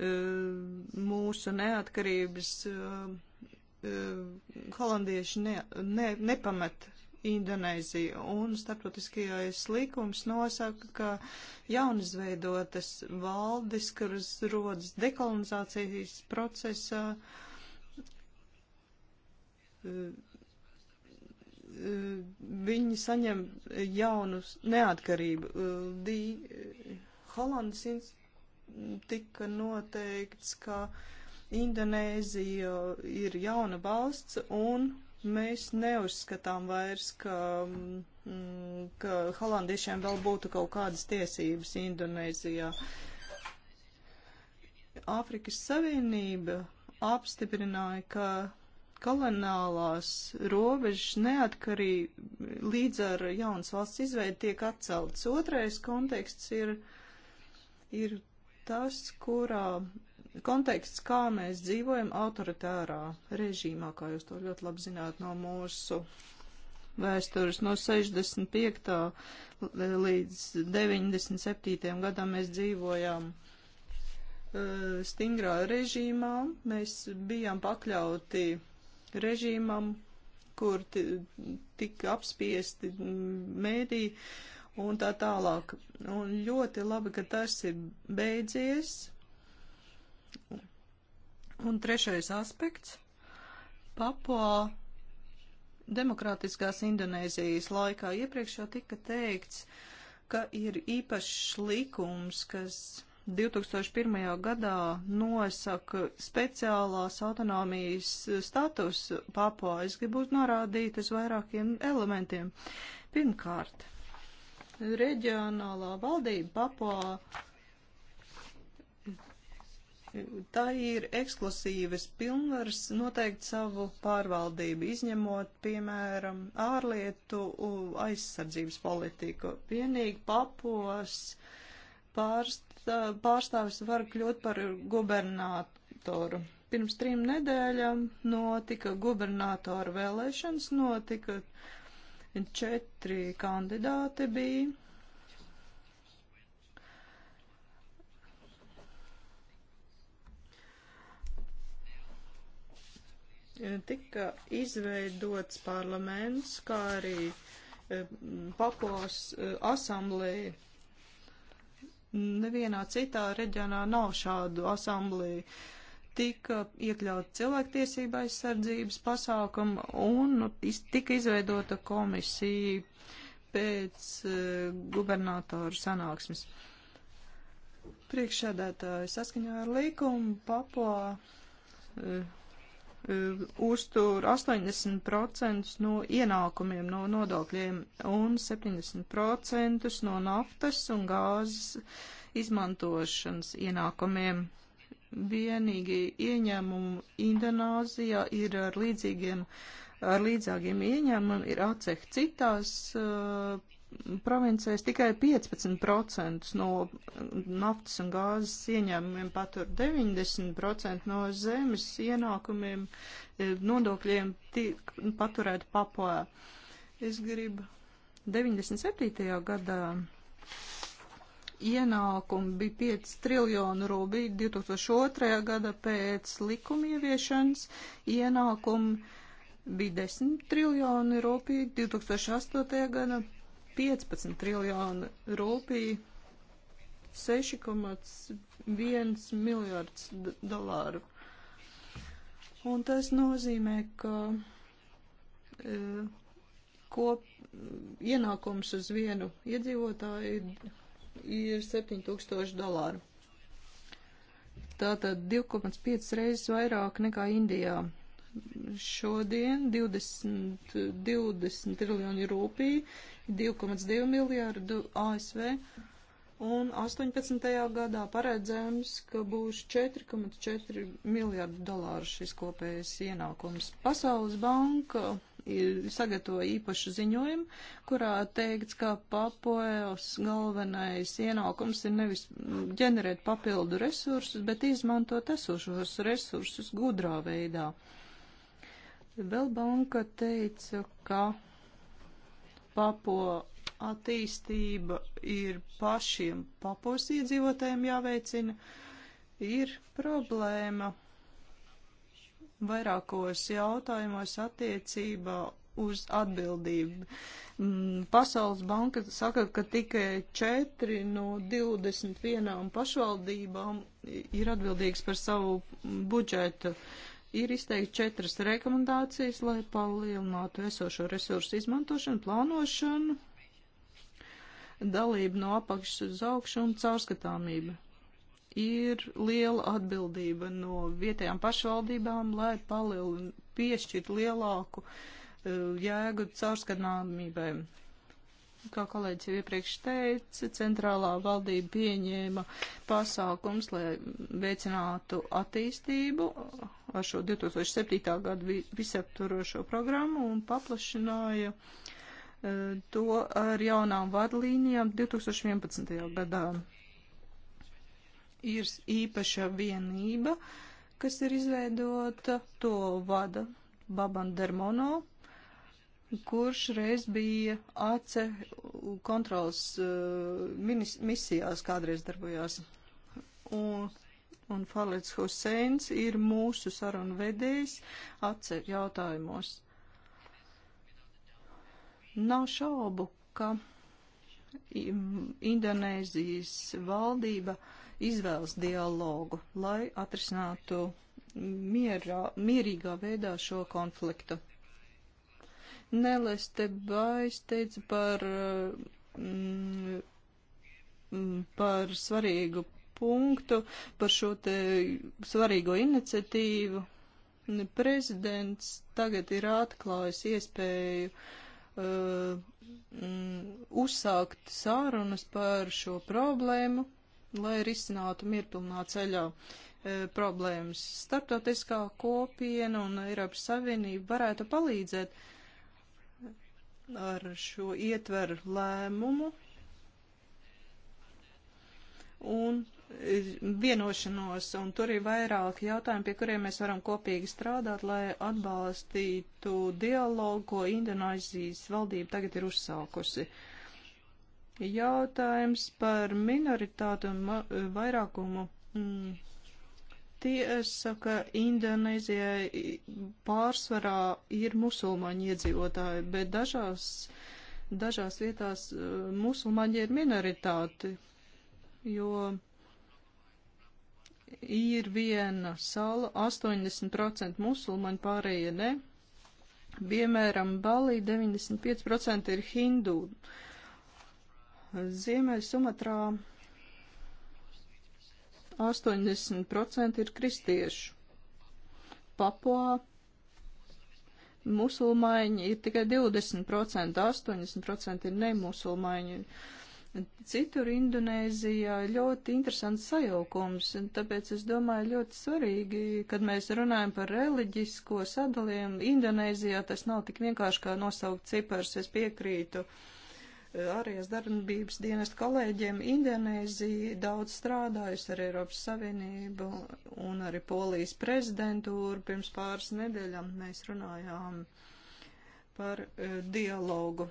Eh, mūsu neatkarības eh, eh, holandieši ne, ne, nepamet Indonēziju, un starptautiskajais likums nosaka, ka jaunizveidotas valdes, kuras rodas dekolonizācijas procesā, viņi saņem jaunus neatkarību. Di, Holandas institūts tika noteikts, ka Indonēzija ir jauna valsts un mēs neuzskatām vairs, ka, mm, ka holandiešiem vēl būtu kaut kādas tiesības Indonēzijā. Āfrikas Savienība apstiprināja, ka kolonālās robežas neatkarīgi līdz ar jaunas valsts izveidu tiek atceltas. Otrais konteksts ir, ir tas, kurā konteksts, kā mēs dzīvojam autoritārā režīmā, kā jūs to ļoti labi zināt no mūsu vēstures. No 65. līdz 97. gadam mēs dzīvojām uh, stingrā režīmā, mēs bijām pakļauti režīmam, kur tika apspiesti mēdī, un tā tālāk. Un ļoti labi, ka tas ir beidzies. Un trešais aspekts - Papua demokrātiskās Indonēzijas laikā. Iepriekš jau tika teikts, ka ir īpašs likums, kas 2001. gadā nosaka speciālās autonomijas status Papua. Es gribu norādīt uz vairākiem elementiem. Pirmkārt, Reģionālā valdība Papua tā ir ekskluzīvas pilnvaras noteikt savu pārvaldību, izņemot, piemēram, ārlietu aizsardzības politiku. Vienīgi papos pārstā, pārstāvis var kļūt par gubernatoru. Pirms trim nedēļām notika gubernatora vēlēšanas, notika Četri kandidāti bija. Tika izveidots parlaments, kā arī eh, Papuās eh, asamblēja. Nevienā citā reģionā nav šādu asamblēju tika iekļauta cilvēktiesība aizsardzības pasākuma un nu, tika izveidota komisija pēc uh, e, gubernatoru sanāksmes. Priekšsēdētāji saskaņā ar likumu papā uh, e, e, uztur 80% no ienākumiem no nodokļiem un 70% no naftas un gāzes izmantošanas ienākumiem vienīgi ieņēmumi Indonēzijā ir ar līdzīgiem, ar līdzīgiem ieņēmumiem, ir atceh citās uh, provincēs tikai 15% no naftas un gāzes ieņēmumiem patur 90% no zemes ienākumiem eh, nodokļiem tiek paturēt papuē. Es gribu 97. gadā ienākumi bija 5 triljonu rubī 2002. gada pēc likuma ieviešanas, ienākumi bija 10 triljoni rubī 2008. gada 15 triljonu rubī 6,1 miljards dolāru. Un tas nozīmē, ka e, kop ienākums uz vienu iedzīvotāju ir ir 7000 dolāru. Tātad 2,5 reizes vairāk nekā Indijā. Šodien 20, 20 triljoni rūpī, 2,2 miljārdu ASV un 18. gadā paredzējums, ka būs 4,4 miljārdu dolāru šis kopējais ienākums. Pasaules banka sagatavoja īpašu ziņojumu, kurā teikts, ka papojas galvenais ienākums ir nevis ģenerēt papildu resursus, bet izmantot esošos resursus gudrā veidā. Vēl banka teica, ka papo attīstība ir pašiem papos iedzīvotājiem jāveicina, ir problēma vairākos jautājumos attiecībā uz atbildību. Mm, Pasaules banka saka, ka tikai 4 no 21 pašvaldībām ir atbildīgas par savu budžetu. Ir izteikti četras rekomendācijas, lai palielinātu esošo resursu izmantošanu, plānošanu, dalību no apakšas uz augšu un caurskatāmību ir liela atbildība no vietējām pašvaldībām, lai palielin, piešķirt lielāku eh, jēgu caurskatāmībai. Kā kolēģis jau iepriekš teica, centrālā valdība pieņēma pasākums, lai veicinātu attīstību ar šo 2007. gadu visapturošo programmu un paplašināja eh, to ar jaunām vadlīnijām 2011. gadā ir īpaša vienība, kas ir izveidota, to vada Baban Dermono, kurš reiz bija ACE kontrols uh, minis, misijās kādreiz darbojās. Un, un Falets Huseins ir mūsu sarunu vedējs ACE jautājumos. Nav šaubu, ka Indonēzijas valdība uh, izvēlas dialogu, lai atrisinātu mierā, mierīgā veidā šo konfliktu. Nelēs te bais teica par, mm, mm, par svarīgu punktu, par šo te svarīgo iniciatīvu. Prezidents tagad ir atklājis iespēju uh, mm, uzsākt sārunas par šo problēmu, lai risinātu mirtulnā ceļā e, problēmas. Startautiskā kopiena un Eiropas Savienība varētu palīdzēt ar šo ietveru lēmumu un e, vienošanos, un tur ir vairāki jautājumi, pie kuriem mēs varam kopīgi strādāt, lai atbalstītu dialogu, ko Indonēzijas valdība tagad ir uzsākusi. Uh, Jautājums par minoritātu un vairākumu. Mm. Tiesa, ka Indonēzijai pārsvarā ir musulmaņu iedzīvotāji, bet dažās, dažās vietās uh, musulmaņi ir minoritāti, jo ir viena sala, 80% musulmaņi, pārējie ne. Piemēram, Balī 95% ir hindū. Uh, Ziemeļ Sumatrā 80% ir kristiešu. Papua musulmaņi ir tikai 20%, 80% ir nemusulmaņi. Citur Indonēzijā ļoti interesants sajaukums, un tāpēc es domāju ļoti svarīgi, kad mēs runājam par reliģisko sadalījumu. Indonēzijā tas nav tik vienkārši kā nosaukt cipars, es piekrītu. Uh, ārējās darbības dienas kolēģiem. Indonēzija daudz strādājusi ar Eiropas Savienību un arī Polijas prezidentūru. Pirms pāris nedēļām mēs runājām par e, dialogu.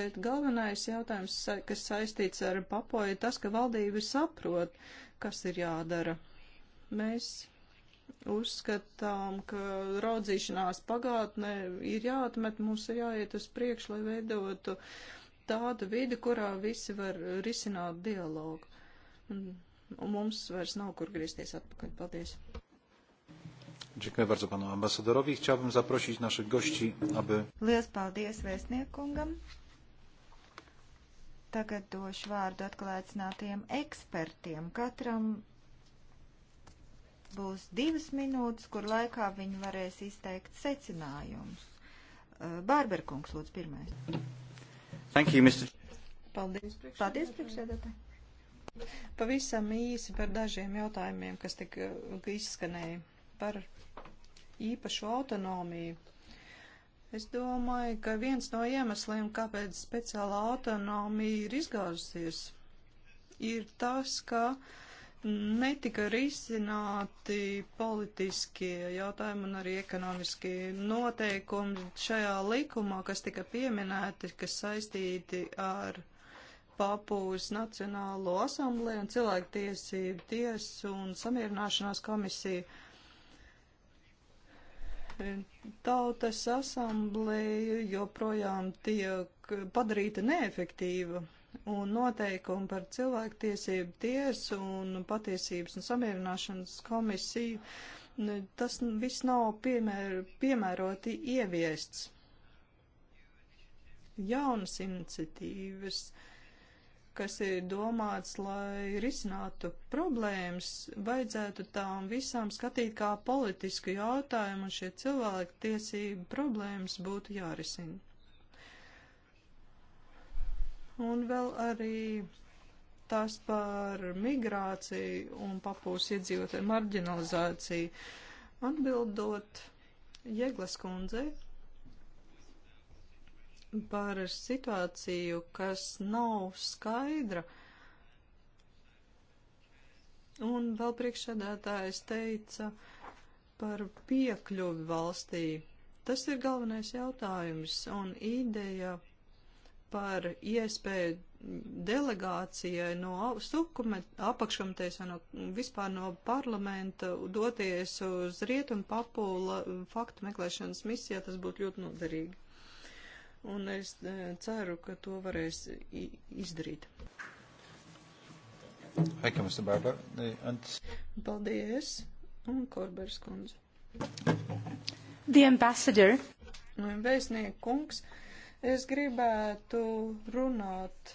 Bet galvenais jautājums, kas saistīts ar papoju, ir tas, ka valdība saprot, kas ir jādara. Mēs uzskatām, ka raudzīšanās pagātnē ir jāatmet, mums ir jāiet uz priekšu, lai veidotu tādu vidi, kurā visi var risināt dialogu. Un, un mums vairs nav kur griezties atpakaļ. Paldies! Dziękuję bardzo panu ambasadorowi. Chciałbym zaprosić naszych gości, aby... Lielas paldies vēstniekungam. Tagad došu vārdu atklātinātiem ekspertiem. Katram būs divas minūtes, kur laikā viņi varēs izteikt secinājumus. Bārberkungs, lūdzu, pirmais. Thank you, Mr. Paldies, Paldies priekšsēdētāji. Pavisam īsi par dažiem jautājumiem, kas tik uh, izskanēja par īpašu autonomiju. Es domāju, ka viens no iemesliem, kāpēc speciāla autonomija ir izgāzusies, ir tas, ka uh, netika risināti politiskie jautājumi un arī ekonomiskie noteikumi šajā likumā, kas tika pieminēti, kas saistīti ar Papūs Nacionālo asamblēju un cilvēktiesību tiesu un samierināšanās komisiju. Tautas asamblēja joprojām tiek padarīta neefektīva un noteikumi par cilvēktiesību tiesu un patiesības un samierināšanas komisiju, tas viss nav piemēr, piemēroti ieviests. Jaunas iniciatīvas, kas ir domāts, lai risinātu problēmas, vajadzētu tām visām skatīt kā politisku jautājumu, un šie cilvēku tiesību problēmas būtu jārisina. Un vēl arī tas par migrāciju un papūs iedzīvotāju marginalizāciju. Atbildot Jēglas kundzei par situāciju, kas nav skaidra, un vēl priekšsēdētājs teica par piekļuvi valstī. Tas ir galvenais jautājums, un ideja par iespēju delegācijai no apakškomitejas vai no, vispār no parlamenta doties uz rietumu papula faktu meklēšanas misijā, tas būtu ļoti noderīgi. Un es e, ceru, ka to varēs izdarīt. Aika, Mr. Barber. And... Paldies. Un Korbers kundze. The ambassador. Vēstnieku kungs. Uh, Es gribētu runāt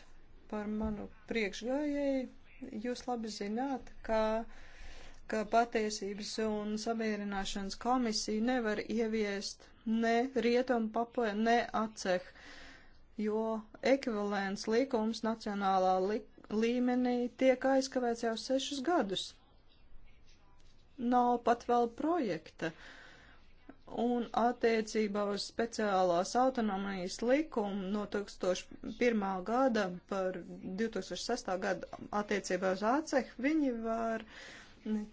par manu priekšgājēju. Jūs labi zināt, ka, ka patiesības un samierināšanas komisija nevar ieviest ne rietumu papoja, ne aceh, jo ekvivalents likums nacionālā li līmenī tiek aizkavēts jau sešus gadus. Nav pat vēl projekta. Uh, un attiecībā uz speciālās autonomijas likumu no 2001. gada par 2006. gadu attiecībā uz ACEH viņi var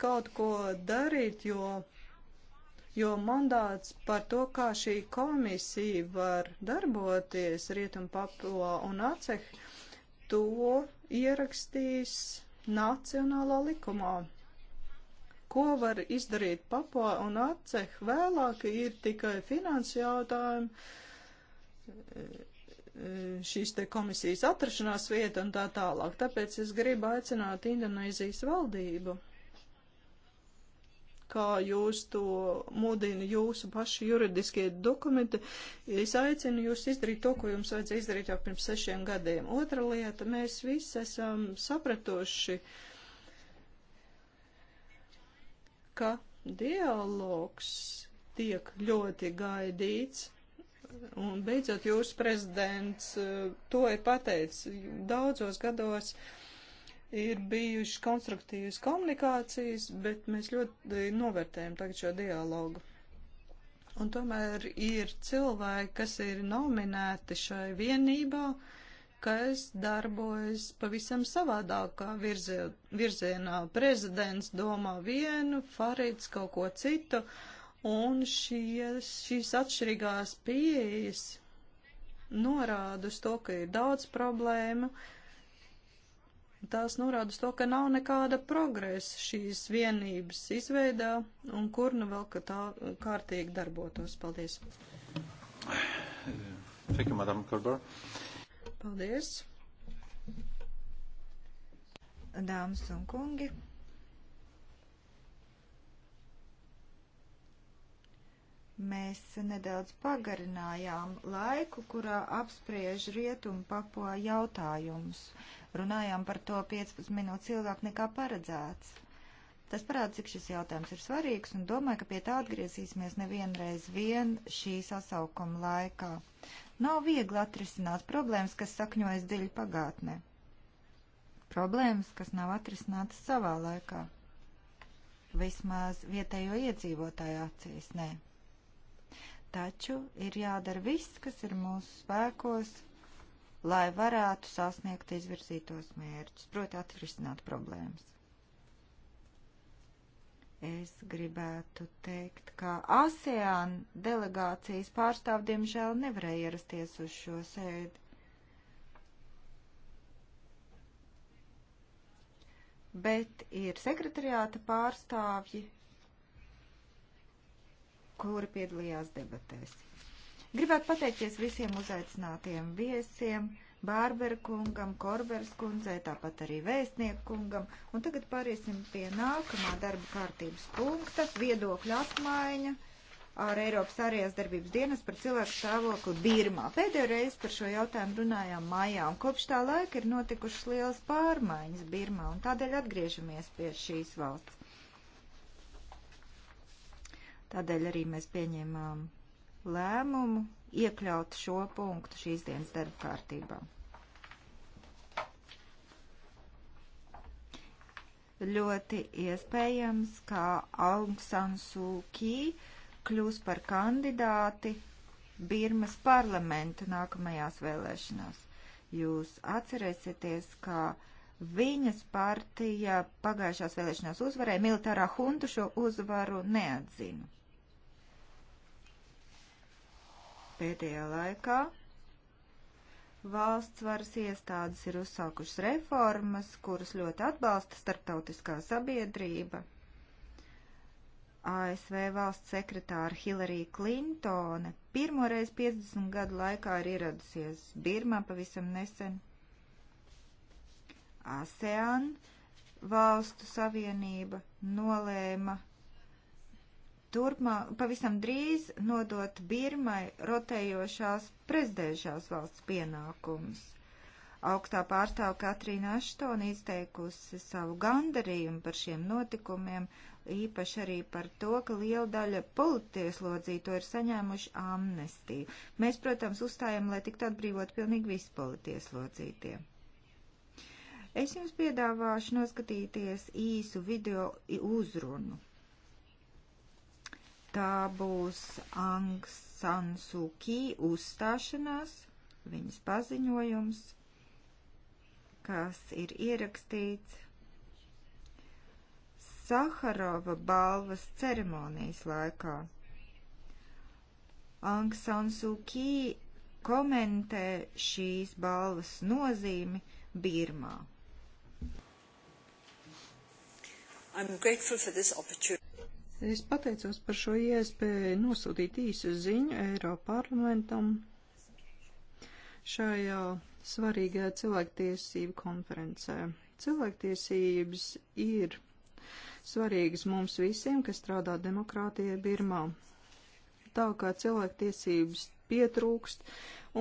kaut ko darīt, jo, jo mandāts par to, kā šī komisija var darboties Rietumpapua un ACEH, to ierakstīs nacionālā likumā. Ko var izdarīt papā un aceh vēlāk ir tikai finansu jautājumi, šīs te komisijas atrašanās vieta un tā tālāk. Tāpēc es gribu aicināt Indonēzijas valdību, kā jūs to mudina jūsu paši juridiskie dokumenti. Es aicinu jūs izdarīt to, ko jums vajadzēja izdarīt jau pirms sešiem gadiem. Otra lieta, mēs visi esam sapratuši, uh, ka dialogs tiek ļoti gaidīts. Un beidzot, jūsu prezidents eh, to ir pateicis. Daudzos gados ir bijuši konstruktīvas komunikācijas, bet mēs ļoti novērtējam tagad šo dialogu. Un tomēr ir cilvēki, kas ir nominēti šai vienībā, uh, kas darbojas pavisam savādākā virzienā. Prezidents domā vienu, Farids kaut ko citu, un šies, šīs atšķirīgās pieejas norāda uz to, ka ir daudz problēmu. Tās norāda uz to, ka nav nekāda progresa šīs vienības izveidā un kur nu vēl, ka tā kārtīgi darbotos. Paldies. Thank you, Madam Corbett. Paldies! Dāmas un kungi! Mēs nedaudz pagarinājām laiku, kurā apspriež rietumu papo jautājumus. Runājām par to 15 minūtes ilgāk nekā paredzēts. Tas parāda, cik šis jautājums ir svarīgs, un domāju, ka pie tā atgriezīsimies nevienreiz vien šī sasaukuma laikā. Nav viegli atrisināt problēmas, kas sakņojas dziļi pagātnē. Problēmas, kas nav atrisinātas savā laikā. Vismaz vietējo iedzīvotāju acīs nē. Taču ir jādara viss, kas ir mūsu spēkos, lai varētu sasniegt izvirzītos mērķus, proti atrisināt problēmas. Es gribētu teikt, ka ASEAN delegācijas pārstāv, diemžēl, nevarēja ierasties uz šo sēdi. Bet ir sekretariāta pārstāvji, kuri piedalījās debatēs. Gribētu pateikties visiem uzaicinātiem viesiem. Bārbera kungam, Korberas kundzei, tāpat arī vēstnieku kungam. Un tagad pāriesim pie nākamā darba kārtības punkta - viedokļa apmaiņa ar Eiropas ārējās darbības dienas par cilvēku stāvokli Birmā. Pēdējo reizi par šo jautājumu runājām maijā, un kopš tā laika ir notikušas lielas pārmaiņas Birmā, un tādēļ atgriežamies pie šīs valsts. Tādēļ arī mēs pieņēmām lēmumu iekļaut šo punktu šīs dienas darba kārtībā. Ļoti iespējams, ka Aung San Suu Kyi kļūs par kandidāti Birmas parlamenta nākamajās vēlēšanās. Jūs atcerēsieties, ka viņas partija pagājušās vēlēšanās uzvarēja, militārā huntu šo uzvaru neatzina. pēdējā laikā valsts varas iestādes ir uzsākušas reformas, kuras ļoti atbalsta starptautiskā sabiedrība. ASV valsts sekretāra Hillary Clintone pirmoreiz 50 gadu laikā ir ieradusies Birmā pavisam nesen. ASEAN valstu savienība nolēma turpmā pavisam drīz nodot Birmai rotējošās prezidējušās valsts pienākumus. Augstā pārstāva Katrīna Aštona izteikusi savu gandarījumu par šiem notikumiem, īpaši arī par to, ka liela daļa politieslodzīto ir saņēmuši amnestiju. Mēs, protams, uzstājam, lai tiktu atbrīvot pilnīgi visi politieslodzītie. Es jums piedāvāšu noskatīties īsu video uzrunu tā būs Ang San Suu Kyi uzstāšanās, viņas paziņojums, kas ir ierakstīts Saharova balvas ceremonijas laikā. Ang San Suu Kyi komentē šīs balvas nozīmi Birmā. I'm grateful for this opportunity. Es pateicos par šo iespēju nosūtīt īsu ziņu Eiroparlamentam šajā svarīgā cilvēktiesību konferencē. Cilvēktiesības ir svarīgas mums visiem, kas strādā demokrātijai Birmā. Tā kā cilvēktiesības pietrūkst,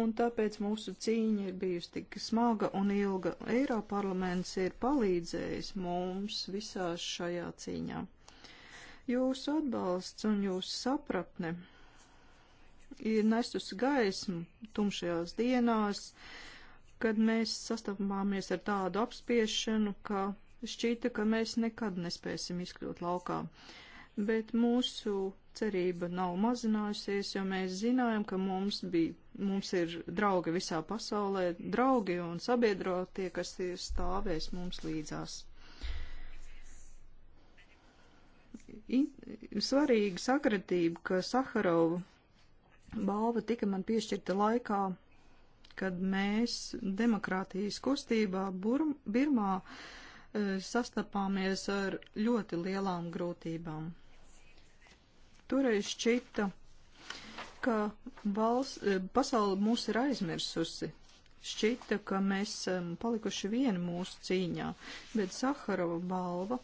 un tāpēc mūsu cīņa ir bijusi tik smaga un ilga. Eiroparlaments ir palīdzējis mums visā šajā cīņā. Jūsu atbalsts un jūsu sapratne ir nesusi gaismu tumšajās dienās, kad mēs sastapāmies ar tādu apspiešanu, ka šķita, ka mēs nekad nespēsim izkļūt laukā. Bet mūsu cerība nav mazinājusies, jo mēs zinājām, ka mums, bija, mums ir draugi visā pasaulē, draugi un sabiedrotie, kas ir stāvēs mums līdzās. svarīga sakratība, ka Saharova balva tika man piešķirta laikā, kad mēs demokrātijas kustībā Burm, Birmā e, sastapāmies ar ļoti lielām grūtībām. Toreiz šķita, ka valsts, e, pasauli mūs ir aizmirsusi. Šķita, ka mēs esam palikuši vieni mūsu cīņā, bet Saharova balva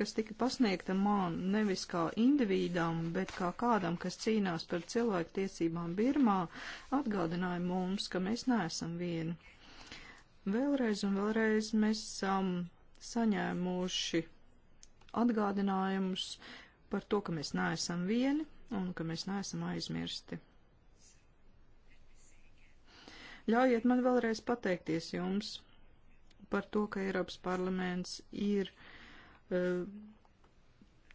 kas tika pasniegta man nevis kā individam, bet kā kādam, kas cīnās par cilvēku tiesībām Birmā, atgādināja mums, ka mēs neesam vieni. Vēlreiz un vēlreiz mēs esam saņēmuši atgādinājumus par to, ka mēs neesam vieni un ka mēs neesam aizmirsti. Ļaujiet man vēlreiz pateikties jums par to, ka Eiropas parlaments ir uh, Eh,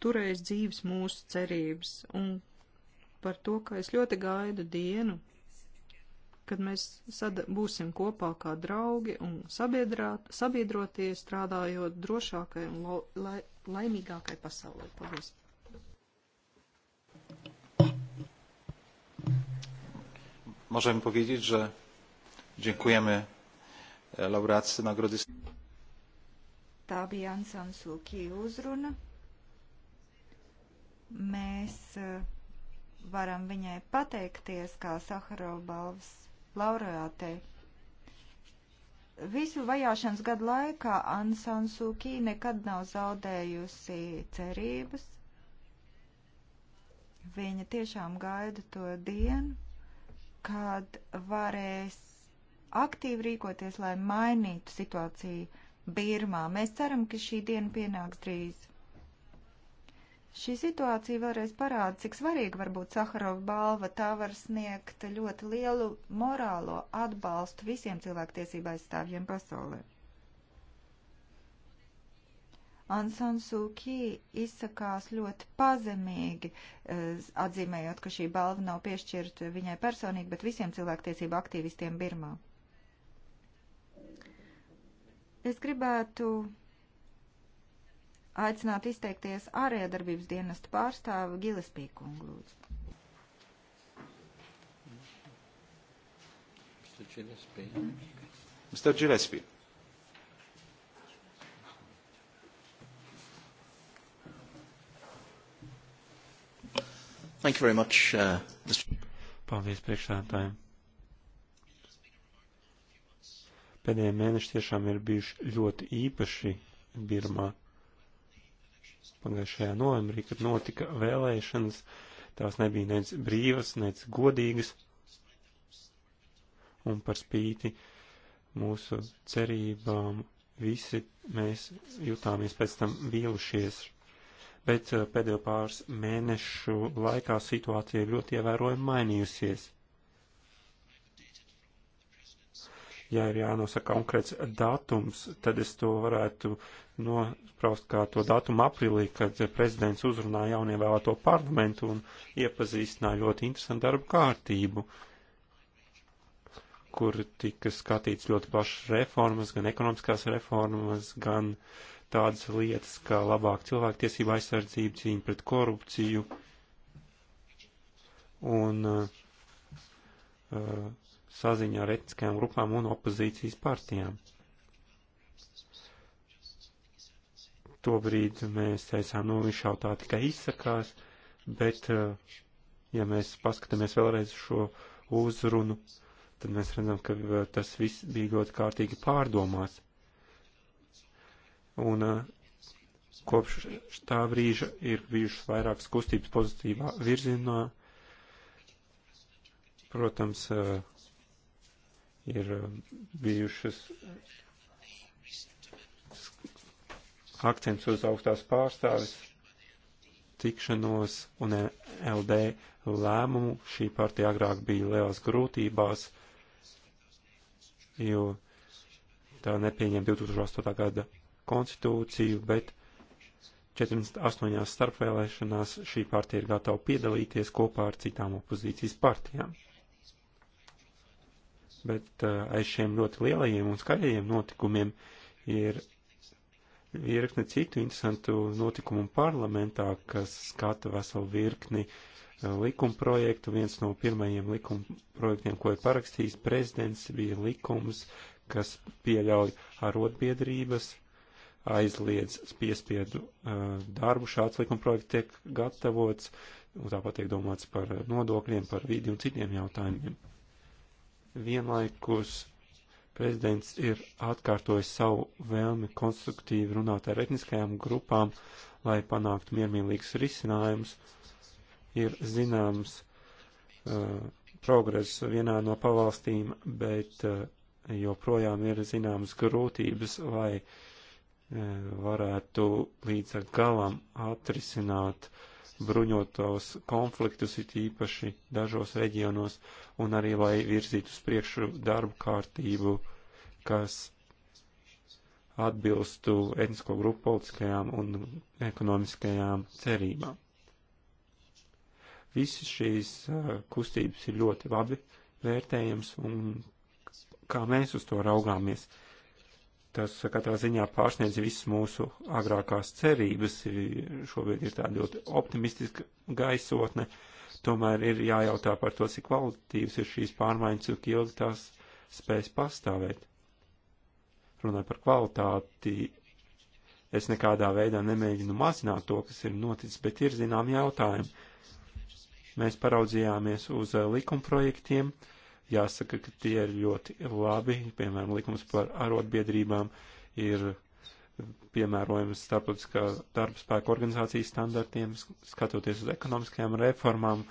turējis dzīves mūsu cerības un par to, ka es ļoti gaidu dienu, kad mēs sada, būsim kopā kā draugi un sabiedrotie strādājot drošākai un lai, laimīgākai pasaulē. Paldies! Możemy powiedzieć, że dziękujemy eh, laureatce Nagrody. Tā bija Ansam Sulkī uzruna. Mēs eh, varam viņai pateikties kā Saharova balvas laureātei. Visu vajāšanas gadu laikā Ansam Sulkī nekad nav zaudējusi cerības. Viņa tiešām gaida to dienu, kad varēs aktīvi rīkoties, lai mainītu situāciju Birmā. Mēs ceram, ka šī diena pienāks drīz. Šī situācija vēlreiz parāda, cik svarīga var būt Saharova balva. Tā var sniegt ļoti lielu morālo atbalstu visiem cilvēktiesību aizstāvjiem pasaulē. Ansan Sūkī izsakās ļoti pazemīgi, eh, atzīmējot, ka šī balva nav piešķirta viņai personīgi, bet visiem cilvēktiesību aktīvistiem Birmā. Es gribētu aicināt izteikties ārējā darbības dienesta pārstāvu Gilespīkungu lūdzu. Mr. Gillespie. Mr. Gillespie. Thank you very much, uh, Mr. Paldies priekšsēdētājiem. Pēdējie mēneši tiešām ir bijuši ļoti īpaši Birmā. Pagājušajā novembrī, kad notika vēlēšanas, tās nebija nec brīvas, nec godīgas. Un par spīti mūsu cerībām visi mēs jutāmies pēc tam vīlušies. Bet eh, pēdējo pāris mēnešu laikā situācija ļoti ievērojami mainījusies. Ja ir jānosaka konkrēts datums, tad es to varētu nospraust kā to datumu aprīlī, kad prezidents uzrunāja jaunievēlēto parlamentu un iepazīstināja ļoti interesantu darbu kārtību kur tika skatīts ļoti plašas reformas, gan ekonomiskās reformas, gan tādas lietas kā labāk cilvēktiesība aizsardzība, cīņa pret korupciju un uh, uh saziņā ar etniskajām grupām un opozīcijas partijām. Tobrīd mēs teicām, nu, viņš jau tā tikai izsakās, bet, eh, ja mēs paskatāmies vēlreiz šo uzrunu, tad mēs redzam, ka eh, tas viss bija ļoti kārtīgi pārdomās. Un eh, kopš tā brīža ir bijušas vairākas kustības pozitīvā virzienā. Protams, uh, ir uh, bijušas akcents uz augstās pārstāvis tikšanos un LD lēmumu. Šī partija agrāk bija lielās grūtībās, jo tā nepieņem 2008. gada konstitūciju, bet 48. starpvēlēšanās šī partija ir gatava piedalīties kopā ar citām opozīcijas partijām bet eh, aiz šiem ļoti lielajiem un skaļajiem notikumiem ir virkne citu interesantu notikumu parlamentā, kas skata veselu virkni eh, likumprojektu. Viens no pirmajiem likumprojektiem, ko ir parakstījis prezidents, bija likums, kas pieļauj arotbiedrības, aizliedz piespiedu uh, darbu. Šāds likumprojekts tiek gatavots, un tāpat tiek domāts par nodokļiem, par vidi un citiem jautājumiem. Vienlaikus prezidents ir atkārtojis savu vēlmi konstruktīvi runāt ar etniskajām grupām, lai panāktu miermīlīgs risinājums. Ir zināms uh, progress vienā no pavalstīm, bet uh, joprojām ir zināmas grūtības, lai uh, varētu līdz galam atrisināt uh, bruņotos konfliktus, it īpaši dažos reģionos, un arī lai virzītu uz priekšu darbu kārtību, kas atbilstu etnisko grupu politiskajām un ekonomiskajām cerībām. Visas šīs eh, kustības ir ļoti labi vērtējams, un kā mēs uz to raugāmies, Tas katrā ziņā pārsniedz visas mūsu agrākās cerības, šobrīd ir tāda ļoti optimistiska gaisotne, tomēr ir jājautā par to, cik kvalitīvas ir šīs pārmaiņas, cik ilgi tās spēs pastāvēt. Runāju par kvalitāti, es nekādā veidā nemēģinu mazināt to, kas ir noticis, bet ir zinām jautājumi. Mēs paraudzījāmies uz eh, likumprojektiem, projektiem, jāsaka, ka tie ir ļoti labi, piemēram, likums par arotbiedrībām ir piemērojams starptautiskā darba spēka organizācijas standartiem, skatoties uz ekonomiskajām reformām,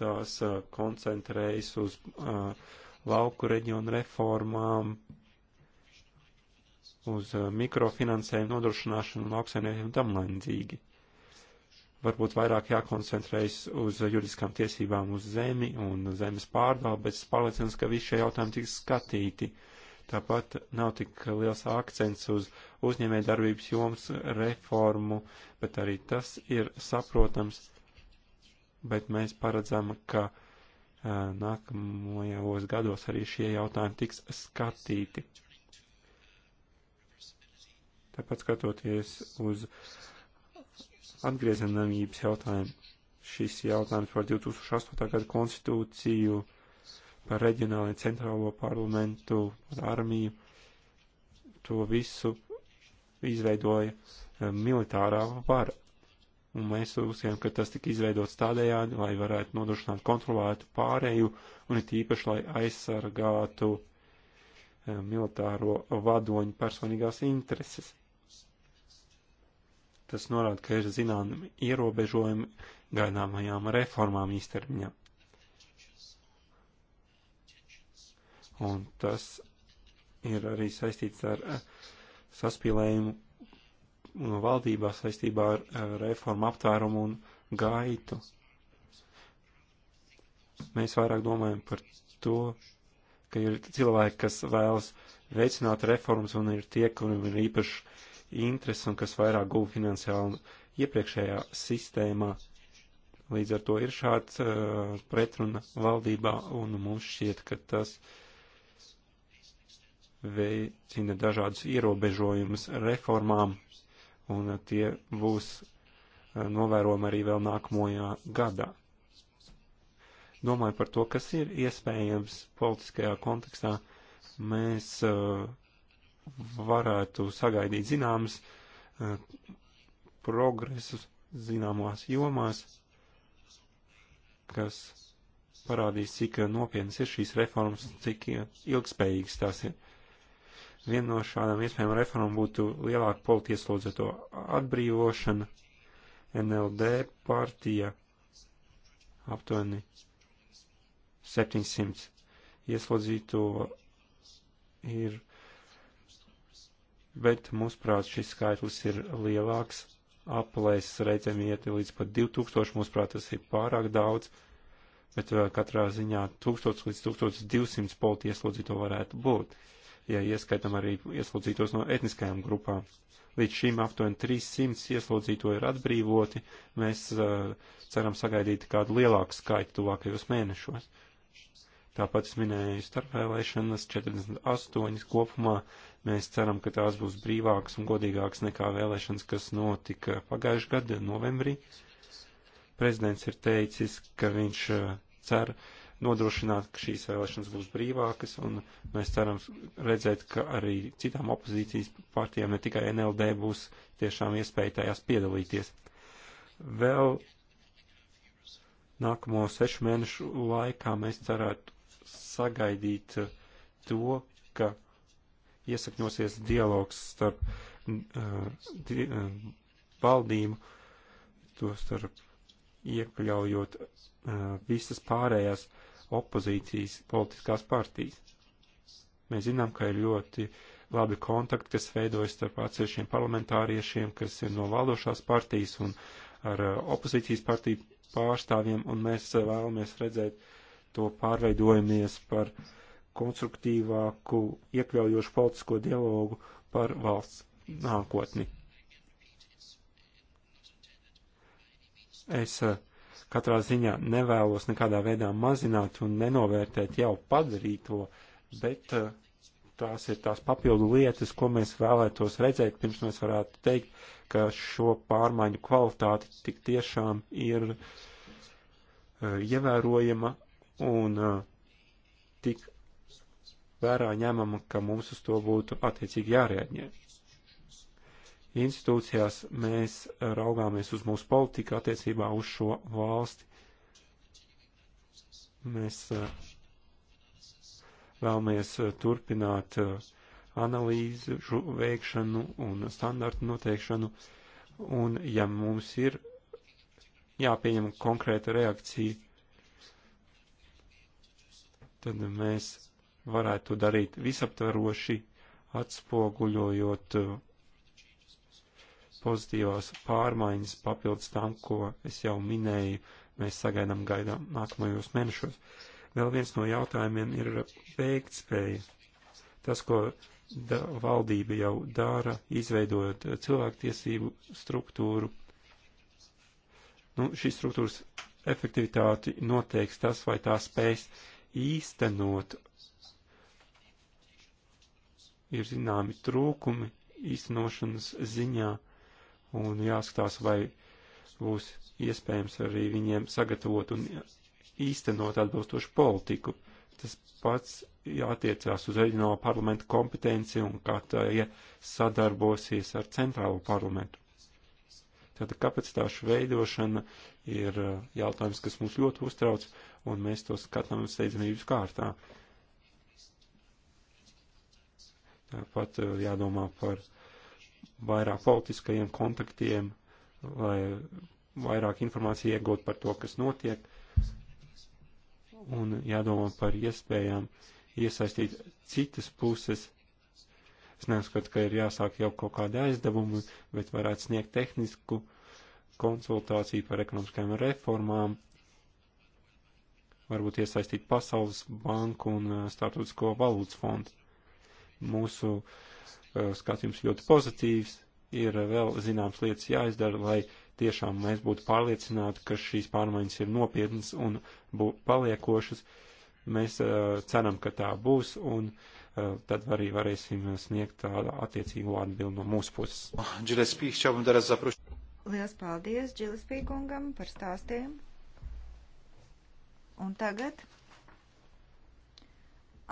tās uh, koncentrējas uz uh, lauku reģionu reformām, uz uh, mikrofinansējumu nodrošināšanu lauksaimniekiem tam laimdzīgi varbūt vairāk jākoncentrējas uz juridiskām tiesībām uz zemi un zemes pārvaldu, bet es pārliecinos, ka visi šie jautājumi tiks skatīti. Tāpat nav tik liels akcents uz uzņēmē darbības jomas reformu, bet arī tas ir saprotams, bet mēs paredzam, ka uh, nākamajos gados arī šie jautājumi tiks skatīti. Tāpat skatoties uz uh, atgriezenamības jautājumu. Šis jautājums par 2008. gada konstitūciju, par reģionālo centrālo parlamentu, par armiju, to visu izveidoja eh, militārā vara. Un mēs uzskatām, ka tas tika izveidots tādējādi, lai varētu nodrošināt kontrolētu pārēju un it īpaši, lai aizsargātu eh, militāro vadoņu personīgās intereses. Tas norāda, ka ir zināmi ierobežojumi gaidāmajām reformām īstermiņā. Un tas ir arī saistīts ar eh, saspīlējumu no valdībā saistībā ar eh, reformu aptvērumu un gaitu. Mēs vairāk domājam par to, ka ir cilvēki, kas vēlas veicināt reformas un ir tie, kuriem ir īpašs intereses un kas vairāk guva finansiāli iepriekšējā sistēmā. Līdz ar to ir šāds uh, pretruna valdībā, un mums šķiet, ka tas veicina dažādus ierobežojumus reformām, un uh, tie būs uh, novērojami arī vēl nākamajā gadā. Domāju par to, kas ir iespējams politiskajā kontekstā. Mēs uh, varētu sagaidīt zināmas eh, progresus zināmās jomās, kas parādīs, cik nopietnas ir šīs reformas, cik ilgspējīgas tās ir. Viena no šādām iespējām reformām būtu lielāka politieslodzeto atbrīvošana, NLD partija aptuveni 700 ieslodzīto ir bet mūsuprāt šis skaitlis ir lielāks. Aplēses reizēm iet līdz pat 2000, mūsuprāt tas ir pārāk daudz, bet uh, katrā ziņā 1000 līdz 1200 politi ieslodzīto varētu būt, ja ieskaitam arī ieslodzītos no etniskajām grupām. Līdz šim aptuveni 300 ieslodzīto ir atbrīvoti, mēs uh, ceram sagaidīt kādu lielāku skaitu tuvākajos mēnešos. Tāpat es minēju starpvēlēšanas 48 kopumā Mēs ceram, ka tās būs brīvākas un godīgākas nekā vēlēšanas, kas notika pagājušajā gada novembrī. Prezidents ir teicis, ka viņš eh, cer nodrošināt, ka šīs vēlēšanas būs brīvākas, un mēs ceram redzēt, ka arī citām opozīcijas partijām, ne tikai NLD, būs tiešām iespēja tajās piedalīties. Vēl nākamo sešu mēnešu laikā mēs cerētu sagaidīt eh, to, ka iesakņosies dialogs starp uh, di, uh, valdību, to starp iekļaujot uh, visas pārējās opozīcijas politiskās partijas. Mēs zinām, ka ir ļoti labi kontakti, kas veidojas starp atsevišķiem parlamentāriešiem, kas ir no valdošās partijas un ar uh, opozīcijas partiju pārstāvjiem, un mēs uh, vēlamies redzēt to pārveidojamies par uh, konstruktīvāku, iekļaujošu politisko dialogu par valsts nākotni. Es eh, katrā ziņā nevēlos nekādā veidā mazināt un nenovērtēt jau padarīto, bet eh, tās ir tās papildu lietas, ko mēs vēlētos redzēt, pirms mēs varētu teikt, ka šo pārmaiņu kvalitāte tik tiešām ir uh, ievērojama un uh, tik vērā ņemama, ka mums uz to būtu attiecīgi jārēģē. Institūcijās mēs raugāmies uz mūsu politiku attiecībā uz šo valsti. Mēs eh, vēlamies eh, turpināt eh, analīzu veikšanu un standartu noteikšanu, un ja mums ir jāpieņem konkrēta reakcija, tad mēs varētu to darīt visaptveroši, atspoguļojot uh, pozitīvās pārmaiņas papildus tam, ko es jau minēju, mēs sagaidām gaidām nākamajos mēnešos. Vēl viens no jautājumiem ir veiktspēja. Tas, ko da, valdība jau dara, izveidojot cilvēktiesību struktūru. Nu, šīs struktūras efektivitāti noteiks tas, vai tā spēs īstenot ir zināmi trūkumi īstenošanas ziņā un jāskatās, vai būs iespējams arī viņiem sagatavot un īstenot atbilstošu politiku. Tas pats jātiecās uz reģionālo parlamentu kompetenci un kā tā ja sadarbosies ar centrālo parlamentu. Tātad kapacitāšu veidošana ir uh, jautājums, kas mūs ļoti uztrauc, un mēs to skatām steidzamības kārtā. Uh, Tāpat eh, jādomā par vairāk politiskajiem kontaktiem, lai vairāk informāciju iegūt par to, kas notiek, un jādomā par iespējām iesaistīt citas puses. Es neuzskatu, ka ir jāsāk jau kaut kādi aizdevumi, bet varētu sniegt tehnisku konsultāciju par ekonomiskajām reformām, varbūt iesaistīt Pasaules banku un eh, Startautisko valūtas fondu mūsu uh, skatījums ļoti pozitīvs. Ir eh, vēl zināms lietas jāizdara, lai tiešām mēs būtu pārliecināti, ka šīs pārmaiņas ir nopietnas un paliekošas. Mēs uh, ceram, ka tā būs, un uh, tad arī varēsim sniegt tādu attiecīgu atbildi no mūsu puses. Lielas paldies Džilispīkungam par stāstiem. Un tagad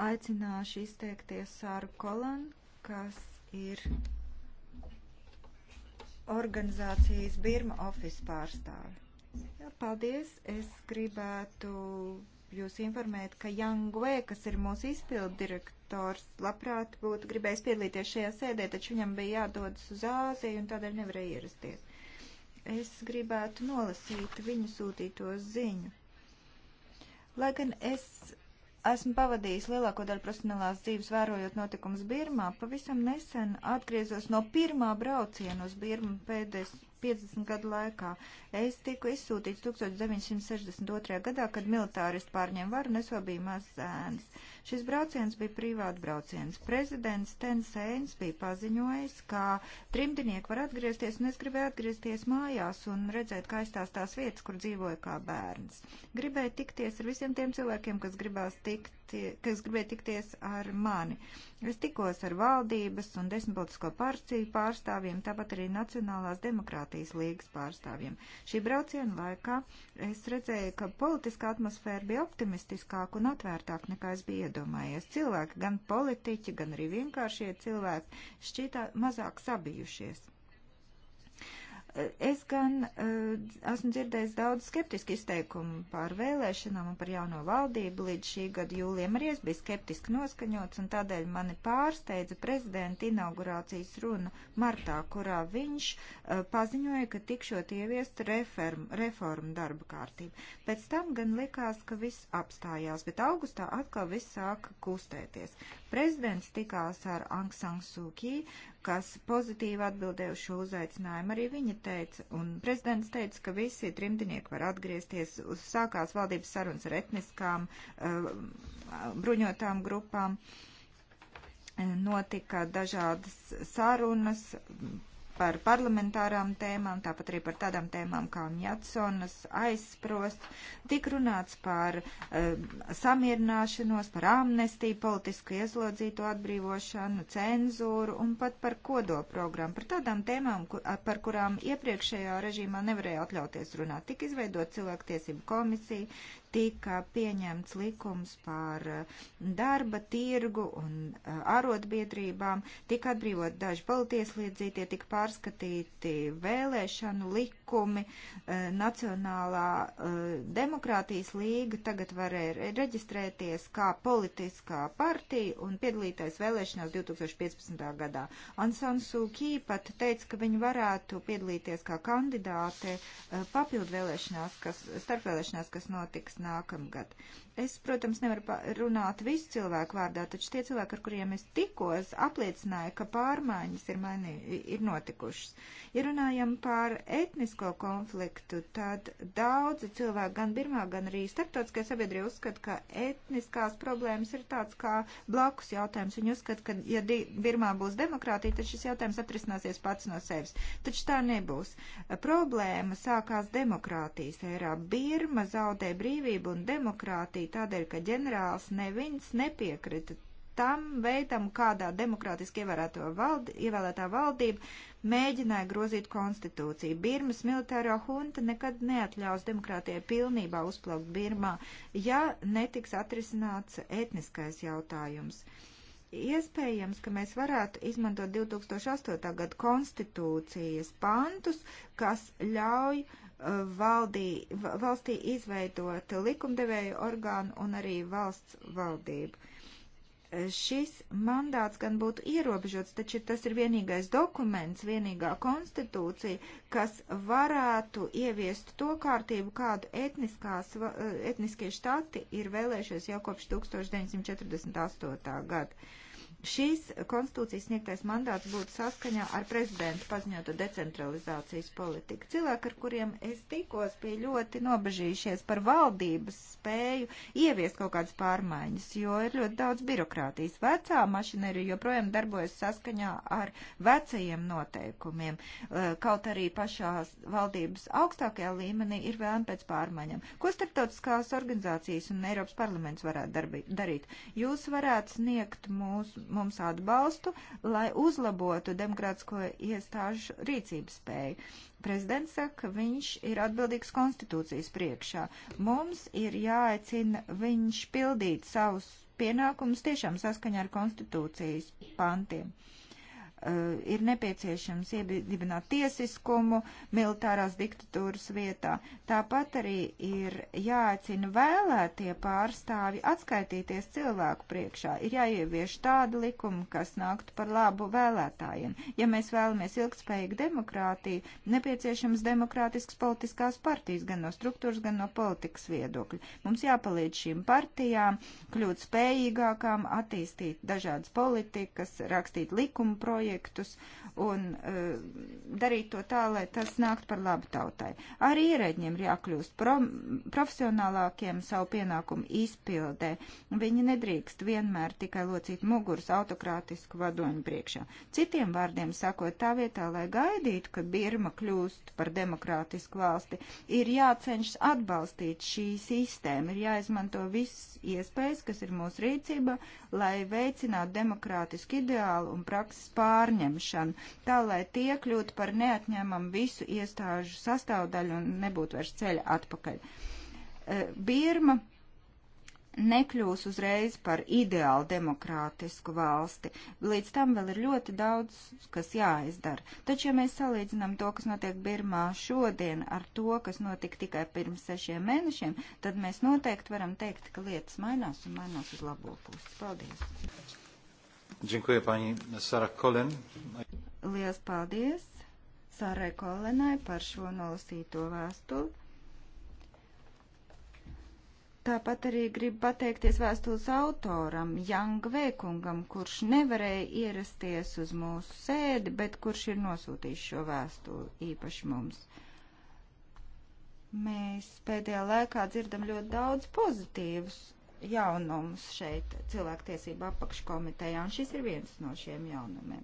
Aicināšu izteikties Sāru Kolanu, kas ir organizācijas Birma Office pārstāve. Jā, paldies! Es gribētu jūs informēt, ka Yang Wei, kas ir mūsu izpildu direktors, labprāt būtu gribējis piedalīties šajā sēdē, taču viņam bija jādodas uz Āziju un tādēļ nevarēja ierasties. Es gribētu nolasīt viņu sūtīto ziņu. Lai gan es Esmu pavadījis lielāko daļu profesionālās dzīves vērojot notikumus Birmā. Pavisam nesen atgriezos no pirmā brauciena uz Birmu pēdējais 50 gadu laikā. Es tiku izsūtīts 1962. gadā, kad militāristi pārņem varu, un es vēl biju maz zēns. Šis brauciens bija privāta brauciens. Prezidents Tensēns bija paziņojis, ka trimdinieki var atgriezties, un es gribēju atgriezties mājās un redzēt, kā aizstās tās vietas, kur dzīvoju kā bērns. Gribēju tikties ar visiem tiem cilvēkiem, kas gribās tikt tie, kas gribēja tikties ar mani. Es tikos ar valdības un desmit politisko partiju pārstāvjiem, tāpat arī Nacionālās demokrātijas līgas pārstāvjiem. Šī brauciena laikā es redzēju, ka politiskā atmosfēra bija optimistiskāka un atvērtāka nekā es biju iedomājies. Cilvēki, gan politiķi, gan arī vienkāršie cilvēki, šķītā mazāk sabijušies. Es gan uh, esmu dzirdējis daudz skeptisku izteikumu par vēlēšanām un par jauno valdību. Līdz šī gada jūlijam arī es biju skeptiski noskaņots, un tādēļ mani pārsteidza prezidenta inaugurācijas runa martā, kurā viņš uh, paziņoja, ka tikšot ieviest reform, reformu darba kārtību. Pēc tam gan likās, ka viss apstājās, bet augustā atkal viss sāka kustēties. Prezidents tikās ar Aung San Suu Kyi, kas pozitīvi atbildēja uz šo uzaicinājumu. Arī viņa teica, un prezidents teica, ka visi trimdinieki var atgriezties. Uz sākās valdības sarunas ar etniskām uh, bruņotām grupām. Notika dažādas sarunas, par parlamentārām tēmām, tāpat arī par tādām tēmām kā Mjatsonas aizsprost. Tik runāts par um, samierināšanos, par amnestiju, politisku ieslodzīto atbrīvošanu, cenzūru un pat par kodoprogrammu, par tādām tēmām, kur, par kurām iepriekšējā režīmā nevarēja atļauties runāt. Tik izveidot cilvēktiesību komisiju, tika pieņemts likums par eh, darba tirgu un eh, arotbiedrībām, tika atbrīvot daži politieslīdzītie, tika pārskatīti vēlēšanu likumi likumi. Eh, Nacionālā eh, demokrātijas līga tagad varēja eh, reģistrēties kā politiskā partija un piedalīties vēlēšanās 2015. gadā. Ansan Sūkī pat teica, ka viņi varētu piedalīties kā kandidāte papildu vēlēšanās, kas, starpvēlēšanās, kas notiks nākamgad. Es, protams, nevaru runāt visu cilvēku vārdā, taču tie cilvēki, ar kuriem es tikos, apliecināja, ka pārmaiņas ir, mani, ir notikušas. Ja runājam par etnisko konfliktu, tad daudzi cilvēki gan Birmā, gan arī starptautiskajā sabiedrība uzskata, ka etniskās problēmas ir tāds kā blakus jautājums. Viņi uzskata, ka ja Birmā būs demokrātija, tad šis jautājums atrisināsies pats no sevis. Taču tā nebūs. Problēma sākās demokrātijas erā. Birma zaudē brīvību un demokrātiju arī tādēļ, ka ģenerālis neviens nepiekrita tam veidam, kādā demokrātiski valdi, ievēlētā valdība mēģināja grozīt konstitūciju. Birmas militārā hunta nekad neatļaus demokrātijai pilnībā uzplaukt Birmā, ja netiks atrisināts etniskais jautājums. Iespējams, ka mēs varētu izmantot 2008. gada konstitūcijas pantus, kas ļauj uh, valdī, valstī izveidot likumdevēju orgānu un arī valsts valdību. Šis mandāts gan būtu ierobežots, taču tas ir vienīgais dokuments, vienīgā konstitūcija, kas varētu ieviest to kārtību, kādu etniskās, etniskie štati ir vēlējušies jau kopš 1948. gada Šīs konstitūcijas sniegtais mandāts būtu saskaņā ar prezidenta paziņotu decentralizācijas politiku. Cilvēki, ar kuriem es tikos, bija ļoti nobežījušies par valdības spēju ieviest kaut kādas pārmaiņas, jo ir ļoti daudz birokrātijas. Vecā mašinērija joprojām darbojas saskaņā ar vecajiem noteikumiem, kaut arī pašā valdības augstākajā līmenī ir vēlme pēc pārmaiņām. Ko starptautiskās organizācijas un Eiropas parlaments varētu darbi, darīt? Jūs varētu sniegt mūsu mums atbalstu, lai uzlabotu demokrātisko iestāžu rīcības spēju. Prezidents saka, ka viņš ir atbildīgs konstitūcijas priekšā. Mums ir jāaicina viņš pildīt savus pienākumus tiešām saskaņā ar konstitūcijas pantiem. Uh, Eh, ir nepieciešams iedibināt tiesiskumu militārās diktatūras vietā. Tāpat arī ir jāaicina vēlētie pārstāvi atskaitīties cilvēku priekšā. Ir jāievieš tāda likuma, kas nāktu par labu vēlētājiem. Ja mēs vēlamies ilgspējīgu demokrātiju, nepieciešams demokrātisks politiskās partijas gan no struktūras, gan no politikas viedokļa. Mums jāpalīdz šīm partijām kļūt spējīgākām, attīstīt dažādas politikas, rakstīt likuma projektu projektus un eh, darīt to tā, lai tas nākt par labu tautai. Arī ierēģiem ir jākļūst pro, profesionālākiem savu pienākumu izpildē. Viņi nedrīkst vienmēr tikai locīt muguras autokrātisku vadoņu priekšā. Citiem vārdiem sakot, tā vietā, lai gaidītu, ka Birma kļūst par demokrātisku valsti, ir jācenšas atbalstīt šī sistēma, ir jāizmanto viss iespējas, kas ir mūsu rīcība, lai veicinātu demokrātisku ideālu un prakses pārējumu pārņemšanu, tā lai tie kļūtu par neatņemamu visu iestāžu sastāvdaļu un nebūtu vairs ceļa atpakaļ. E, Birma nekļūs uzreiz par ideālu demokrātisku valsti. Līdz tam vēl ir ļoti daudz, kas jāizdara. Taču, ja mēs salīdzinām to, kas notiek Birmā šodien ar to, kas notika tikai pirms sešiem mēnešiem, tad mēs noteikti varam teikt, ka lietas mainās un mainās uz labo pusi. Paldies! Dziękuję pani Sara Kolen. Lielas paldies Sārai Kolenai par šo nolasīto vēstuli. Tāpat arī gribu pateikties vēstules autoram, Janga Vēkungam, kurš nevarēja ierasties uz mūsu sēdi, bet kurš ir nosūtījis šo vēstuli īpaši mums. Mēs pēdējā laikā dzirdam ļoti daudz pozitīvus jaunums šeit cilvēktiesība apakškomitejā, un šis ir viens no šiem jaunumiem.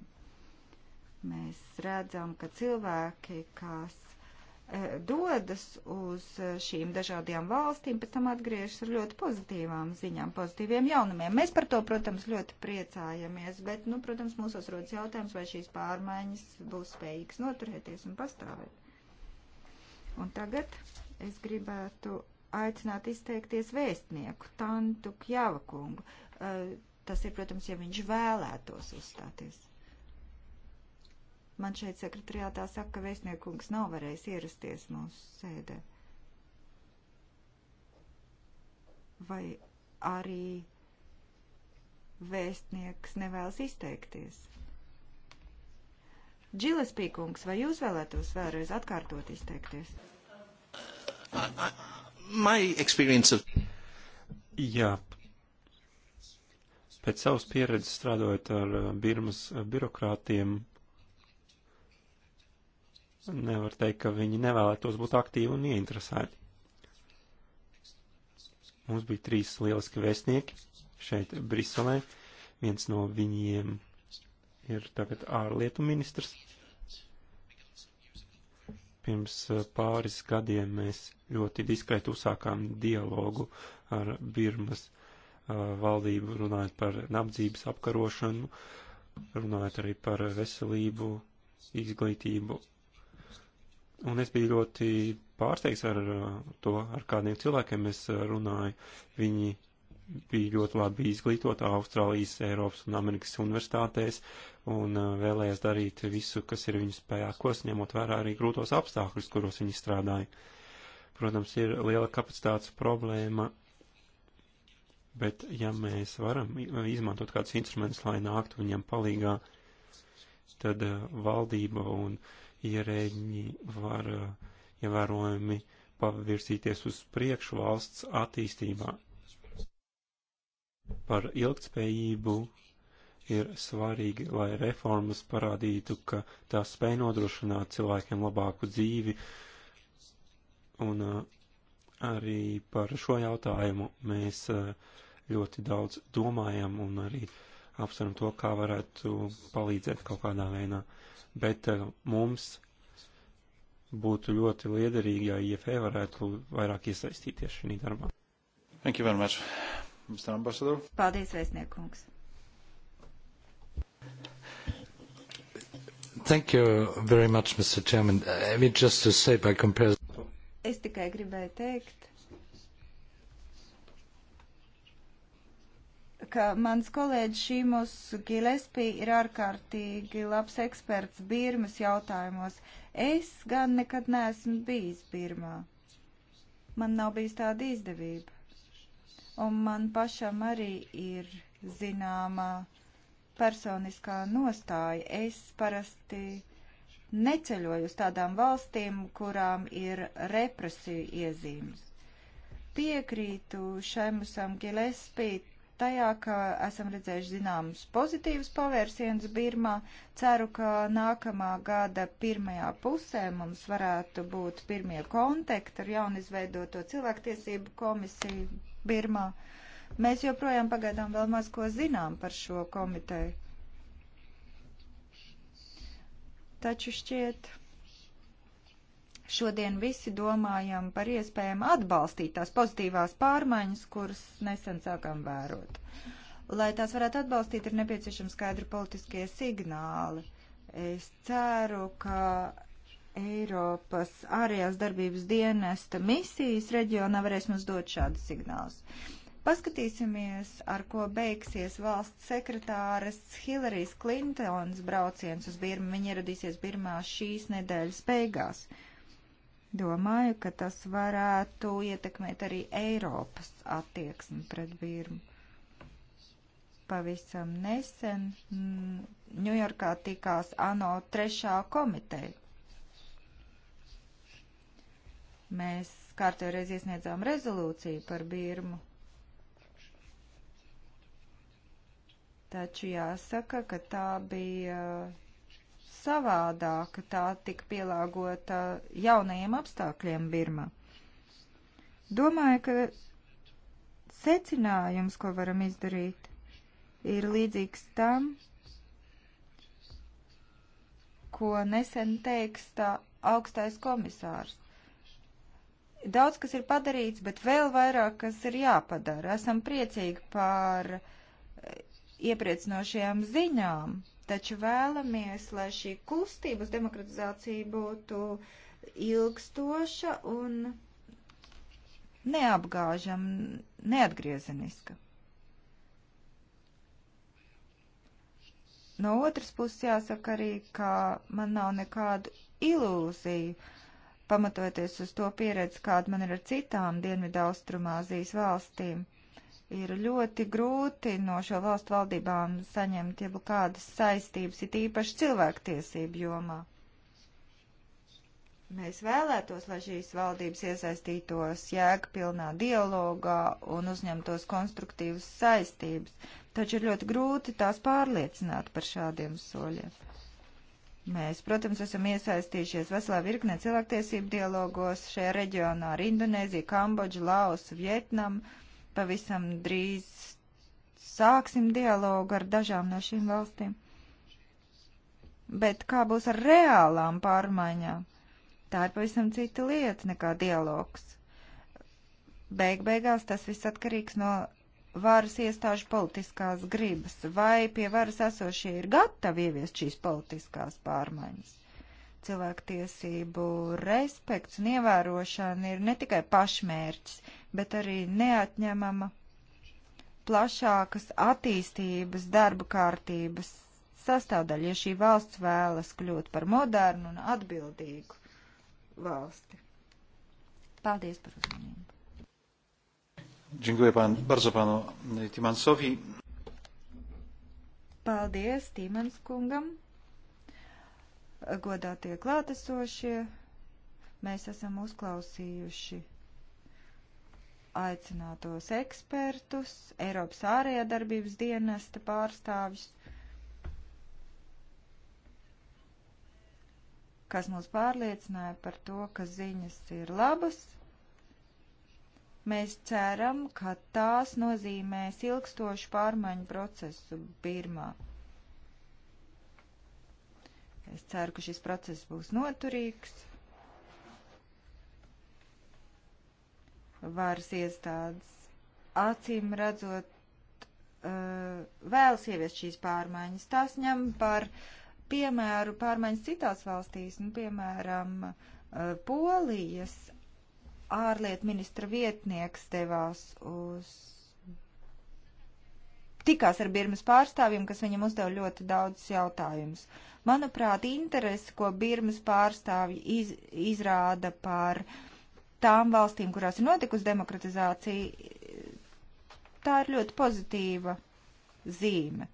Mēs redzam, ka cilvēki, kas e, dodas uz šīm dažādajām valstīm, pēc tam atgriežas ar ļoti pozitīvām ziņām, pozitīviem jaunumiem. Mēs par to, protams, ļoti priecājamies, bet, nu, protams, mūsos rodas jautājums, vai šīs pārmaiņas būs spējīgas noturēties un pastāvēt. Un tagad es gribētu aicināt izteikties vēstnieku Tantu Kjavakungu. Eh, tas ir, protams, ja viņš vēlētos uzstāties. Man šeit sekretariātā saka, ka vēstniekungs nav varējis ierasties mūsu sēdē. Vai arī vēstnieks nevēlas izteikties? Džiles Pīkungs, vai jūs vēlētos vēlreiz atkārtot izteikties? I, I, my experience of. Jā. Pēc savas pieredzes strādājot ar uh, Birmas uh, birokrātiem, nevar teikt, ka viņi nevēlētos būt aktīvi un ieinteresēti. Mums bija trīs lieliski vēstnieki šeit Briselē. Viens no viņiem ir tagad ārlietu ministrs. Pirms eh, pāris gadiem mēs ļoti diskrēti uzsākām dialogu ar Birmas eh, valdību, runājot par nabadzības apkarošanu, runājot arī par veselību, izglītību. Un es biju ļoti pārsteigts ar eh, to, ar kādiem cilvēkiem es runāju. Viņi bija ļoti labi izglītoti Austrālijas, Eiropas un Amerikas universitātēs. Uh, un uh, vēlējās darīt visu, kas ir viņu spējākos, ņemot vērā arī grūtos apstākļus, kuros viņi strādāja. Protams, ir liela kapacitātes problēma, bet ja mēs varam izmantot kādus instrumentus, lai nāktu viņiem palīgā, tad uh, valdība un ierēģi var uh, ievērojami pavirsīties uz priekšu valsts attīstībā. Par ilgtspējību ir svarīgi, lai reformas parādītu, ka tās spēj nodrošināt cilvēkiem labāku dzīvi. Un uh, arī par šo jautājumu mēs uh, ļoti daudz domājam un arī apsveram to, kā varētu palīdzēt kaut kādā veidā. Bet uh, mums būtu ļoti liederīgi, ja IFE varētu vairāk iesaistīties šī darbā. Thank you very much. Mr. Ambassador. Paldies, vēstniekungs. Thank you very much, Mr. Chairman. I uh, mean, just to say by comparison. Es tikai gribēju teikt, ka mans kolēģis Šīmos Gillespie ir ārkārtīgi labs eksperts Birmas jautājumos. Es gan nekad neesmu bijis Birmā. Man nav bijis tāda izdevība. Un man pašam arī ir zināmā personiskā nostāja. Es parasti neceļoju uz tādām valstīm, kurām ir represiju iezīmes. Piekrītu Šemusam Gillespie tajā, ka esam redzējuši zināmus pozitīvus pavērsienus Birmā. Ceru, ka nākamā gada pirmajā pusē mums varētu būt pirmie kontakti ar jaunizveidoto cilvēktiesību komisiju Birmā. Uh, Mēs joprojām pagaidām vēl maz ko zinām par šo komiteju. Taču šķiet, šodien visi domājam par iespējām atbalstīt tās pozitīvās pārmaiņas, kuras nesen sākām vērot. Lai tās varētu atbalstīt, ir nepieciešami skaidri politiskie signāli. Es ceru, ka Eiropas ārējās darbības dienesta misijas reģionā varēs mums dot šādus signālus. Paskatīsimies, ar ko beigsies valsts sekretāres Hillarijas Klintons brauciens uz Birmu. Viņa ieradīsies Birmā šīs nedēļas beigās. Domāju, ka tas varētu ietekmēt arī Eiropas attieksmi pret Birmu. Pavisam nesen Ņujorkā mm, tikās ANO trešā komiteja. Mēs kārtējo reizi iesniedzām rezolūciju par Birmu Taču jāsaka, ka tā bija uh, savādāka, tā tika pielāgota jaunajiem apstākļiem Birma. Domāju, ka secinājums, ko varam izdarīt, ir līdzīgs tam, ko nesen teiks tā augstais komisārs. Daudz kas ir padarīts, bet vēl vairāk kas ir jāpadara. Esam priecīgi par uh, iepriecinošajām ziņām, taču vēlamies, lai šī kustība uz demokratizāciju būtu ilgstoša un neapgāžama, neatgriezeniska. No otras puses jāsaka arī, ka man nav nekādu ilūziju, pamatoties uz to pieredzi, kāda man ir ar citām Dienvidu Austrumāzijas valstīm ir ļoti grūti no šo valstu valdībām saņemt jau kādas saistības, it īpaši cilvēktiesību jomā. Mēs vēlētos, lai šīs valdības iesaistītos jēgpilnā dialogā un uzņemtos konstruktīvas saistības, taču ir ļoti grūti tās pārliecināt par šādiem soļiem. Mēs, protams, esam iesaistījušies veselā virknē cilvēktiesību dialogos šajā reģionā ar Indonēziju, Kambodžu, Laosu, Vietnamu Pavisam drīz sāksim dialogu ar dažām no šīm valstīm. Bet kā būs ar reālām pārmaiņām? Tā ir pavisam cita lieta nekā dialogs. Beig beigās tas viss atkarīgs no varas iestāžu politiskās gribas, vai pie varas esošie ir gatavi ieviest šīs politiskās pārmaiņas. Cilvēktiesību respekts un ievērošana ir ne tikai pašmērķis, bet arī neatņemama plašākas attīstības darba kārtības sastāvdaļa, ja šī valsts vēlas kļūt par modernu un atbildīgu valsti. Paldies par uzmanību. Dziękuję pan, bardzo panu Timansowi. Paldies Timans kungam godātie klātesošie, mēs esam uzklausījuši aicinātos ekspertus, Eiropas ārējā darbības dienesta pārstāvjus, kas mūs pārliecināja par to, ka ziņas ir labas. Mēs ceram, ka tās nozīmēs ilgstošu pārmaiņu procesu Birmā. Es ceru, ka šis process būs noturīgs. Vāras iestādes acīm redzot uh, vēlas ieviest šīs pārmaiņas. Tās ņem par piemēru pārmaiņas citās valstīs, nu, piemēram, uh, Polijas ārlietu ministra vietnieks devās uz tikās ar Birmas pārstāvjiem, kas viņam uzdeva ļoti daudz jautājumus. Manuprāt, interesi, ko Birmas pārstāvji iz, izrāda par tām valstīm, kurās ir notikusi demokratizācija, tā ir ļoti pozitīva zīme.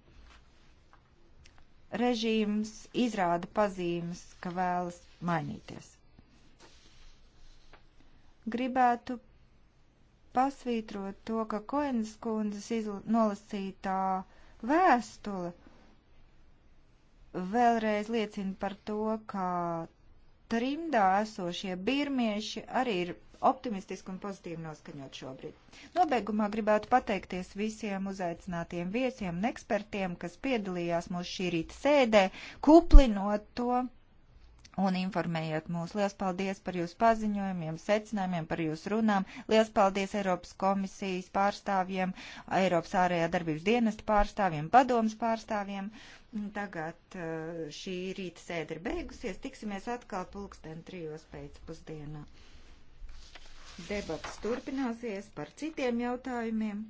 Režīms izrāda pazīmes, ka vēlas mainīties. Gribētu pasvītrot to, ka Koenas kundzes izla... nolasītā vēstule vēlreiz liecina par to, ka trimdā esošie birmieši arī ir optimistiski un pozitīvi noskaņot šobrīd. Nobeigumā gribētu pateikties visiem uzaicinātiem viesiem un ekspertiem, kas piedalījās mūsu šī rīta sēdē, kuplinot to un informējiet mūs. Lielas paldies par jūsu paziņojumiem, secinājumiem, par jūsu runām. Lielas paldies Eiropas komisijas pārstāvjiem, Eiropas ārējā darbības dienesta pārstāvjiem, padomas pārstāvjiem. Tagad uh, šī rīta sēde ir beigusies. Tiksimies atkal pulksten trijos pēcpusdienā. Debats turpināsies par citiem jautājumiem.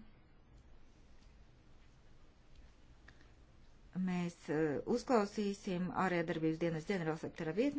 mēs eh, uzklausīsim ārējā darbības dienas ģenerālsektora vietnieku.